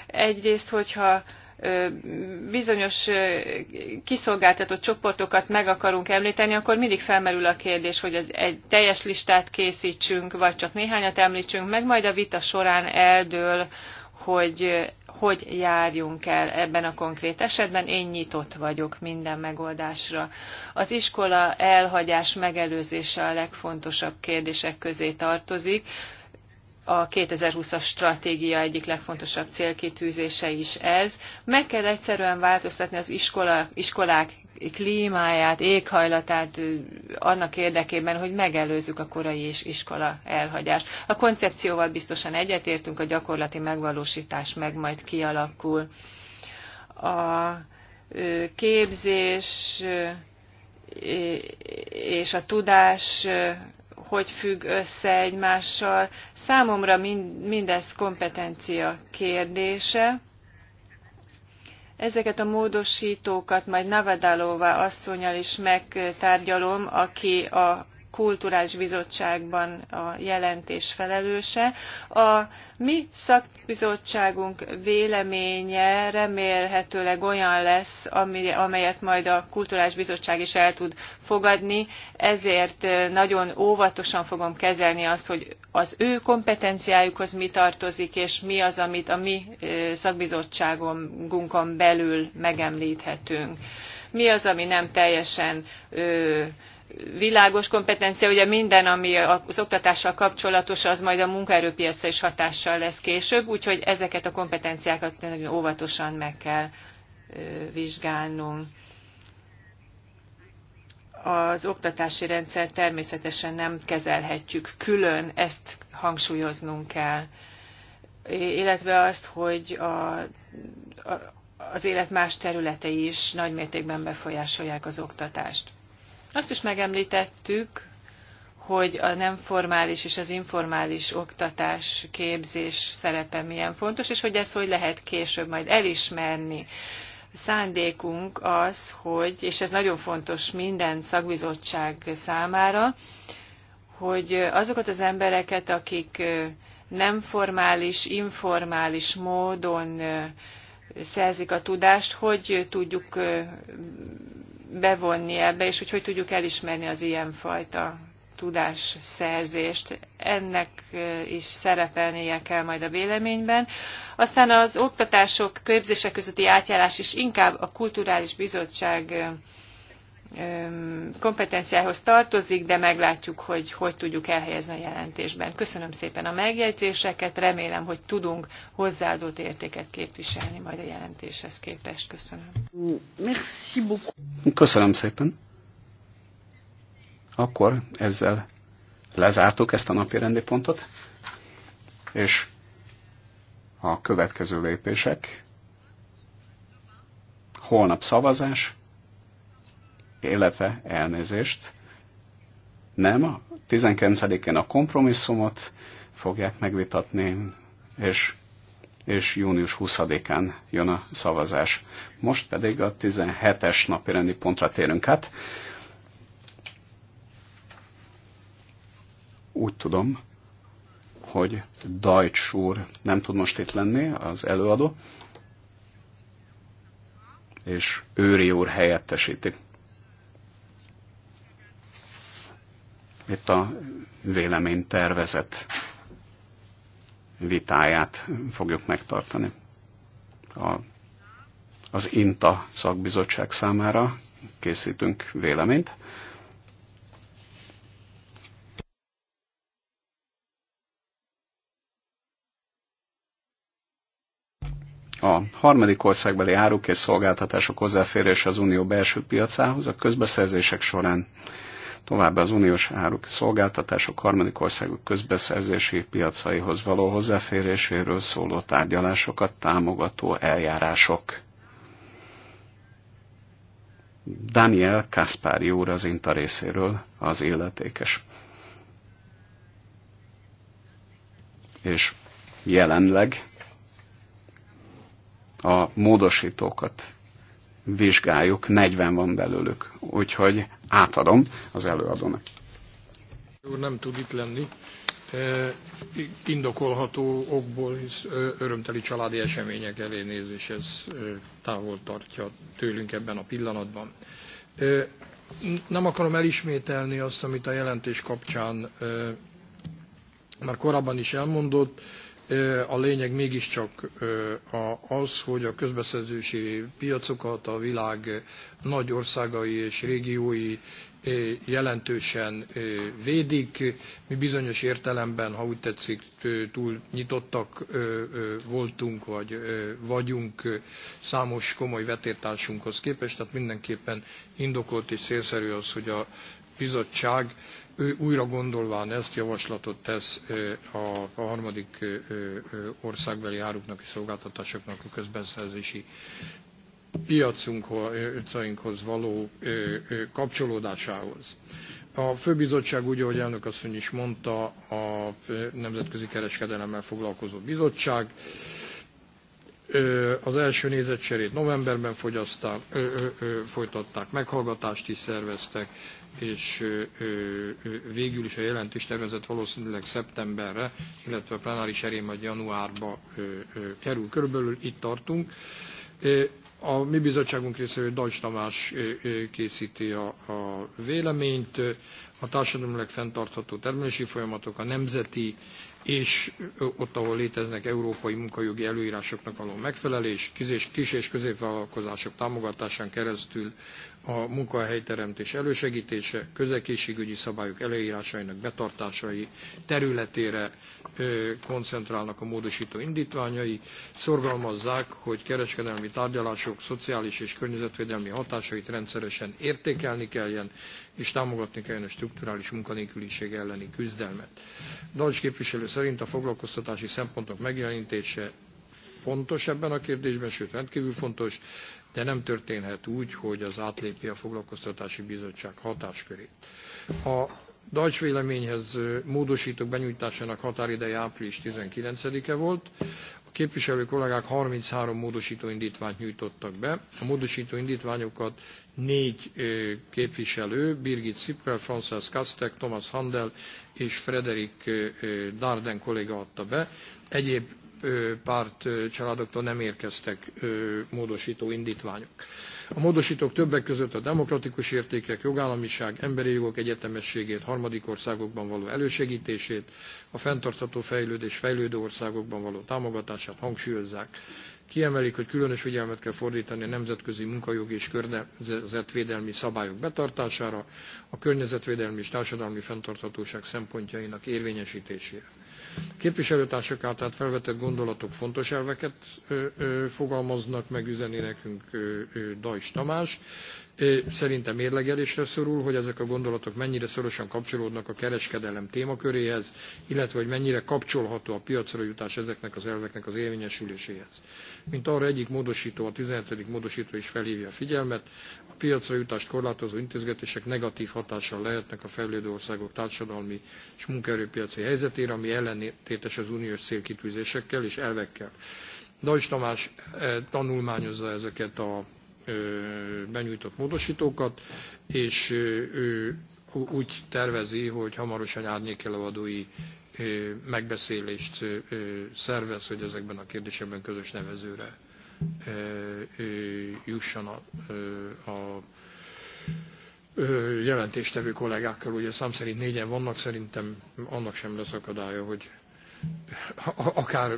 Egyrészt, hogyha bizonyos kiszolgáltatott csoportokat meg akarunk említeni, akkor mindig felmerül a kérdés, hogy ez egy teljes listát készítsünk, vagy csak néhányat említsünk, meg majd a vita során eldől, hogy hogy járjunk el ebben a konkrét esetben. Én nyitott vagyok minden megoldásra. Az iskola elhagyás megelőzése a legfontosabb kérdések közé tartozik a 2020-as stratégia egyik legfontosabb célkitűzése is ez. Meg kell egyszerűen változtatni az iskola, iskolák klímáját, éghajlatát annak érdekében, hogy megelőzzük a korai és iskola elhagyást. A koncepcióval biztosan egyetértünk, a gyakorlati megvalósítás meg majd kialakul. A képzés és a tudás hogy függ össze egymással. Számomra mindez kompetencia kérdése. Ezeket a módosítókat majd Navadalova asszonyal is megtárgyalom, aki a kulturális bizottságban a jelentés felelőse. A mi szakbizottságunk véleménye remélhetőleg olyan lesz, amelyet majd a kulturális bizottság is el tud fogadni, ezért nagyon óvatosan fogom kezelni azt, hogy az ő kompetenciájukhoz mi tartozik, és mi az, amit a mi szakbizottságunkon belül megemlíthetünk. Mi az, ami nem teljesen világos kompetencia, ugye minden, ami az oktatással kapcsolatos, az majd a munkaerőpiacra is hatással lesz később, úgyhogy ezeket a kompetenciákat nagyon óvatosan meg kell vizsgálnunk. Az oktatási rendszer természetesen nem kezelhetjük külön, ezt hangsúlyoznunk kell. Illetve azt, hogy a, a, az élet más területei is nagymértékben befolyásolják az oktatást. Azt is megemlítettük, hogy a nem formális és az informális oktatás, képzés szerepe milyen fontos, és hogy ezt hogy lehet később majd elismerni. Szándékunk az, hogy, és ez nagyon fontos minden szakbizottság számára, hogy azokat az embereket, akik nem formális, informális módon szerzik a tudást, hogy tudjuk bevonni ebbe, és hogy hogy tudjuk elismerni az ilyenfajta tudásszerzést. Ennek is szerepelnie kell majd a véleményben. Aztán az oktatások, képzések közötti átjárás is inkább a kulturális bizottság kompetenciához tartozik, de meglátjuk, hogy hogy tudjuk elhelyezni a jelentésben. Köszönöm szépen a megjegyzéseket, remélem, hogy tudunk hozzáadott értéket képviselni majd a jelentéshez képest. Köszönöm. Merci beaucoup. Köszönöm szépen. Akkor ezzel lezártuk ezt a napi rendi pontot, és a következő lépések holnap szavazás, illetve elnézést, nem, 19-én a kompromisszumot fogják megvitatni, és, és június 20-án jön a szavazás. Most pedig a 17-es napi rendi pontra térünk át. Úgy tudom, hogy Dajcs úr nem tud most itt lenni, az előadó, és Őri úr helyettesíti. itt a véleménytervezet vitáját fogjuk megtartani. A, az INTA szakbizottság számára készítünk véleményt. a harmadik országbeli áruk és szolgáltatások hozzáférése az unió belső piacához a közbeszerzések során Továbbá az uniós áruk szolgáltatások harmadik országok közbeszerzési piacaihoz való hozzáféréséről szóló tárgyalásokat támogató eljárások. Daniel Kaspári úr az Inta részéről az illetékes. És jelenleg a módosítókat vizsgáljuk, 40 van belőlük. Úgyhogy átadom az előadónak. Úr nem tud itt lenni, e, indokolható okból, hisz e, örömteli családi események elé és ez e, távol tartja tőlünk ebben a pillanatban. Nem akarom elismételni azt, amit a jelentés kapcsán már korábban is elmondott, a lényeg mégiscsak az, hogy a közbeszerzési piacokat a világ nagy országai és régiói jelentősen védik. Mi bizonyos értelemben, ha úgy tetszik, túl nyitottak voltunk, vagy vagyunk számos komoly vetétársunkhoz képest, tehát mindenképpen indokolt és szélszerű az, hogy a bizottság ő újra gondolván ezt javaslatot tesz a harmadik országbeli áruknak és szolgáltatásoknak a közbeszerzési piacunkhoz való kapcsolódásához. A főbizottság úgy, ahogy elnök asszony is mondta, a Nemzetközi Kereskedelemmel foglalkozó bizottság, az első nézetcserét novemberben folytatták, meghallgatást is szerveztek, és végül is a jelentés tervezett valószínűleg szeptemberre, illetve a plenáris erén majd januárba kerül. Körülbelül itt tartunk. A mi bizottságunk részéről Dajs Tamás készíti a, a véleményt, a társadalmilag fenntartható termelési folyamatok, a nemzeti és ott, ahol léteznek európai munkajogi előírásoknak való megfelelés, kis és középvállalkozások támogatásán keresztül a munkahelyteremtés elősegítése, közegészségügyi szabályok előírásainak betartásai területére koncentrálnak a módosító indítványai, szorgalmazzák, hogy kereskedelmi tárgyalások szociális és környezetvédelmi hatásait rendszeresen értékelni kelljen, és támogatni kelljen a strukturális munkanélküliség elleni küzdelmet. Dals képviselő szerint a foglalkoztatási szempontok megjelenítése fontos ebben a kérdésben, sőt rendkívül fontos, de nem történhet úgy, hogy az átlépi a foglalkoztatási bizottság hatáskörét. A Dajcs véleményhez módosítók benyújtásának határideje április 19-e volt. A képviselő kollégák 33 módosító indítványt nyújtottak be. A módosító indítványokat négy képviselő, Birgit Zippel, Frances Kastek, Thomas Handel és Frederik Darden kolléga adta be. Egyéb párt családoktól nem érkeztek módosító indítványok. A módosítók többek között a demokratikus értékek, jogállamiság, emberi jogok egyetemességét, harmadik országokban való elősegítését, a fenntartható fejlődés fejlődő országokban való támogatását hangsúlyozzák. Kiemelik, hogy különös figyelmet kell fordítani a nemzetközi munkajogi és környezetvédelmi szabályok betartására, a környezetvédelmi és társadalmi fenntarthatóság szempontjainak érvényesítésére. Képviselőtársak által felvetett gondolatok fontos elveket fogalmaznak meg, üzeni nekünk Dajs Tamás szerintem mérlegelésre szorul, hogy ezek a gondolatok mennyire szorosan kapcsolódnak a kereskedelem témaköréhez, illetve hogy mennyire kapcsolható a piacra jutás ezeknek az elveknek az érvényesüléséhez. Mint arra egyik módosító, a 17. módosító is felhívja a figyelmet, a piacra jutást korlátozó intézkedések negatív hatással lehetnek a fejlődő országok társadalmi és munkaerőpiaci helyzetére, ami ellentétes az uniós célkitűzésekkel és elvekkel. Dajs Tamás tanulmányozza ezeket a benyújtott módosítókat, és ő úgy tervezi, hogy hamarosan árnyékelőadói megbeszélést szervez, hogy ezekben a kérdésekben közös nevezőre jusson a, a jelentéstevő kollégákkal. Ugye szám szerint négyen vannak, szerintem annak sem lesz akadálya, hogy akár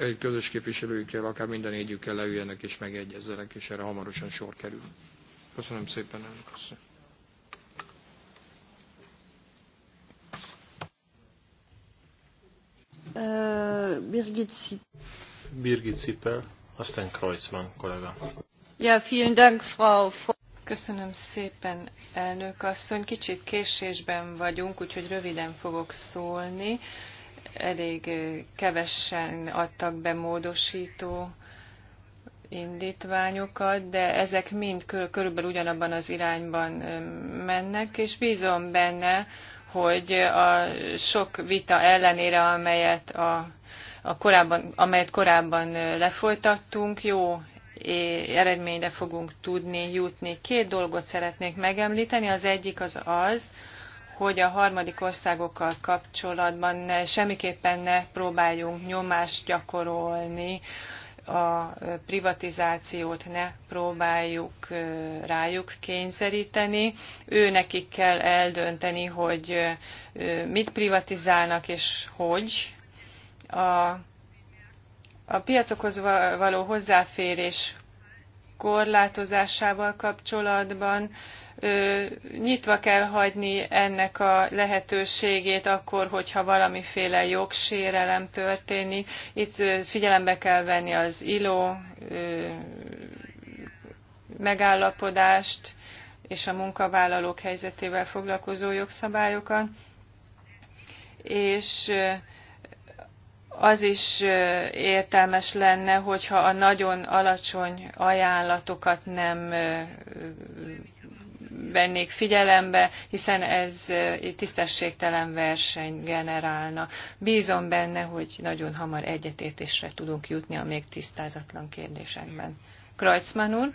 egy közös képviselőjükkel, akár minden négyükkel leüljenek és megegyezzenek, és erre hamarosan sor kerül. Köszönöm szépen, elnök asszony. Birgit Zippel. Birgit Zippel, aztán Kreuzmann kollega. Ja, vielen Dank, Frau. Köszönöm szépen, elnök asszony. Kicsit késésben vagyunk, úgyhogy röviden fogok szólni. Uh, elég kevesen adtak be módosító indítványokat, de ezek mind körülbelül ugyanabban az irányban mennek, és bízom benne, hogy a sok vita ellenére, amelyet, a, a korábban, amelyet korábban lefolytattunk, jó eredményre fogunk tudni jutni. Két dolgot szeretnék megemlíteni. Az egyik az az, hogy a harmadik országokkal kapcsolatban semmiképpen ne próbáljunk nyomást gyakorolni, a privatizációt ne próbáljuk rájuk kényszeríteni. Ő nekik kell eldönteni, hogy mit privatizálnak és hogy. A, a piacokhoz való hozzáférés korlátozásával kapcsolatban nyitva kell hagyni ennek a lehetőségét akkor, hogyha valamiféle jogsérelem történik. Itt figyelembe kell venni az ILO megállapodást és a munkavállalók helyzetével foglalkozó jogszabályokat. És az is értelmes lenne, hogyha a nagyon alacsony ajánlatokat nem vennék figyelembe, hiszen ez tisztességtelen verseny generálna. Bízom benne, hogy nagyon hamar egyetértésre tudunk jutni a még tisztázatlan kérdésekben. Kreutzmann úr,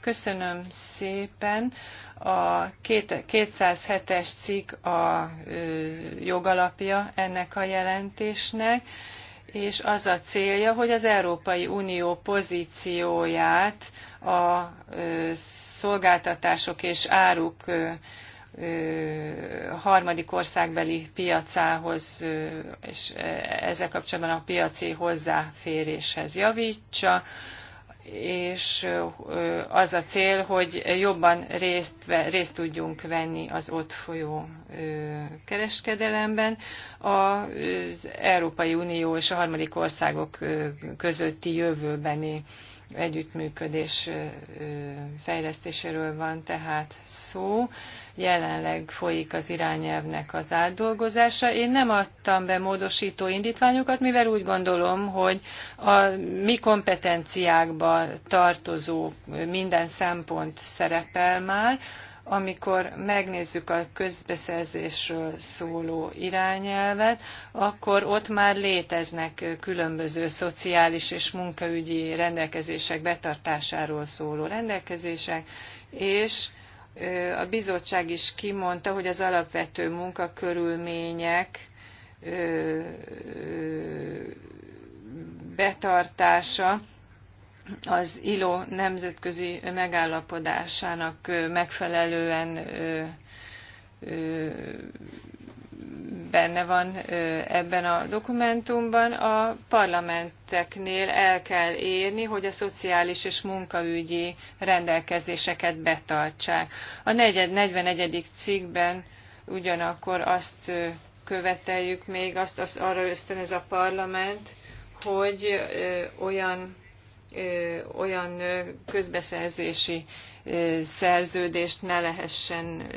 köszönöm szépen. A 207-es cikk a jogalapja ennek a jelentésnek és az a célja, hogy az Európai Unió pozícióját a szolgáltatások és áruk harmadik országbeli piacához és ezzel kapcsolatban a piaci hozzáféréshez javítsa, és az a cél, hogy jobban részt, részt tudjunk venni az ott folyó kereskedelemben. Az Európai Unió és a harmadik országok közötti jövőbeni együttműködés fejlesztéséről van tehát szó. Jelenleg folyik az irányelvnek az átdolgozása. Én nem adtam be módosító indítványokat, mivel úgy gondolom, hogy a mi kompetenciákba tartozó minden szempont szerepel már, amikor megnézzük a közbeszerzésről szóló irányelvet, akkor ott már léteznek különböző szociális és munkaügyi rendelkezések betartásáról szóló rendelkezések, és a bizottság is kimondta, hogy az alapvető munkakörülmények betartása az ILO nemzetközi megállapodásának megfelelően benne van ebben a dokumentumban. A parlamenteknél el kell érni, hogy a szociális és munkaügyi rendelkezéseket betartsák. A 41. cikkben ugyanakkor azt követeljük még, azt, azt arra ösztönöz a parlament, hogy olyan olyan közbeszerzési szerződést ne lehessen,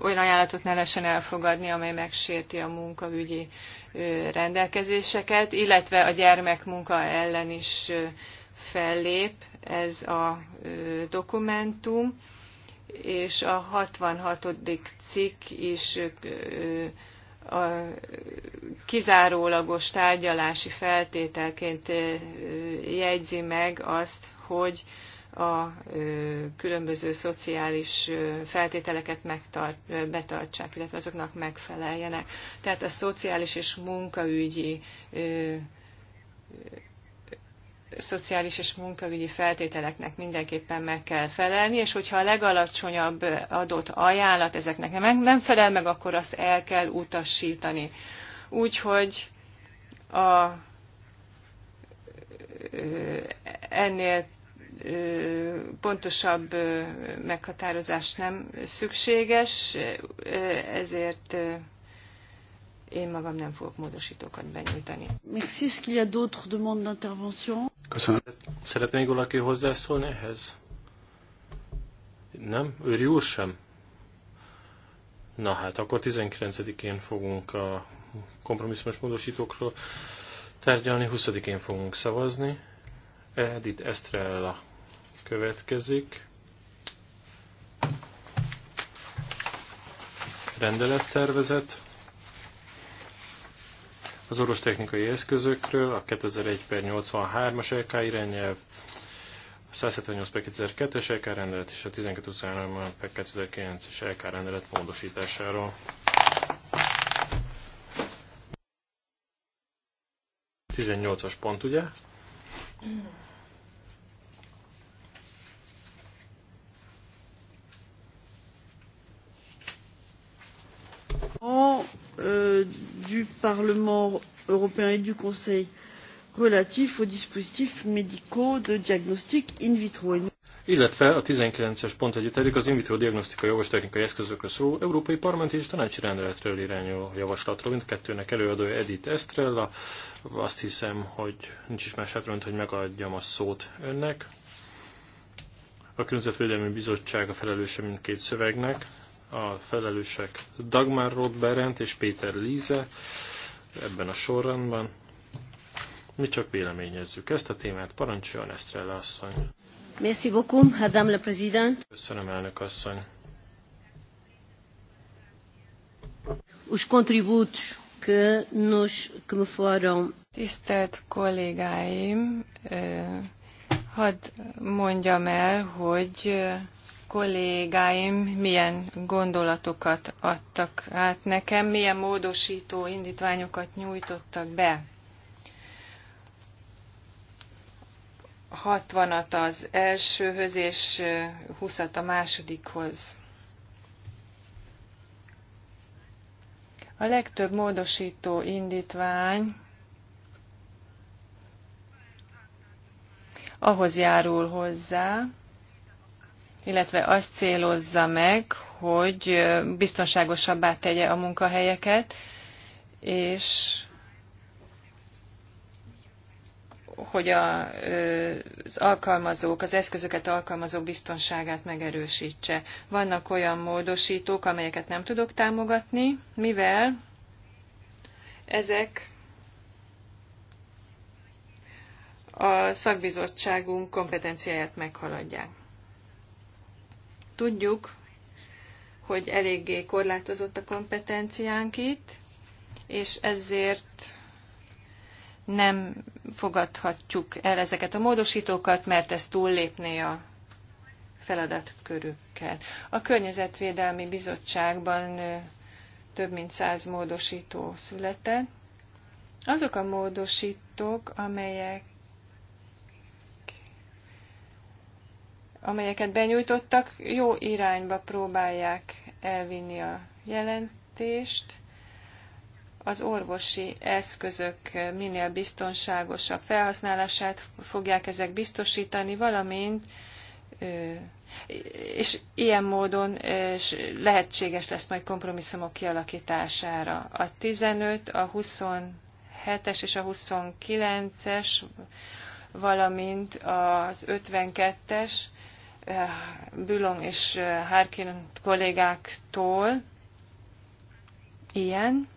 olyan ajánlatot ne lehessen elfogadni, amely megsérti a munkaügyi rendelkezéseket, illetve a gyermek munka ellen is fellép ez a dokumentum, és a 66. cikk is a kizárólagos tárgyalási feltételként jegyzi meg azt, hogy a különböző szociális feltételeket megtart, betartsák, illetve azoknak megfeleljenek. Tehát a szociális és munkaügyi szociális és munkaügyi feltételeknek mindenképpen meg kell felelni, és hogyha a legalacsonyabb adott ajánlat ezeknek nem, nem felel meg, akkor azt el kell utasítani. Úgyhogy a, ennél pontosabb meghatározás nem szükséges, ezért én magam nem fogok módosítókat benyújtani. Merci. Est-ce qu'il y a d'autres demandes d'intervention? Köszönöm. Szeretne még valaki hozzászólni ehhez? Nem? Őri úr sem? Na hát, akkor 19-én fogunk a kompromisszumos módosítókról tárgyalni, 20-én fogunk szavazni. Edith Estrella következik. Rendelettervezet az technikai eszközökről, a 2001 per 83-as LK e irányelv, a 178 per 2002-es LK e rendelet és a 1223 per 2009-es LK e rendelet módosításáról. Tizennyolcas pont, ugye? parlement européen et du conseil relatif aux dispositifs médicaux de diagnostic in vitro. Illetve a 19-es pont együtt elég az in vitro diagnosztikai technikai eszközökről szóló Európai Parlament és Tanácsi Rendeletről irányuló javaslatról. Mindkettőnek előadója Edith Estrella. Azt hiszem, hogy nincs is más hátra, mint hogy megadjam a szót önnek. A Környezetvédelmi Bizottság a felelőse mindkét szövegnek. A felelősek Dagmar Roth és Péter Líze ebben a sorrendben. Mi csak véleményezzük ezt a témát. Parancsoljon Esztrella asszony. Merci beaucoup, Madame la Présidente. Köszönöm, elnök asszony. Os contributos que nos, que me foram. Tisztelt kollégáim, eh, hadd mondjam el, hogy eh, kollégáim milyen gondolatokat adtak át nekem, milyen módosító indítványokat nyújtottak be. 60-at az elsőhöz és 20-at a másodikhoz. A legtöbb módosító indítvány ahhoz járul hozzá, illetve azt célozza meg, hogy biztonságosabbá tegye a munkahelyeket, és hogy a, az alkalmazók, az eszközöket alkalmazók biztonságát megerősítse. Vannak olyan módosítók, amelyeket nem tudok támogatni, mivel ezek a szakbizottságunk kompetenciáját meghaladják. Tudjuk, hogy eléggé korlátozott a kompetenciánk itt, és ezért nem fogadhatjuk el ezeket a módosítókat, mert ez túllépné a feladatkörükkel. A Környezetvédelmi Bizottságban több mint száz módosító született. Azok a módosítók, amelyek amelyeket benyújtottak, jó irányba próbálják elvinni a jelentést. Az orvosi eszközök minél biztonságosabb felhasználását fogják ezek biztosítani, valamint és ilyen módon lehetséges lesz majd kompromisszumok kialakítására. A 15, a 27-es és a 29-es, valamint az 52-es Eh, Bülon és eh, Harkin kollégáktól ilyen.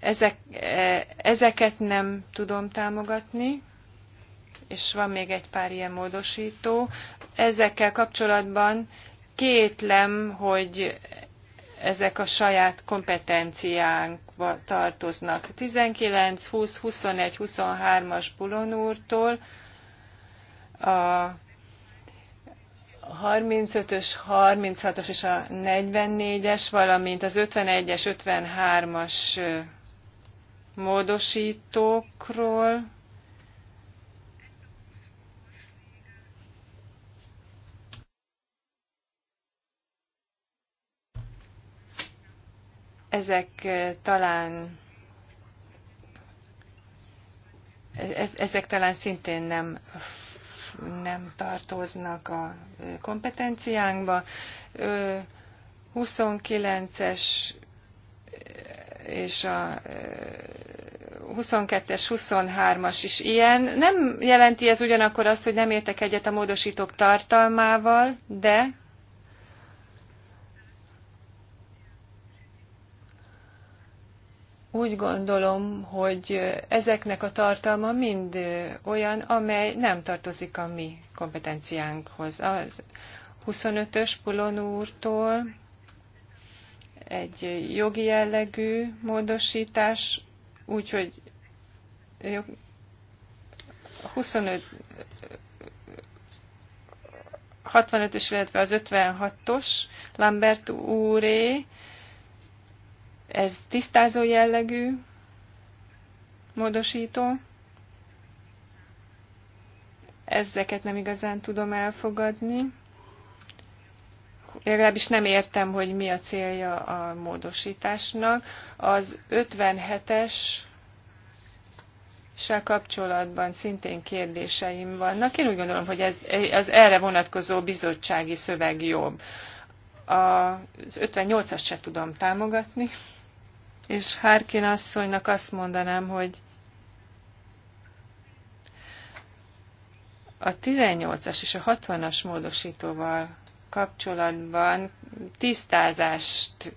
Ezek, eh, ezeket nem tudom támogatni, és van még egy pár ilyen módosító. Ezekkel kapcsolatban kétlem, hogy ezek a saját kompetenciánkba tartoznak. 19, 20, 21, 23-as Bulon úrtól a 35-ös, 36-os és a 44-es, valamint az 51-es, 53-as módosítókról. Ezek talán ezek talán szintén nem nem tartoznak a kompetenciánkba. 29-es és a 22-es, 23-as is ilyen. Nem jelenti ez ugyanakkor azt, hogy nem értek egyet a módosítók tartalmával, de úgy gondolom, hogy ezeknek a tartalma mind olyan, amely nem tartozik a mi kompetenciánkhoz. A 25-ös Pulon úrtól egy jogi jellegű módosítás, úgyhogy 25 65-ös, illetve az 56-os Lambert úré, ez tisztázó jellegű módosító. Ezeket nem igazán tudom elfogadni. Legalábbis nem értem, hogy mi a célja a módosításnak. Az 57-es se kapcsolatban szintén kérdéseim vannak. Én úgy gondolom, hogy ez, az erre vonatkozó bizottsági szöveg jobb. Az 58-as se tudom támogatni és Harkin asszonynak azt mondanám, hogy a 18-as és a 60-as módosítóval kapcsolatban tisztázást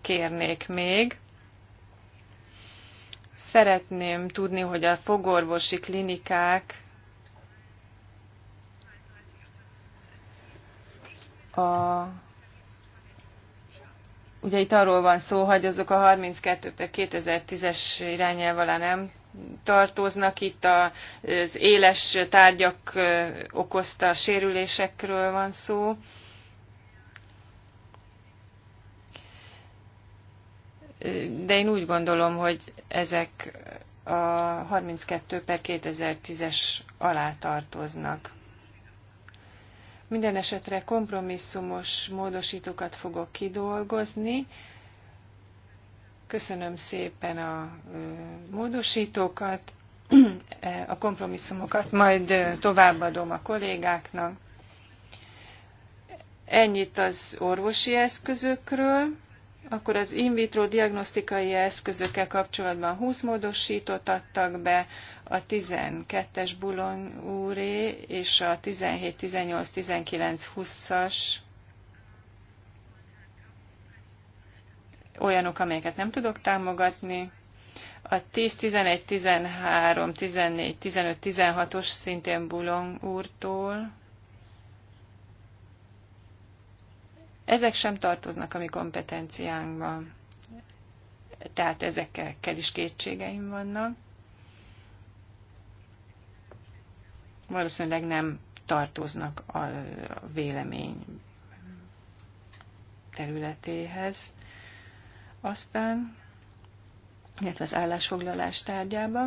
kérnék még. Szeretném tudni, hogy a fogorvosi klinikák a Ugye itt arról van szó, hogy azok a 32 per 2010-es irányelv alá nem tartoznak, itt az éles tárgyak okozta sérülésekről van szó. De én úgy gondolom, hogy ezek a 32 per 2010-es alá tartoznak. Minden esetre kompromisszumos módosítókat fogok kidolgozni. Köszönöm szépen a módosítókat, (clears throat) a kompromisszumokat, majd továbbadom a kollégáknak. Ennyit az orvosi eszközökről. Akkor az in vitro diagnosztikai eszközökkel kapcsolatban 20 módosítót adtak be, a 12-es Bulon úré és a 17, 18, 19, 20-as olyanok, amelyeket nem tudok támogatni. A 10, 11, 13, 14, 15, 16-os szintén Bulon úrtól. Ezek sem tartoznak a mi kompetenciánkba. Tehát ezekkel is kétségeim vannak. valószínűleg nem tartoznak a vélemény területéhez. Aztán, illetve az állásfoglalás tárgyába.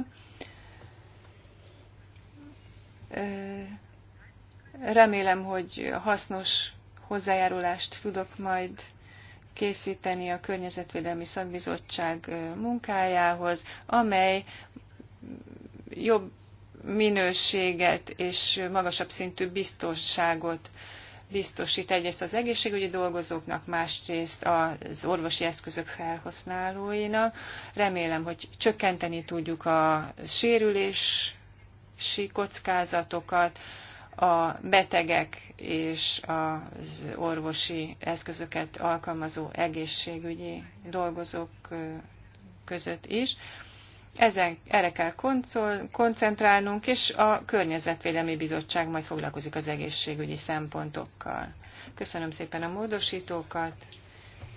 Remélem, hogy hasznos hozzájárulást tudok majd készíteni a Környezetvédelmi Szakbizottság munkájához, amely jobb minőséget és magasabb szintű biztonságot biztosít egyrészt az egészségügyi dolgozóknak, másrészt az orvosi eszközök felhasználóinak. Remélem, hogy csökkenteni tudjuk a sérülési kockázatokat, a betegek és az orvosi eszközöket alkalmazó egészségügyi dolgozók között is. Ezen, erre kell koncentrálnunk, és a Környezetvédelmi Bizottság majd foglalkozik az egészségügyi szempontokkal. Köszönöm szépen a módosítókat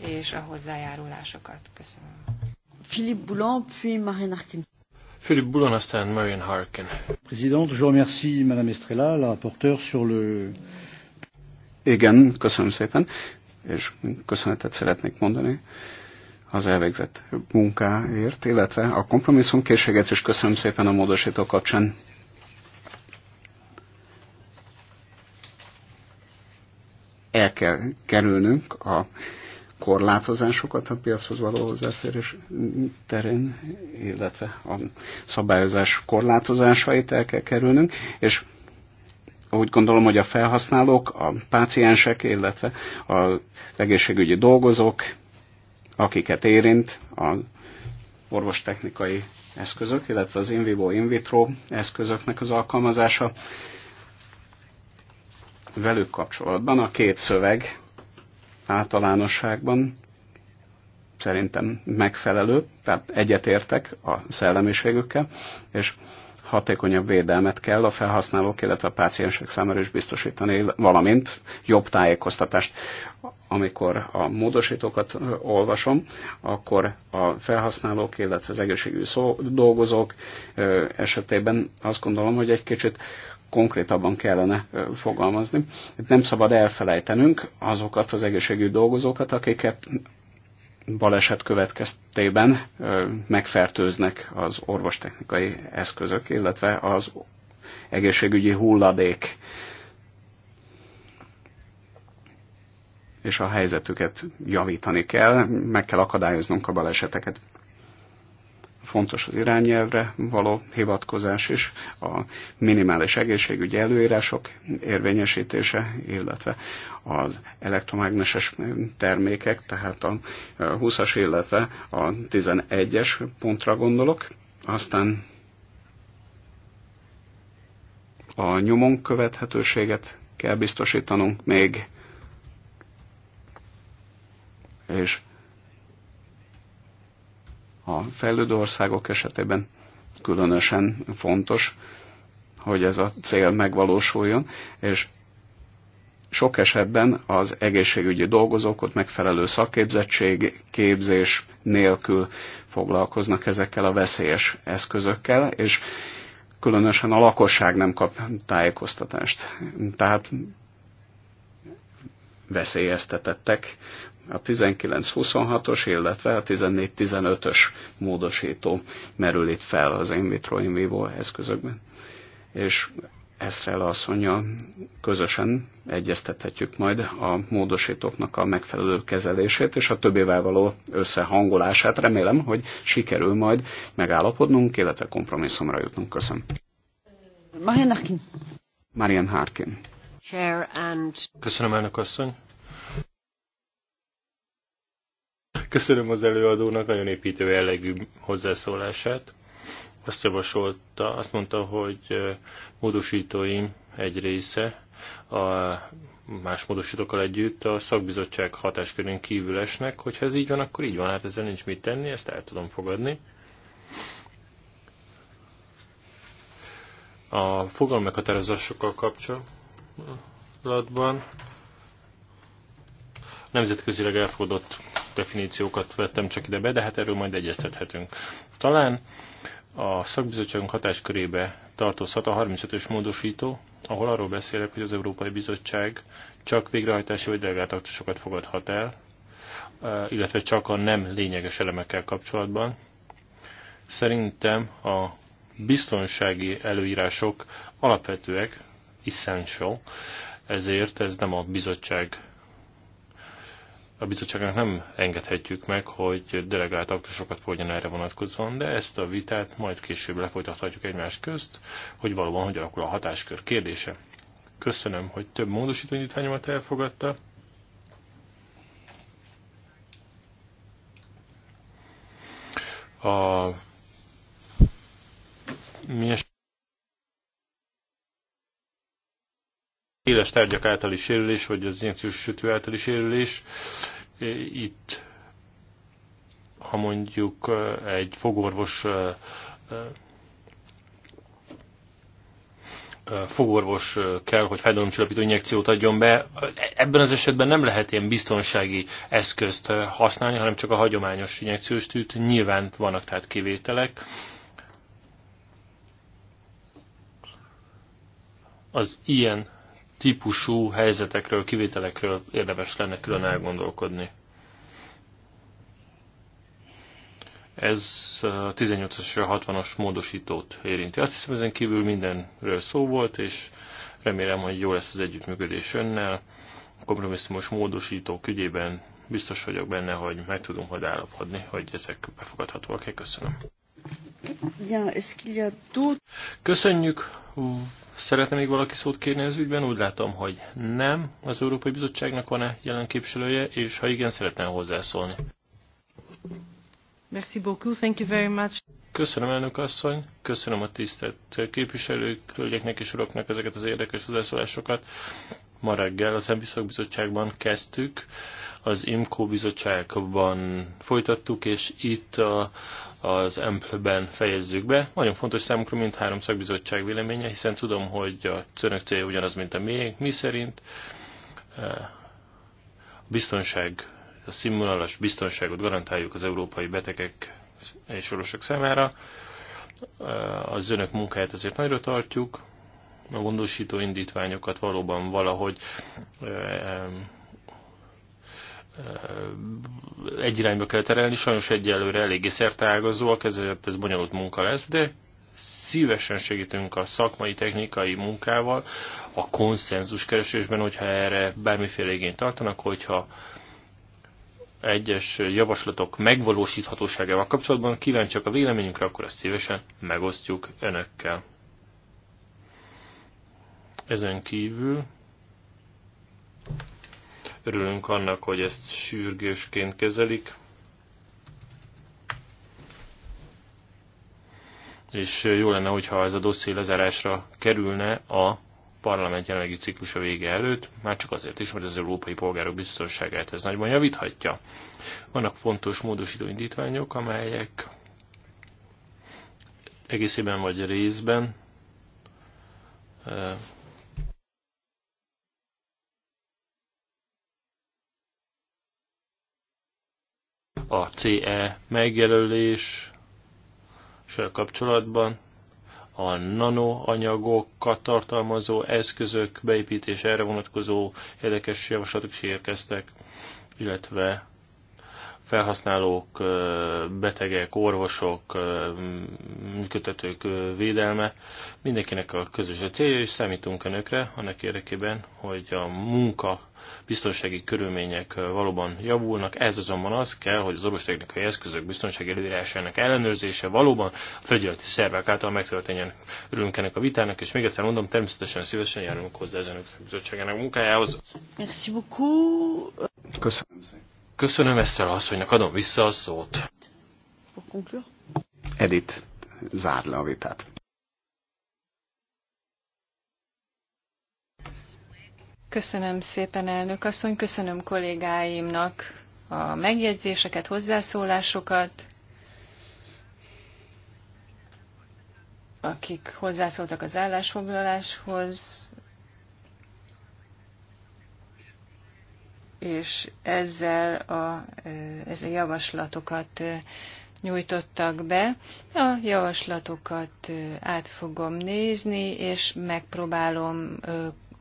és a hozzájárulásokat. Köszönöm. Philippe Boulon, puis Marine Harkin. Philippe Boulon, aztán Marine Harkin. Président, je remercie Madame Estrella, la rapporteur sur le... Igen, köszönöm szépen, és köszönetet szeretnék mondani az elvégzett munkáért, illetve a kompromisszumkészséget is köszönöm szépen a módosító kapcsán. El kell kerülnünk a korlátozásokat a piachoz való hozzáférés terén, illetve a szabályozás korlátozásait el kell kerülnünk, és úgy gondolom, hogy a felhasználók, a páciensek, illetve az egészségügyi dolgozók akiket érint a orvostechnikai eszközök, illetve az in vivo in vitro eszközöknek az alkalmazása. Velük kapcsolatban a két szöveg általánosságban szerintem megfelelő, tehát egyetértek a szellemiségükkel, és hatékonyabb védelmet kell a felhasználók, illetve a páciensek számára is biztosítani, valamint jobb tájékoztatást. Amikor a módosítókat olvasom, akkor a felhasználók, illetve az egészségügyi dolgozók esetében azt gondolom, hogy egy kicsit konkrétabban kellene fogalmazni. Nem szabad elfelejtenünk azokat az egészségügyi dolgozókat, akiket baleset következtében megfertőznek az orvostechnikai eszközök, illetve az egészségügyi hulladék, és a helyzetüket javítani kell, meg kell akadályoznunk a baleseteket fontos az irányelvre való hivatkozás is, a minimális egészségügyi előírások érvényesítése, illetve az elektromágneses termékek, tehát a 20-as, illetve a 11-es pontra gondolok. Aztán a nyomon követhetőséget kell biztosítanunk még, és a fejlődő országok esetében különösen fontos, hogy ez a cél megvalósuljon, és sok esetben az egészségügyi dolgozók ott megfelelő szakképzettség, képzés nélkül foglalkoznak ezekkel a veszélyes eszközökkel, és különösen a lakosság nem kap tájékoztatást. Tehát veszélyeztetettek a 19-26-os, illetve a 14-15-ös módosító merül itt fel az in vitro in vivo eszközökben. És Eszrel asszonya közösen egyeztethetjük majd a módosítóknak a megfelelő kezelését és a többével való összehangolását. Remélem, hogy sikerül majd megállapodnunk, illetve kompromisszumra jutnunk. Köszönöm. Marian Harkin. Marian Harkin. Köszönöm, elnök asszony. Köszönöm az előadónak nagyon építő jellegű hozzászólását. Azt javasolta, azt mondta, hogy módosítóim egy része a más módosítókkal együtt a szakbizottság hatáskörén kívül esnek. Hogyha ez így van, akkor így van, hát ezzel nincs mit tenni, ezt el tudom fogadni. A fogalmeghatározásokkal kapcsolatban nemzetközileg elfogadott definíciókat vettem csak ide be, de hát erről majd egyeztethetünk. Talán a szakbizottságunk hatáskörébe tartozhat a 35-ös módosító, ahol arról beszélek, hogy az Európai Bizottság csak végrehajtási vagy delegált aktusokat fogadhat el, illetve csak a nem lényeges elemekkel kapcsolatban. Szerintem a biztonsági előírások alapvetőek, essential, ezért ez nem a bizottság a bizottságnak nem engedhetjük meg, hogy delegált aktusokat fogjon erre vonatkozóan, de ezt a vitát majd később lefolytathatjuk egymás közt, hogy valóban hogy alakul a hatáskör kérdése. Köszönöm, hogy több módosító indítványomat elfogadta. A... Mi es... éles tárgyak általi sérülés, vagy az injekciós sütő általi sérülés. E, itt, ha mondjuk e, egy fogorvos e, fogorvos kell, hogy fájdalomcsillapító injekciót adjon be. Ebben az esetben nem lehet ilyen biztonsági eszközt használni, hanem csak a hagyományos injekciós tűt. Nyilván vannak tehát kivételek. Az ilyen típusú helyzetekről, kivételekről érdemes lenne külön elgondolkodni. Ez a 18-as 60-as módosítót érinti. Azt hiszem, ezen kívül mindenről szó volt, és remélem, hogy jó lesz az együttműködés önnel. A kompromisszumos módosítók ügyében biztos vagyok benne, hogy meg tudunk majd állapodni, hogy ezek befogadhatóak. Köszönöm. Köszönjük. Szeretne még valaki szót kérni az ügyben? Úgy látom, hogy nem. Az Európai Bizottságnak van-e jelen képviselője, és ha igen, szeretne hozzászólni. Merci beaucoup, thank you very much. Köszönöm, elnök asszony, köszönöm a tisztelt képviselők, hölgyeknek és uraknak ezeket az érdekes hozzászólásokat. Ma reggel az Embiszak Bizottságban kezdtük az IMCO bizottságban folytattuk, és itt a, az EMPL-ben fejezzük be. Nagyon fontos számunkra mint három szakbizottság véleménye, hiszen tudom, hogy a cönök célja ugyanaz, mint a miénk, mi szerint eh, a biztonság, a színvonalas biztonságot garantáljuk az európai betegek és orvosok számára. Eh, az önök munkáját ezért nagyra tartjuk, a gondosító indítványokat valóban valahogy eh, egy irányba kell terelni, sajnos egyelőre eléggé szerteágazóak, ezért ez bonyolult munka lesz, de szívesen segítünk a szakmai, technikai munkával, a konszenzus keresésben, hogyha erre bármiféle igényt tartanak, hogyha egyes javaslatok megvalósíthatóságával kapcsolatban kíváncsiak a véleményünkre, akkor ezt szívesen megosztjuk önökkel. Ezen kívül Örülünk annak, hogy ezt sürgősként kezelik. És jó lenne, hogyha ez a dosszé lezárásra kerülne a parlament jelenlegi ciklusa vége előtt, már csak azért is, mert az európai polgárok biztonságát ez nagyban javíthatja. Vannak fontos módosító indítványok, amelyek egészében vagy részben eh, a CE megjelöléssel kapcsolatban, a nanoanyagokat tartalmazó eszközök beépítése erre vonatkozó érdekes javaslatok is érkeztek, illetve felhasználók, betegek, orvosok, működtetők védelme, mindenkinek a közös a célja, és számítunk önökre annak érdekében, hogy a munka biztonsági körülmények valóban javulnak. Ez azonban az kell, hogy az technikai eszközök biztonsági előírásának ellenőrzése valóban a felügyeleti szervek által megtörténjen. Örülünk ennek a vitának, és még egyszer mondom, természetesen szívesen járunk hozzá az önök bizottságának munkájához. Köszönöm szépen. Köszönöm ezt fel asszonynak, adom vissza a szót. Edith, zárd le a vitát. Köszönöm szépen, elnök asszony, köszönöm kollégáimnak a megjegyzéseket, hozzászólásokat, akik hozzászóltak az állásfoglaláshoz. és ezzel a, ezzel javaslatokat nyújtottak be. A javaslatokat át fogom nézni, és megpróbálom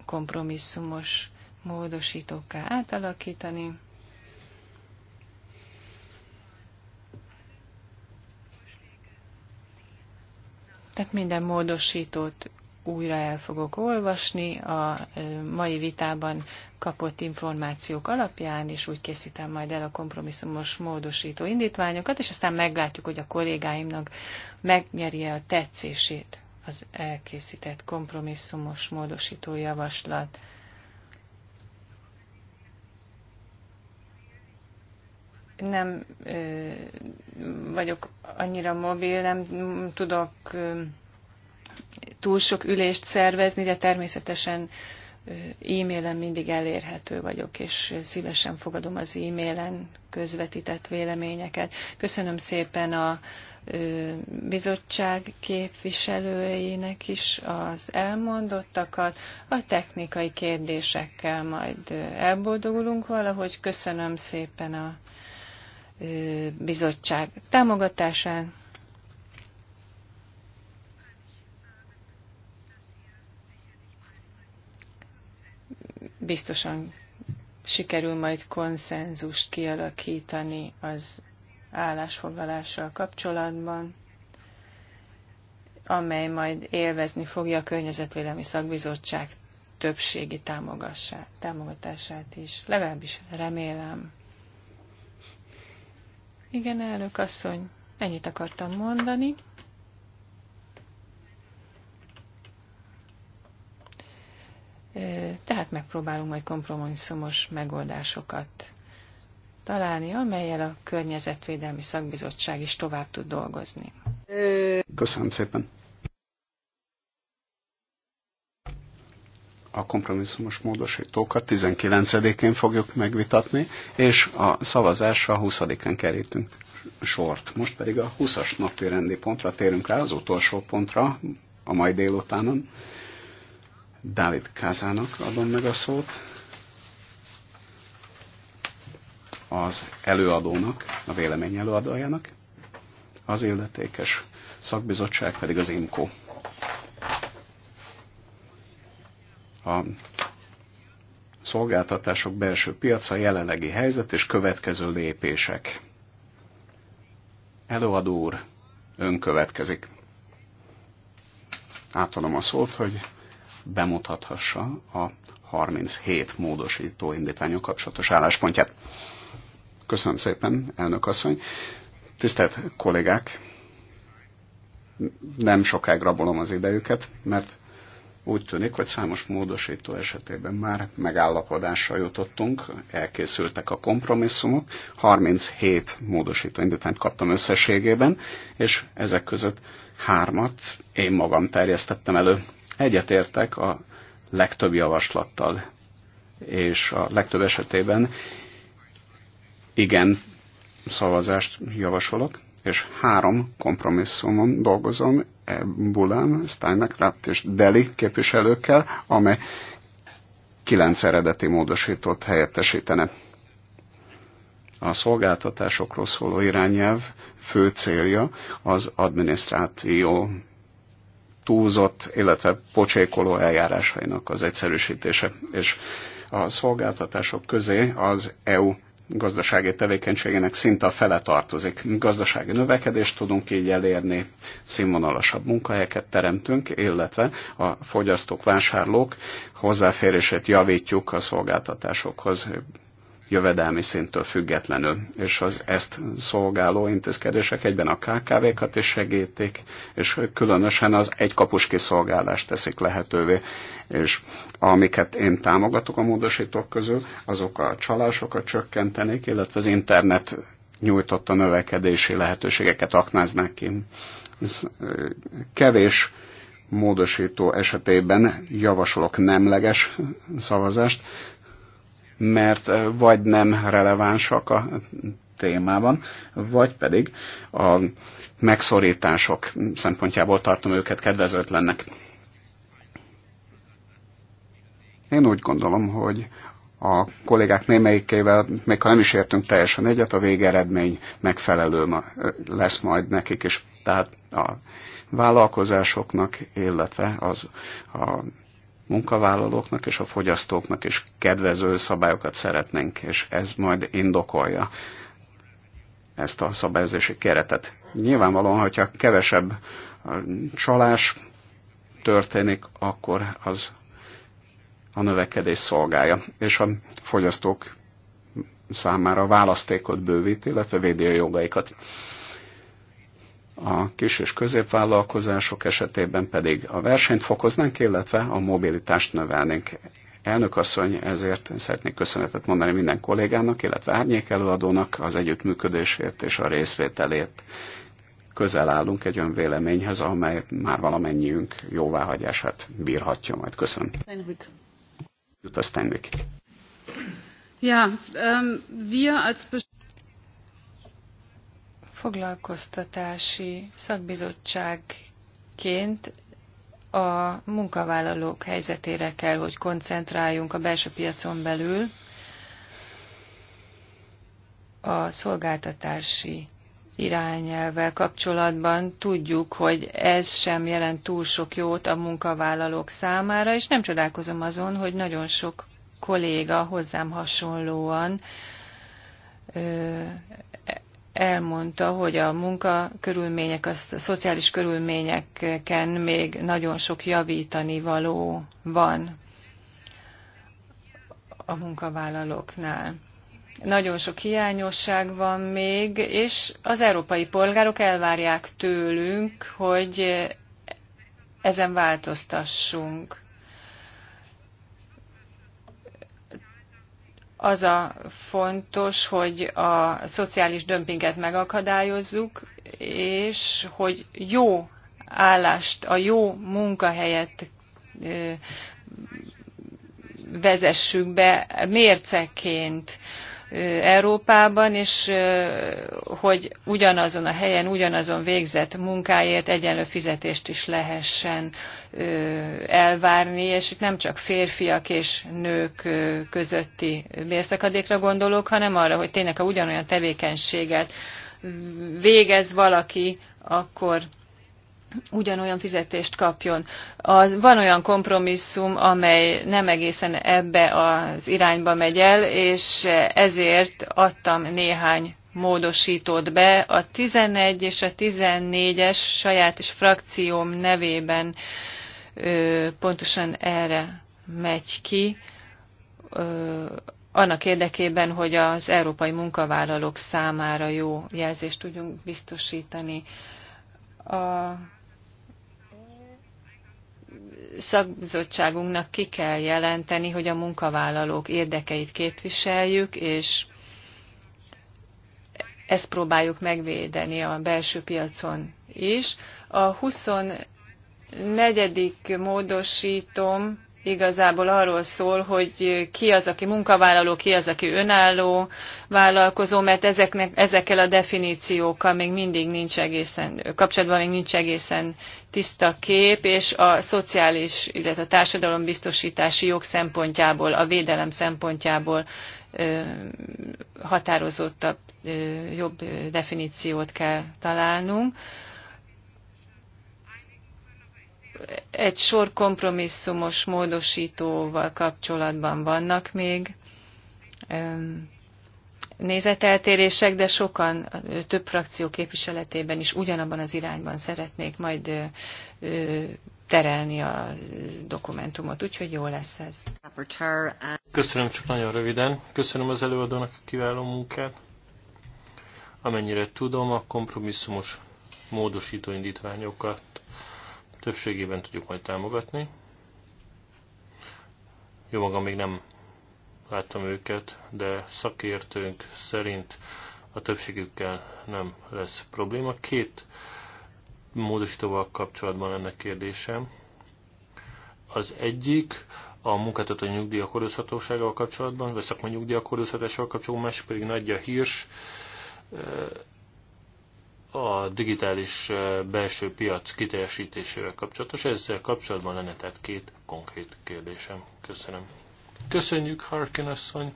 kompromisszumos módosítókká átalakítani. Tehát minden módosítót újra el fogok olvasni a mai vitában kapott információk alapján, és úgy készítem majd el a kompromisszumos módosító indítványokat, és aztán meglátjuk, hogy a kollégáimnak megnyerje a tetszését az elkészített kompromisszumos módosító javaslat. Nem ö, vagyok annyira mobil, nem tudok ö, túl sok ülést szervezni, de természetesen e-mailen mindig elérhető vagyok, és szívesen fogadom az e-mailen közvetített véleményeket. Köszönöm szépen a bizottság képviselőjének is az elmondottakat. A technikai kérdésekkel majd elboldogulunk valahogy. Köszönöm szépen a bizottság támogatását. biztosan sikerül majd konszenzust kialakítani az állásfoglalással kapcsolatban, amely majd élvezni fogja a Környezetvédelmi Szakbizottság többségi támogatását is. Legalábbis remélem. Igen, elnök asszony, ennyit akartam mondani. Tehát megpróbálunk majd kompromisszumos megoldásokat találni, amelyel a Környezetvédelmi Szakbizottság is tovább tud dolgozni. Köszönöm szépen. A kompromisszumos módosítókat 19-én fogjuk megvitatni, és a szavazásra 20-án kerítünk sort. Most pedig a 20-as napi rendi pontra térünk rá, az utolsó pontra a mai délutánon. Dávid Kázának adom meg a szót, az előadónak, a vélemény előadójának, az illetékes szakbizottság pedig az IMCO. A szolgáltatások belső piaca, jelenlegi helyzet és következő lépések. Előadó úr, ön következik. Átadom a szót, hogy bemutathassa a 37 módosító indítványok kapcsolatos álláspontját. Köszönöm szépen, elnök asszony. Tisztelt kollégák, nem sokáig rabolom az idejüket, mert úgy tűnik, hogy számos módosító esetében már megállapodásra jutottunk, elkészültek a kompromisszumok, 37 módosító indítványt kaptam összességében, és ezek között hármat én magam terjesztettem elő Egyetértek a legtöbb javaslattal, és a legtöbb esetében igen szavazást javasolok, és három kompromisszumon dolgozom, e, Bulán, Steinbeck, Rapt és Deli képviselőkkel, amely kilenc eredeti módosított helyettesítene. A szolgáltatásokról szóló irányelv fő célja az adminisztráció túlzott, illetve pocsékoló eljárásainak az egyszerűsítése. És a szolgáltatások közé az EU gazdasági tevékenységének szinte a fele tartozik. Gazdasági növekedést tudunk így elérni, színvonalasabb munkahelyeket teremtünk, illetve a fogyasztók, vásárlók hozzáférését javítjuk a szolgáltatásokhoz, jövedelmi szinttől függetlenül, és az ezt szolgáló intézkedések egyben a KKV-kat is segítik, és különösen az egykapus kiszolgálást teszik lehetővé, és amiket én támogatok a módosítók közül, azok a csalásokat csökkentenék, illetve az internet nyújtotta növekedési lehetőségeket aknáznák ki. Ez kevés módosító esetében javasolok nemleges szavazást, mert vagy nem relevánsak a témában, vagy pedig a megszorítások szempontjából tartom őket kedvezőtlennek. Én úgy gondolom, hogy a kollégák némelyikével, még ha nem is értünk teljesen egyet, a végeredmény megfelelő ma, lesz majd nekik is. Tehát a vállalkozásoknak, illetve az a munkavállalóknak és a fogyasztóknak is kedvező szabályokat szeretnénk, és ez majd indokolja ezt a szabályozási keretet. Nyilvánvalóan, hogyha kevesebb csalás történik, akkor az a növekedés szolgálja, és a fogyasztók számára a választékot bővít, illetve védi a jogaikat a kis és középvállalkozások esetében pedig a versenyt fokoznánk, illetve a mobilitást növelnénk. Elnök asszony, ezért szeretnék köszönetet mondani minden kollégának, illetve árnyék előadónak az együttműködésért és a részvételért. Közel állunk egy olyan véleményhez, amely már valamennyiünk jóváhagyását bírhatja majd. Köszönöm. Jut a Steinrück. Ja, um, wir als foglalkoztatási szakbizottságként a munkavállalók helyzetére kell, hogy koncentráljunk a belső piacon belül a szolgáltatási irányelvvel kapcsolatban tudjuk, hogy ez sem jelent túl sok jót a munkavállalók számára, és nem csodálkozom azon, hogy nagyon sok kolléga hozzám hasonlóan ö, elmondta, hogy a munkakörülmények, a szociális körülményeken még nagyon sok javítani való van a munkavállalóknál. Nagyon sok hiányosság van még, és az európai polgárok elvárják tőlünk, hogy ezen változtassunk. az a fontos, hogy a szociális dömpinget megakadályozzuk, és hogy jó állást, a jó munkahelyet vezessük be mérceként Európában, és hogy ugyanazon a helyen, ugyanazon végzett munkáért egyenlő fizetést is lehessen elvárni, és itt nem csak férfiak és nők közötti bérszakadékra gondolok, hanem arra, hogy tényleg ha ugyanolyan tevékenységet végez valaki, akkor ugyanolyan fizetést kapjon. A, van olyan kompromisszum, amely nem egészen ebbe az irányba megy el, és ezért adtam néhány módosítót be. A 11 és a 14-es saját és frakcióm nevében ö, pontosan erre megy ki, ö, annak érdekében, hogy az európai munkavállalók számára jó jelzést tudjunk biztosítani. A szakbizottságunknak ki kell jelenteni, hogy a munkavállalók érdekeit képviseljük, és ezt próbáljuk megvédeni a belső piacon is. A 24. módosítom igazából arról szól, hogy ki az, aki munkavállaló, ki az, aki önálló vállalkozó, mert ezeknek, ezekkel a definíciókkal még mindig nincs egészen, kapcsolatban még nincs egészen tiszta kép, és a szociális, illetve a társadalombiztosítási jog szempontjából, a védelem szempontjából határozottabb, jobb definíciót kell találnunk egy sor kompromisszumos módosítóval kapcsolatban vannak még nézeteltérések, de sokan több frakció képviseletében is ugyanabban az irányban szeretnék majd terelni a dokumentumot, úgyhogy jó lesz ez. Köszönöm csak nagyon röviden. Köszönöm az előadónak a kiváló munkát. Amennyire tudom, a kompromisszumos módosító indítványokat többségében tudjuk majd támogatni. Jó magam még nem láttam őket, de szakértőnk szerint a többségükkel nem lesz probléma. Két módosítóval kapcsolatban ennek kérdésem. Az egyik a munkáltató nyugdíjak kapcsolatban, vagy szakmai nyugdíjak hordozhatásával kapcsolatban, másik pedig Nagyja hírs a digitális belső piac kiteljesítésével kapcsolatos. Ezzel kapcsolatban lenne tehát két konkrét kérdésem. Köszönöm. Köszönjük, Harkin asszony.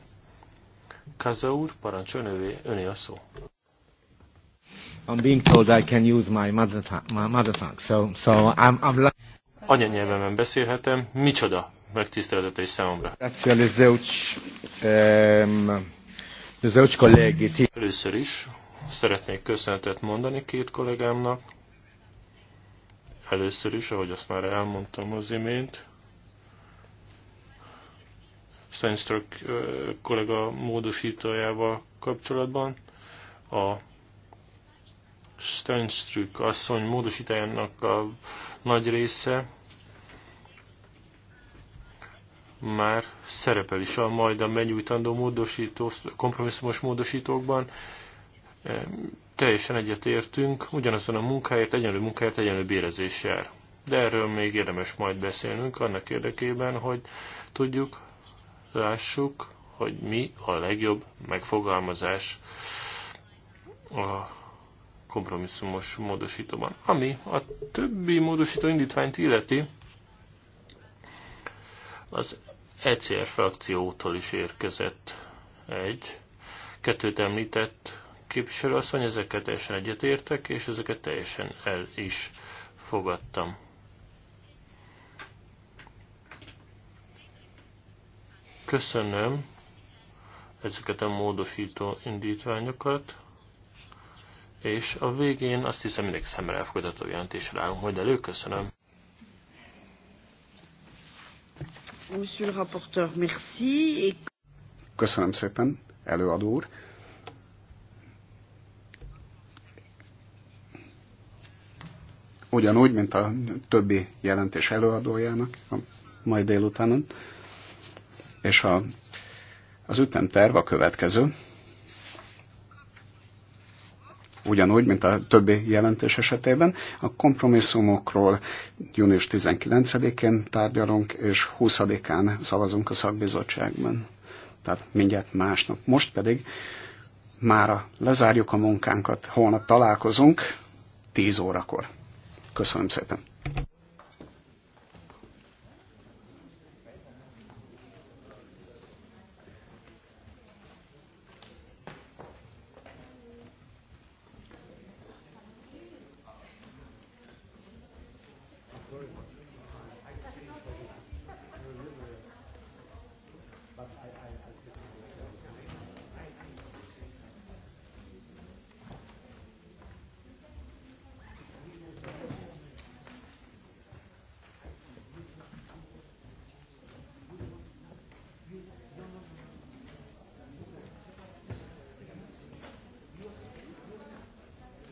Kaza úr, parancsoljon övé, öné a szó. I'm being told I can use my mother tongue, my mother tongue. so, so I'm, I'm Anyanyelvemen beszélhetem. Micsoda megtiszteltetés számomra. Először is Szeretnék köszönetet mondani két kollégámnak. Először is, ahogy azt már elmondtam az imént, Steinstruck kollega módosítójával kapcsolatban. A Steinstruck asszony módosítájának a nagy része már szerepel is a majd a megnyújtandó módosító, kompromisszumos módosítókban, Teljesen egyetértünk, ugyanazon a munkáért, egyenlő munkáért, egyenlő bérezés jár. De erről még érdemes majd beszélnünk annak érdekében, hogy tudjuk, lássuk, hogy mi a legjobb megfogalmazás a kompromisszumos módosítóban. Ami a többi módosító indítványt illeti, az ECR frakciótól is érkezett egy, kettőt említett képviselőasszony, ezeket teljesen egyetértek, és ezeket teljesen el is fogadtam. Köszönöm ezeket a módosító indítványokat, és a végén azt hiszem mindenki szemre elfogadható jelentésre állunk majd elő. Köszönöm. Monsieur le rapporteur, merci. Köszönöm szépen, előadó úr. ugyanúgy, mint a többi jelentés előadójának a mai délutánon. És a, az ütemterv a következő. Ugyanúgy, mint a többi jelentés esetében, a kompromisszumokról június 19-én tárgyalunk, és 20-án szavazunk a szakbizottságban. Tehát mindjárt másnap. Most pedig mára lezárjuk a munkánkat, holnap találkozunk 10 órakor. Köszönöm szépen.